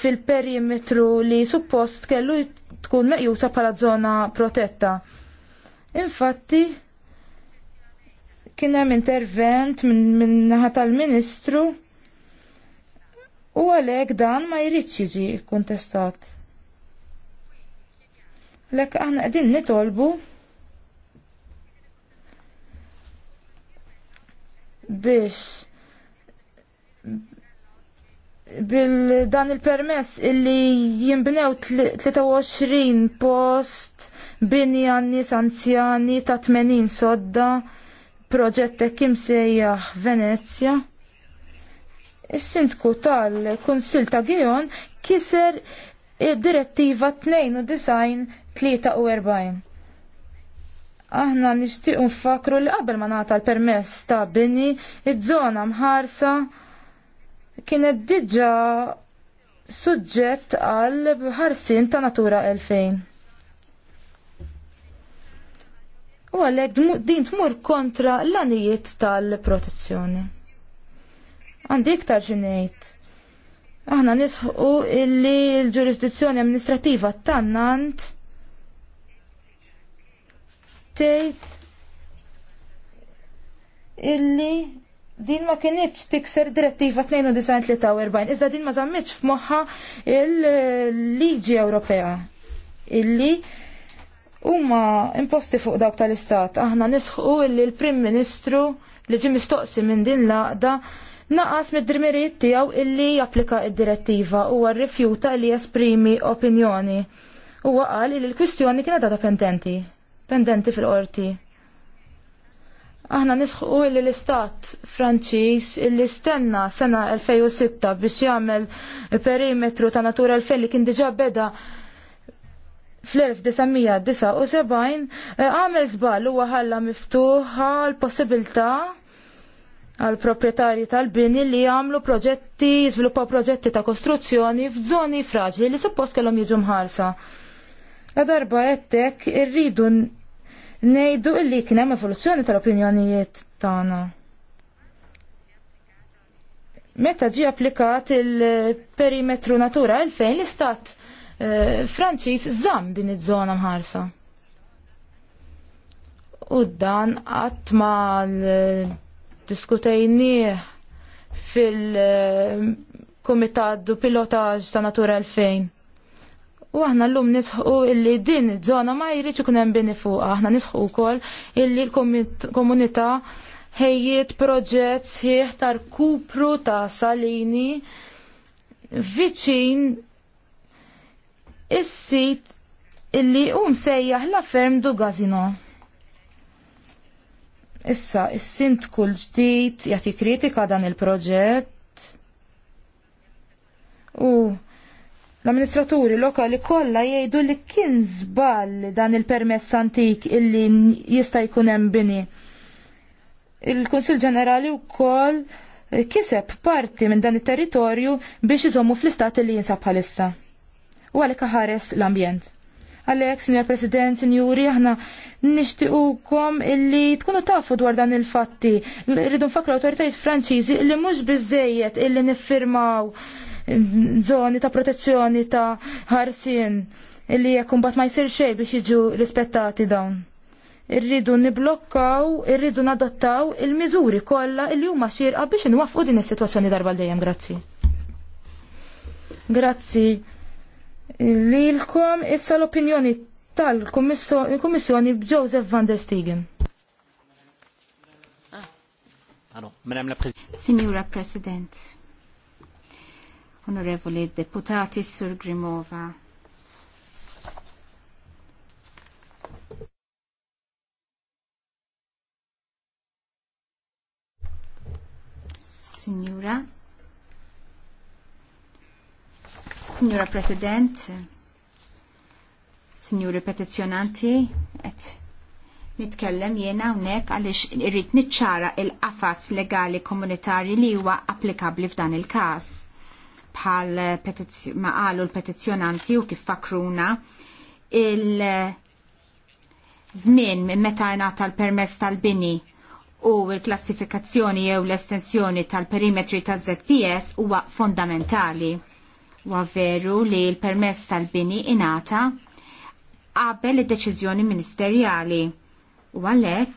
fil-perimetru li suppost kellu tkun meqjusa bħala żona protetta. Infatti, Kien hemm intervent minn naħa tal-Ministru u għalhekk dan ma jridx jiġi kontestat. Lek aħna qegħdin nitolbu biex bil dan il-permess illi jimbnew 23 post binja nis anzjani ta' 80 sodda proġett kim sejjaħ Venezja. Is-sindku tal-Kunsil ta' Gion kiser direttiva 92-43. Aħna nixtiequ nfakru li qabel ma nagħta l-permess ta' bini, iż-żona mħarsa kienet diġà suġġett għal ħarsien ta' Natura 2000. u għalhekk din tmur kontra l-anijiet tal-protezzjoni. Għandi iktar xinejt. Aħna nisħu illi l-ġurisdizzjoni amministrativa tannant tgħid illi din ma kienieċ tikser direttiva 92-43, iżda din ma zammitx f'moħħa il-liġi Ewropea. Illi huma imposti fuq dawk tal-istat. Aħna nisħu illi l-Prim Ministru li ġi mistoqsi minn din laqda naqas mid-drimirijiet tiegħu illi japplika id-direttiva u rrifjuta li jesprimi opinjoni. Huwa qal li l-kwistjoni kienet għadha pendenti, pendenti fil-qorti. Aħna nisħu li l-istat Franċiż illi stenna sena 2006 biex jagħmel perimetru ta' natura l-fejn li kien diġà beda fl-1979 eh, għamel żball huwa ħalla miftuħa l-possibilità għal proprjetarji tal-bini li jagħmlu proġetti, jiżviluppaw proġetti ta' kostruzzjoni f'żoni fraġli li suppost kellhom jiġu mħarsa. La darba għettek irridu nejdu illi kien hemm evoluzzjoni tal-opinjonijiet tagħna. Meta ġie applikat il-perimetru natura 2000 l-istat Eh, Franċiż żamm din iż-żona mħarsa. U dan qatt l diskutejnieh fil-Kumitat du Pilotaġ ta' Natura 2000. U aħna l-lum nisħu illi din iż-żona ma jirriċu ikun hemm bini fuq, aħna nisħu wkoll illi l-komunità ħejjiet proġett sħiħ tar kupru ta' salini viċin is-sit illi um sejjaħ la ferm du gazino. Issa, is-sint kull ġdid jagħti kritika dan il-proġett. U l-amministraturi lokali kollha jgħidu li kien żball dan il-permess antik illi jista' jkun hemm bini. Il-Kunsill Ġenerali wkoll kiseb parti minn dan it-territorju biex iżommu fl-istat li jinsab bħalissa u għalhekk ħares l-ambjent. Għalhekk, Sinjor President, Sinjuri, aħna nixtiequkom illi tkunu tafu dwar dan il-fatti. Rridu nfakru awtoritajiet Franċiżi li mhux bizzejiet illi niffirmaw zoni ta' protezzjoni ta' ħarsien illi jekk bat ma jsir xej biex jiġu rispettati dawn. Irridu niblokkaw, irridu nadattaw il-miżuri kollha li huma xirqa biex inwaffqu din is-sitwazzjoni darba l dejjem grazzi. Grazzi lilkom issa l-opinjoni tal-Kummissjoni b'Joseph van der Stegen. Ah. Signora President, Onorevoli Deputati, Sur Grimova, Signora, Signora President, Signori petizjonanti, et nitkellem jiena hawnhekk għaliex irrit niċċara il-qafas legali komunitarji li huwa applikabbli f'dan il-każ. Bħal maqalu l-petizzjonanti u kif fakruna il żmien minn meta jingħata l-permess tal-bini u l-klassifikazzjoni jew l-estensjoni tal-perimetri taż-ZPS huwa fondamentali Wa veru li l-permess tal-bini inata qabel id-deċiżjoni ministerjali u għalhekk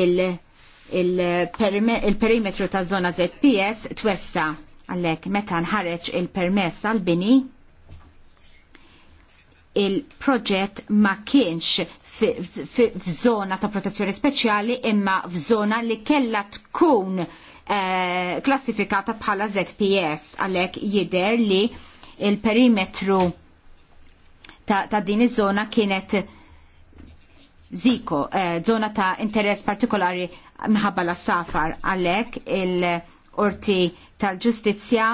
il-perimetru ta' zona ZPS twessa għalhekk meta nħareġ il-permess tal-bini il-proġett ma kienx f'żona ta' protezzjoni speċjali imma f'żona li kella tkun Eh, klassifikata bħala ZPS għalhekk jidher li il-perimetru ta', ta din iż-żona kienet ziko, żona eh, ta' interess partikolari minħabba la safar għalhekk il-orti tal-ġustizzja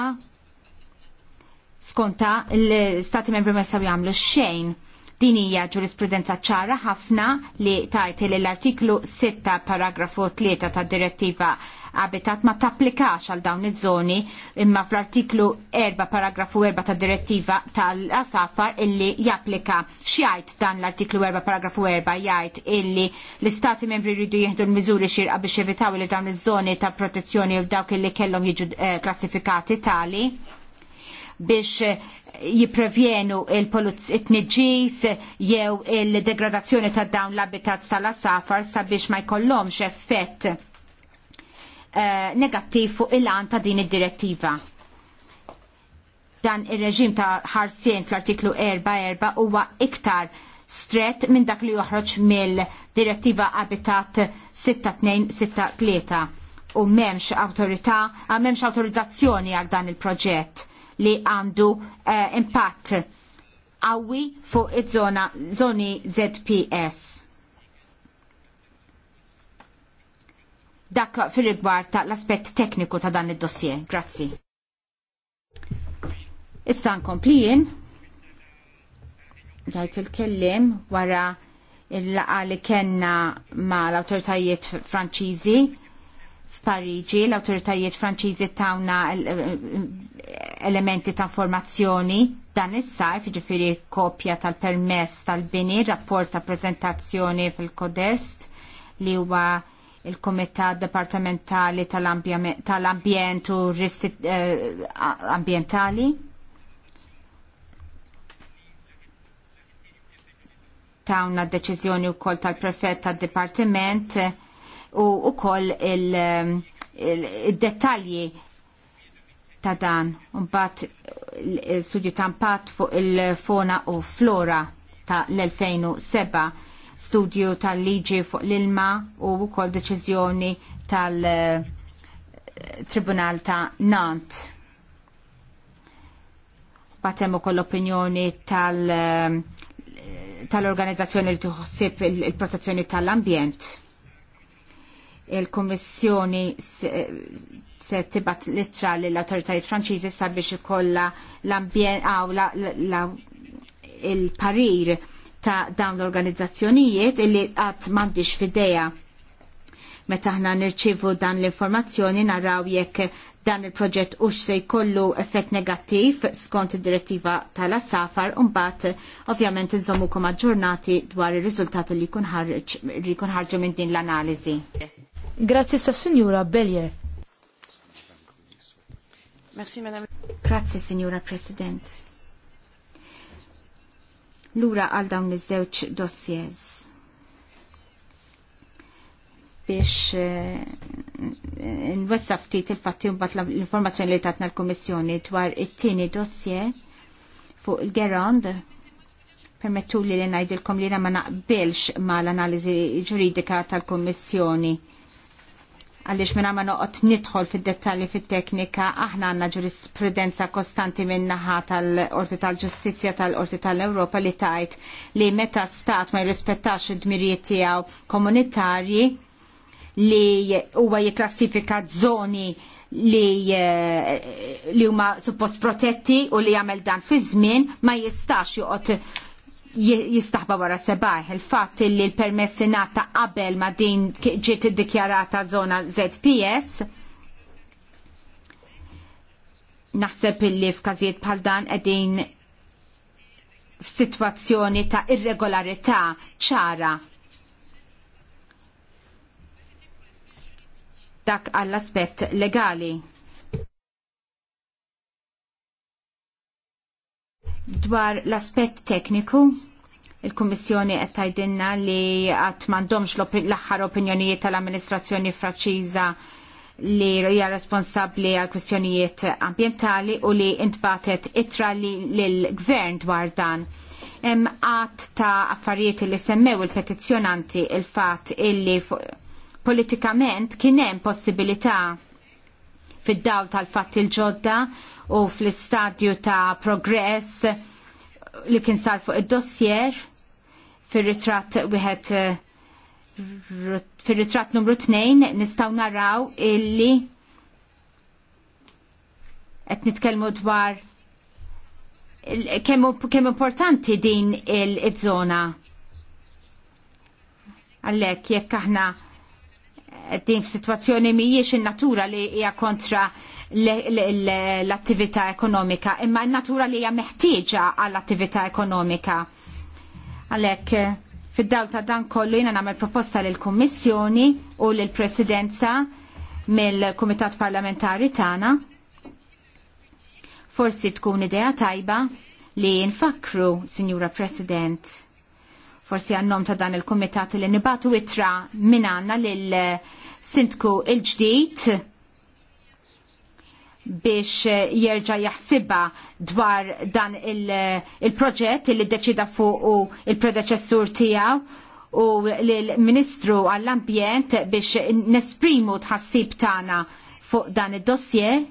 skonta l-stati membri ma jistgħu għamlu xejn. Din hija ġurisprudenza ċara ħafna li tajti l-artiklu 6 paragrafu 3 tad direttiva habitat ma tapplikax għal dawn iż-żoni imma fl-artiklu 4 paragrafu 4 ta' direttiva tal-asafar illi japplika x'jgħid dan l-artiklu 4 paragrafu 4 jgħid illi l-istati membri jridu jieħdu l-miżuri xirqa biex jevitaw li dawn iż-żoni ta' protezzjoni u dawk illi kellhom jiġu eh, klassifikati tali biex eh, jiprevjenu il it-nġis jew il-degradazzjoni ta' dawn l-habitat tal-asafar sabiex ma jkollhomx effett Eh, negattiv fuq il-għan ta' din id-direttiva dan ir-reġim ta' ħarsien fl-artiklu 4-4 huwa iktar stret minn dak li joħroġ mill-direttiva Habitat 6263 u memx autorità, ah, memx autorizzazzjoni għal dan il-proġett li għandu eh, impatt qawwi fuq iż-żona zoni ZPS dak fir-rigward ta' l-aspett tekniku ta' dan id-dossier. Grazzi. Issa nkomplijin, rajt il-kellim wara il-laqa li kena ma l-autoritajiet franċiżi f'Pariġi, l-autoritajiet franċiżi tawna elementi ta' informazzjoni dan is-sajf, ġifiri kopja tal-permess tal-bini, rapport ta' prezentazzjoni fil-kodest li huwa il-Komitat Departamentali tal-Ambjent tal u Risti ambjentali eh, Ambientali d deċiżjoni u tal-prefett tal-Departiment u u id il-dettalji ta' dan un bat il-sugġi tampat fuq il-fona u flora ta' l-2007 studju tal-liġi fuq l-ilma u wkoll deċiżjoni tal-Tribunal eh, ta' Nant. Batem ukoll opinjoni tal- eh, tal-organizzazzjoni li tuħsib il-protezzjoni tal-ambjent. Il-Kommissjoni se tibat litra l-autoritajiet franċiżi sabiex ikolla l-ambjent għaw ah, il-parir ta' dawn l-organizzazzjonijiet illi għat mandiċ fideja. Meta ħna nirċivu dan l-informazzjoni naraw jekk dan il-proġett ux se jkollu effett negattiv skont id-direttiva tal-assafar bat ovvjament nżommukom aġġornati dwar ir-riżultati li jkun ħarġu minn din l-analiżi. Grazzi sa' Signora Bellier. Grazie, Signora President lura għal dawn iż-żewġ dossiers biex eh, nwessa ftit il-fatti mbagħad l-informazzjoni li tatna l-Kummissjoni dwar it-tieni dossier fuq il-Gerond permettu li li ngħidilkom li ma naqbilx mal analiżi ġuridika tal-Kummissjoni għaliex minna ma noqgħod nidħol fid-dettalji fit-teknika, aħna għandna ġurisprudenza kostanti min-naħa tal-Qorti tal-Ġustizzja tal-Qorti tal-Ewropa li tajt li meta stat ma jirrispettax id-dmirijiet tiegħu komunitarji li huwa jiklassifika żoni li eh, li huma suppost protetti u li jagħmel dan fi żmien ma jistax joqgħod jistaħba wara sebaħ. Il-fatt li l-permessi nata qabel ma din ġiet iddikjarata zona ZPS naħseb illi f'każijiet bħal dan qegħdin f'sitwazzjoni ta' irregolarità ċara dak għall-aspett legali. Dwar l-aspett tekniku, il-Kummissjoni qed tgħidilna li qatt m'għandhomx l-aħħar opinjonijiet tal-amministrazzjoni Franċiża li hija responsabbli għal kwistjonijiet ambjentali u li intbatet itra lill gvern dwar dan. Hemm qatt ta' affarijiet li semmew il-petizzjonanti il-fatt illi politikament kien hemm possibilità fid-dawl tal-fatt il-ġodda u fl-istadju ta' progress li kien sar fuq id-dossier fir-ritratt wieħed fil-ritrat numru 2 nistgħu naraw illi qed nitkellmu dwar kemm importanti din il-żona. Għalhekk jekk aħna din f'sitwazzjoni mhijiex in-natura li hija kontra l-attività ekonomika, imma n-natura li hija meħtieġa għall-attività ekonomika. Għalhekk fid-dawl ta' dan kollu jiena nagħmel proposta lill kummissjoni u lill presidenza mill-Kumitat Parlamentari tagħna. Forsi tkun idea tajba li nfakru, Sinjura President, forsi għannom ta' dan il-Kumitat li nibatu itra minna għandna lill sintku il-ġdid biex eh, jerġa jaħsibha dwar dan eh, il-proġett il li deċida fuq il-predeċessur tiegħu u l-Ministru għall-Ambjent biex nesprimu tħassib tagħna fuq dan id-dossier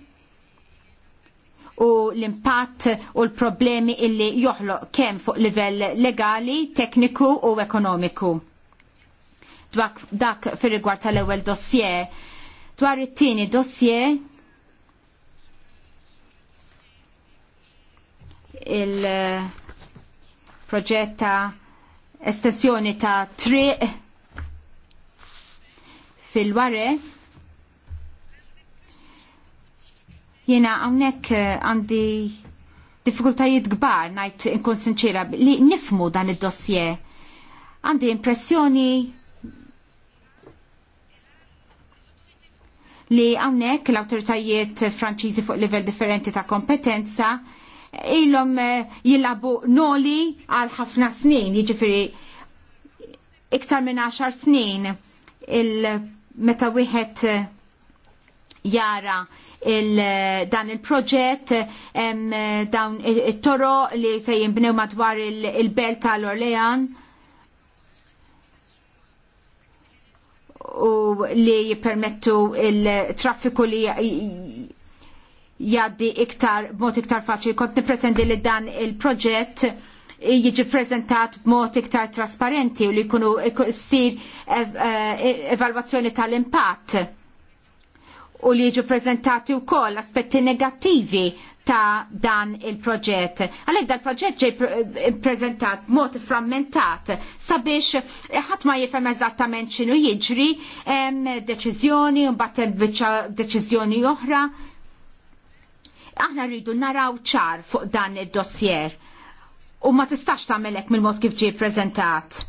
u l-impatt u l-problemi illi joħloq kemm fuq livell legali, tekniku u ekonomiku. Dwak, dak fir rigward tal-ewwel dossier. Dwar it-tieni dossier il-proġett ta' estensjoni ta' triq fil-ware jena għonek eh, għandi diffikultajiet gbar najt inkun sinċira li nifmu dan id-dossier. Għandi impressjoni li għonek l-autoritajiet franċiżi fuq livell differenti ta' kompetenza ilhom eh, jilabu noli għal ħafna snin, jiġifieri iktar minn 10 snin il meta wieħed eh, jara il, dan il-proġett eh, dawn it-toro li se jinbnew madwar il-belt il tal-Orlean. u li jippermettu il-traffiku li jaddi iktar, mod iktar faċli. Kont nipretendi li dan il-proġett jiġi prezentat b'mod iktar trasparenti u li jkunu ssir eh, evalwazzjoni tal-impatt u li jiġu prezentati wkoll aspetti negattivi ta' dan il-proġett. Għalhekk dan il-proġett ġej eh, prezentat b'mod frammentat sabiex ħadd ma jifhem eżattament x'inhu jiġri, hemm deċiżjoni u mbagħad biċċa deċiżjoni oħra aħna rridu naraw ċar fuq dan id-dossier u ma tistax tagħmelek mill-mod kif ġie ppreżentat.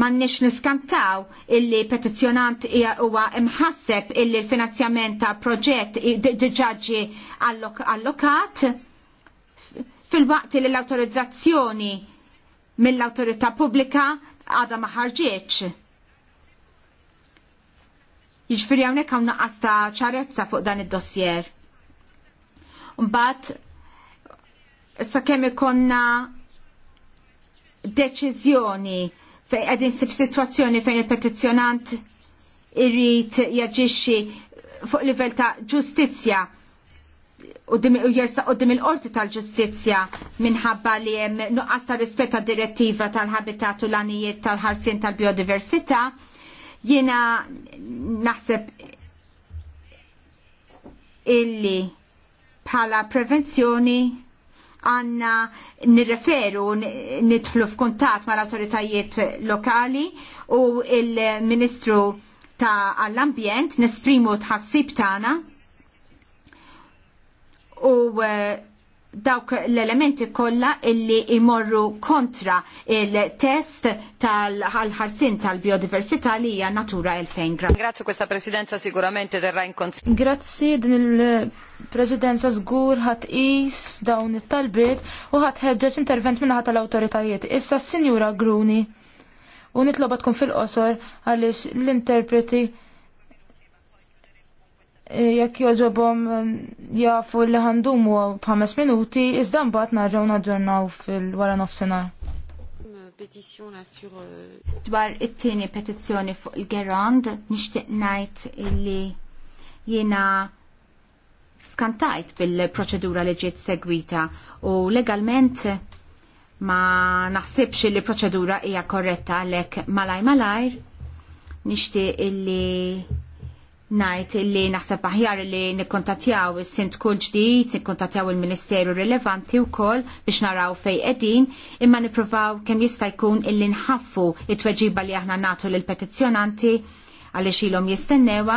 mannix niskantaw illi petizjonant huwa imħasseb illi l-finanzjament ta' proġett diġaġi allokat fil-waqt li l-autorizzazzjoni mill-autorità pubblika għada ma ħarġitx. Jiġifieri hawnhekk hawn naqqas ta' ċarezza fuq dan id-dossier. Mbagħad sakemm ikonna deċiżjoni fejn qegħdin sif sitwazzjoni fejn il-petizzjonant irrid jaġixxi fuq livell ta' ġustizzja u jersa u il-qorti tal-ġustizja minħabba li jem nuqqas ta' rispetta direttiva tal-habitat u l-anijiet tal-ħarsin tal-biodiversita, Jiena naħseb illi bħala prevenzjoni għanna nirreferu, nidħlu f'kuntat mal autoritajiet lokali u il-Ministru ta' għall-ambjent nesprimu tħassib tagħna u eh, dawk l-elementi kollha illi imorru kontra il-test tal-ħarsin tal-biodiversità li hija natura 2000. Grazzi questa presidenza sicuramente terrà in consiglio. Grazzi din il-presidenza żgur ħat is dawn it-talbiet u ħat ħedġeċ intervent ħat tal-awtoritajiet. Issa s-Sinjura Gruni u nitloba tkun fil-qosor għaliex l-interpreti Eh, jekk joġobom eh, jafu li ħandumu b'ħames minuti, iżda mbagħad narġgħu naġġornaw fil-wara nofsinhar. Euh, Dwar it-tieni petizzjoni fuq il-Gerand, nixtieq ngħid li jiena skantajt bil-proċedura li ġiet segwita u legalment ma naħsibx li proċedura hija korretta għalhekk malaj malajr nixtieq illi najt li naħseb aħjar li nikkontatjaw is-sint kull ġdid, nikkontatjaw il-Ministeru rilevanti wkoll biex naraw fej qegħdin, imma nippruvaw kemm jista' jkun illi nħaffu it-tweġiba li aħna nagħtu lill petizzjonanti għaliex ilhom jistennewa,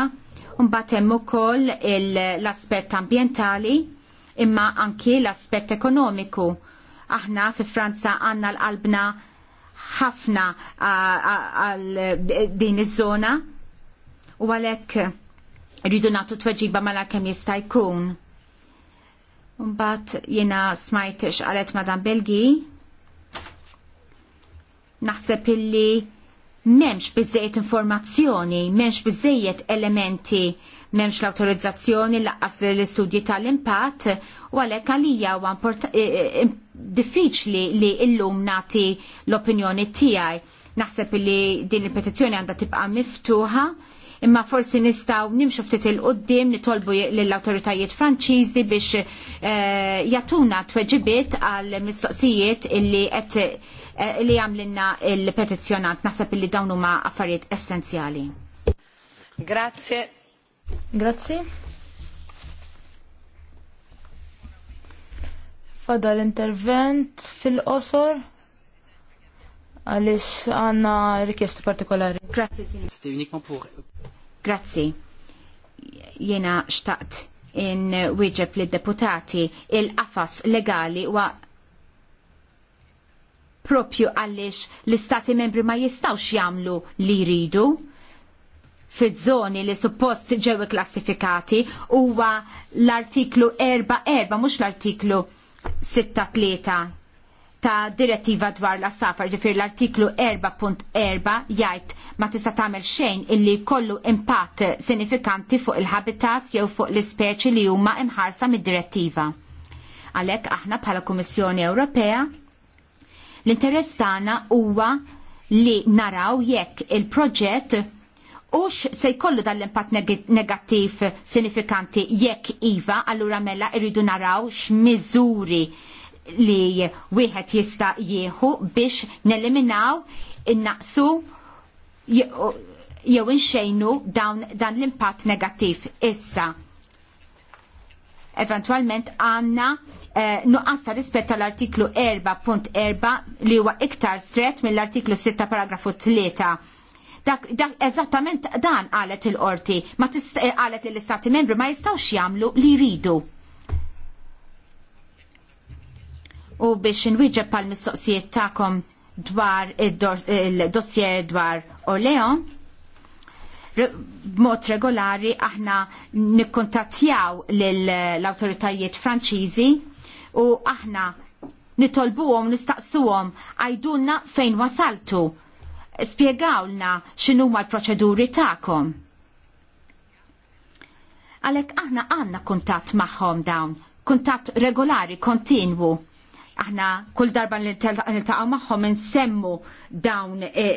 mbagħad hemm ukoll l-aspett ambjentali imma anki l-aspett ekonomiku. Aħna fi Franza għandna l-qalbna ħafna għal din iż-żona u għalhekk rridu nagħtu tweġiba mala kemm jista' jkun. Mbagħad jiena smajt x'qalet Madam Belgi. Naħseb illi m'hemmx biżejjed informazzjoni, m'hemmx biżejjed elementi memx l-autorizzazzjoni laqqas l-istudji tal-impatt u għalhekk għalija u eh, eh, diffiċli li illum nati l-opinjoni tijaj. Naħseb li din il-petizjoni għanda tibqa miftuħa imma forsi nistgħu nimxu ftit il-qoddim nitolbu lill-awtoritajiet Franċiżi biex eh, jagħtuna tweġibiet għal mistoqsijiet illi qed eh, li għamlinna il-petizzjonant naħseb illi dawn huma affarijiet essenzjali. Grazie. Grazie. Fada l-intervent fil-qosor għalix għanna rikjesti partikolari. Grazie, Signor. Grazzi. Jena xtaqt in wieġeb li deputati il-qafas legali wa propju għalix l-istati membri ma jistawx jamlu li jridu fit żoni li suppost ġewi klassifikati huwa l-artiklu 4-4 mhux l-artiklu 6-3 ta' direttiva dwar l-safar ġifir l-artiklu 4.4 jgħid ma tista' tagħmel xejn illi jkollu impatt sinifikanti fuq il-habitats jew fuq l-ispeċi li huma imħarsa mid-direttiva. Għalhekk aħna bħala Kummissjoni Ewropea l-interess tagħna huwa li naraw jekk il-proġett Ux se jkollu dal-impatt negattiv sinifikanti jekk iva, allura mela irridu naraw x'miżuri li wieħed jista' jieħu biex neliminaw innaqsu jew inxejnu dan, dan l-impatt negattiv issa eventualment għanna eh, nuqqas ta' rispett tal-artiklu 4.4 li huwa iktar stret mill-artiklu 6 paragrafu 3. Dak, dak eżattament dan għalet il-qorti, ma għalet eh, l-istati membri ma jistawx jamlu li jridu. U biex nwieġeb pal-mistoqsijiet ta'kom dwar il-dossier dwar Oleo b'mod regolari aħna nikkontattjaw l-autoritajiet franċiżi u aħna nitolbuhom nistaqsuhom għajdulna fejn wasaltu. Spiegawlna x'inhuma l-proċeduri tagħkom. Għalhekk aħna għandna kuntatt magħhom dawn, kuntatt regolari kontinwu aħna kull darba niltaqgħu magħhom insemmu dawn eh,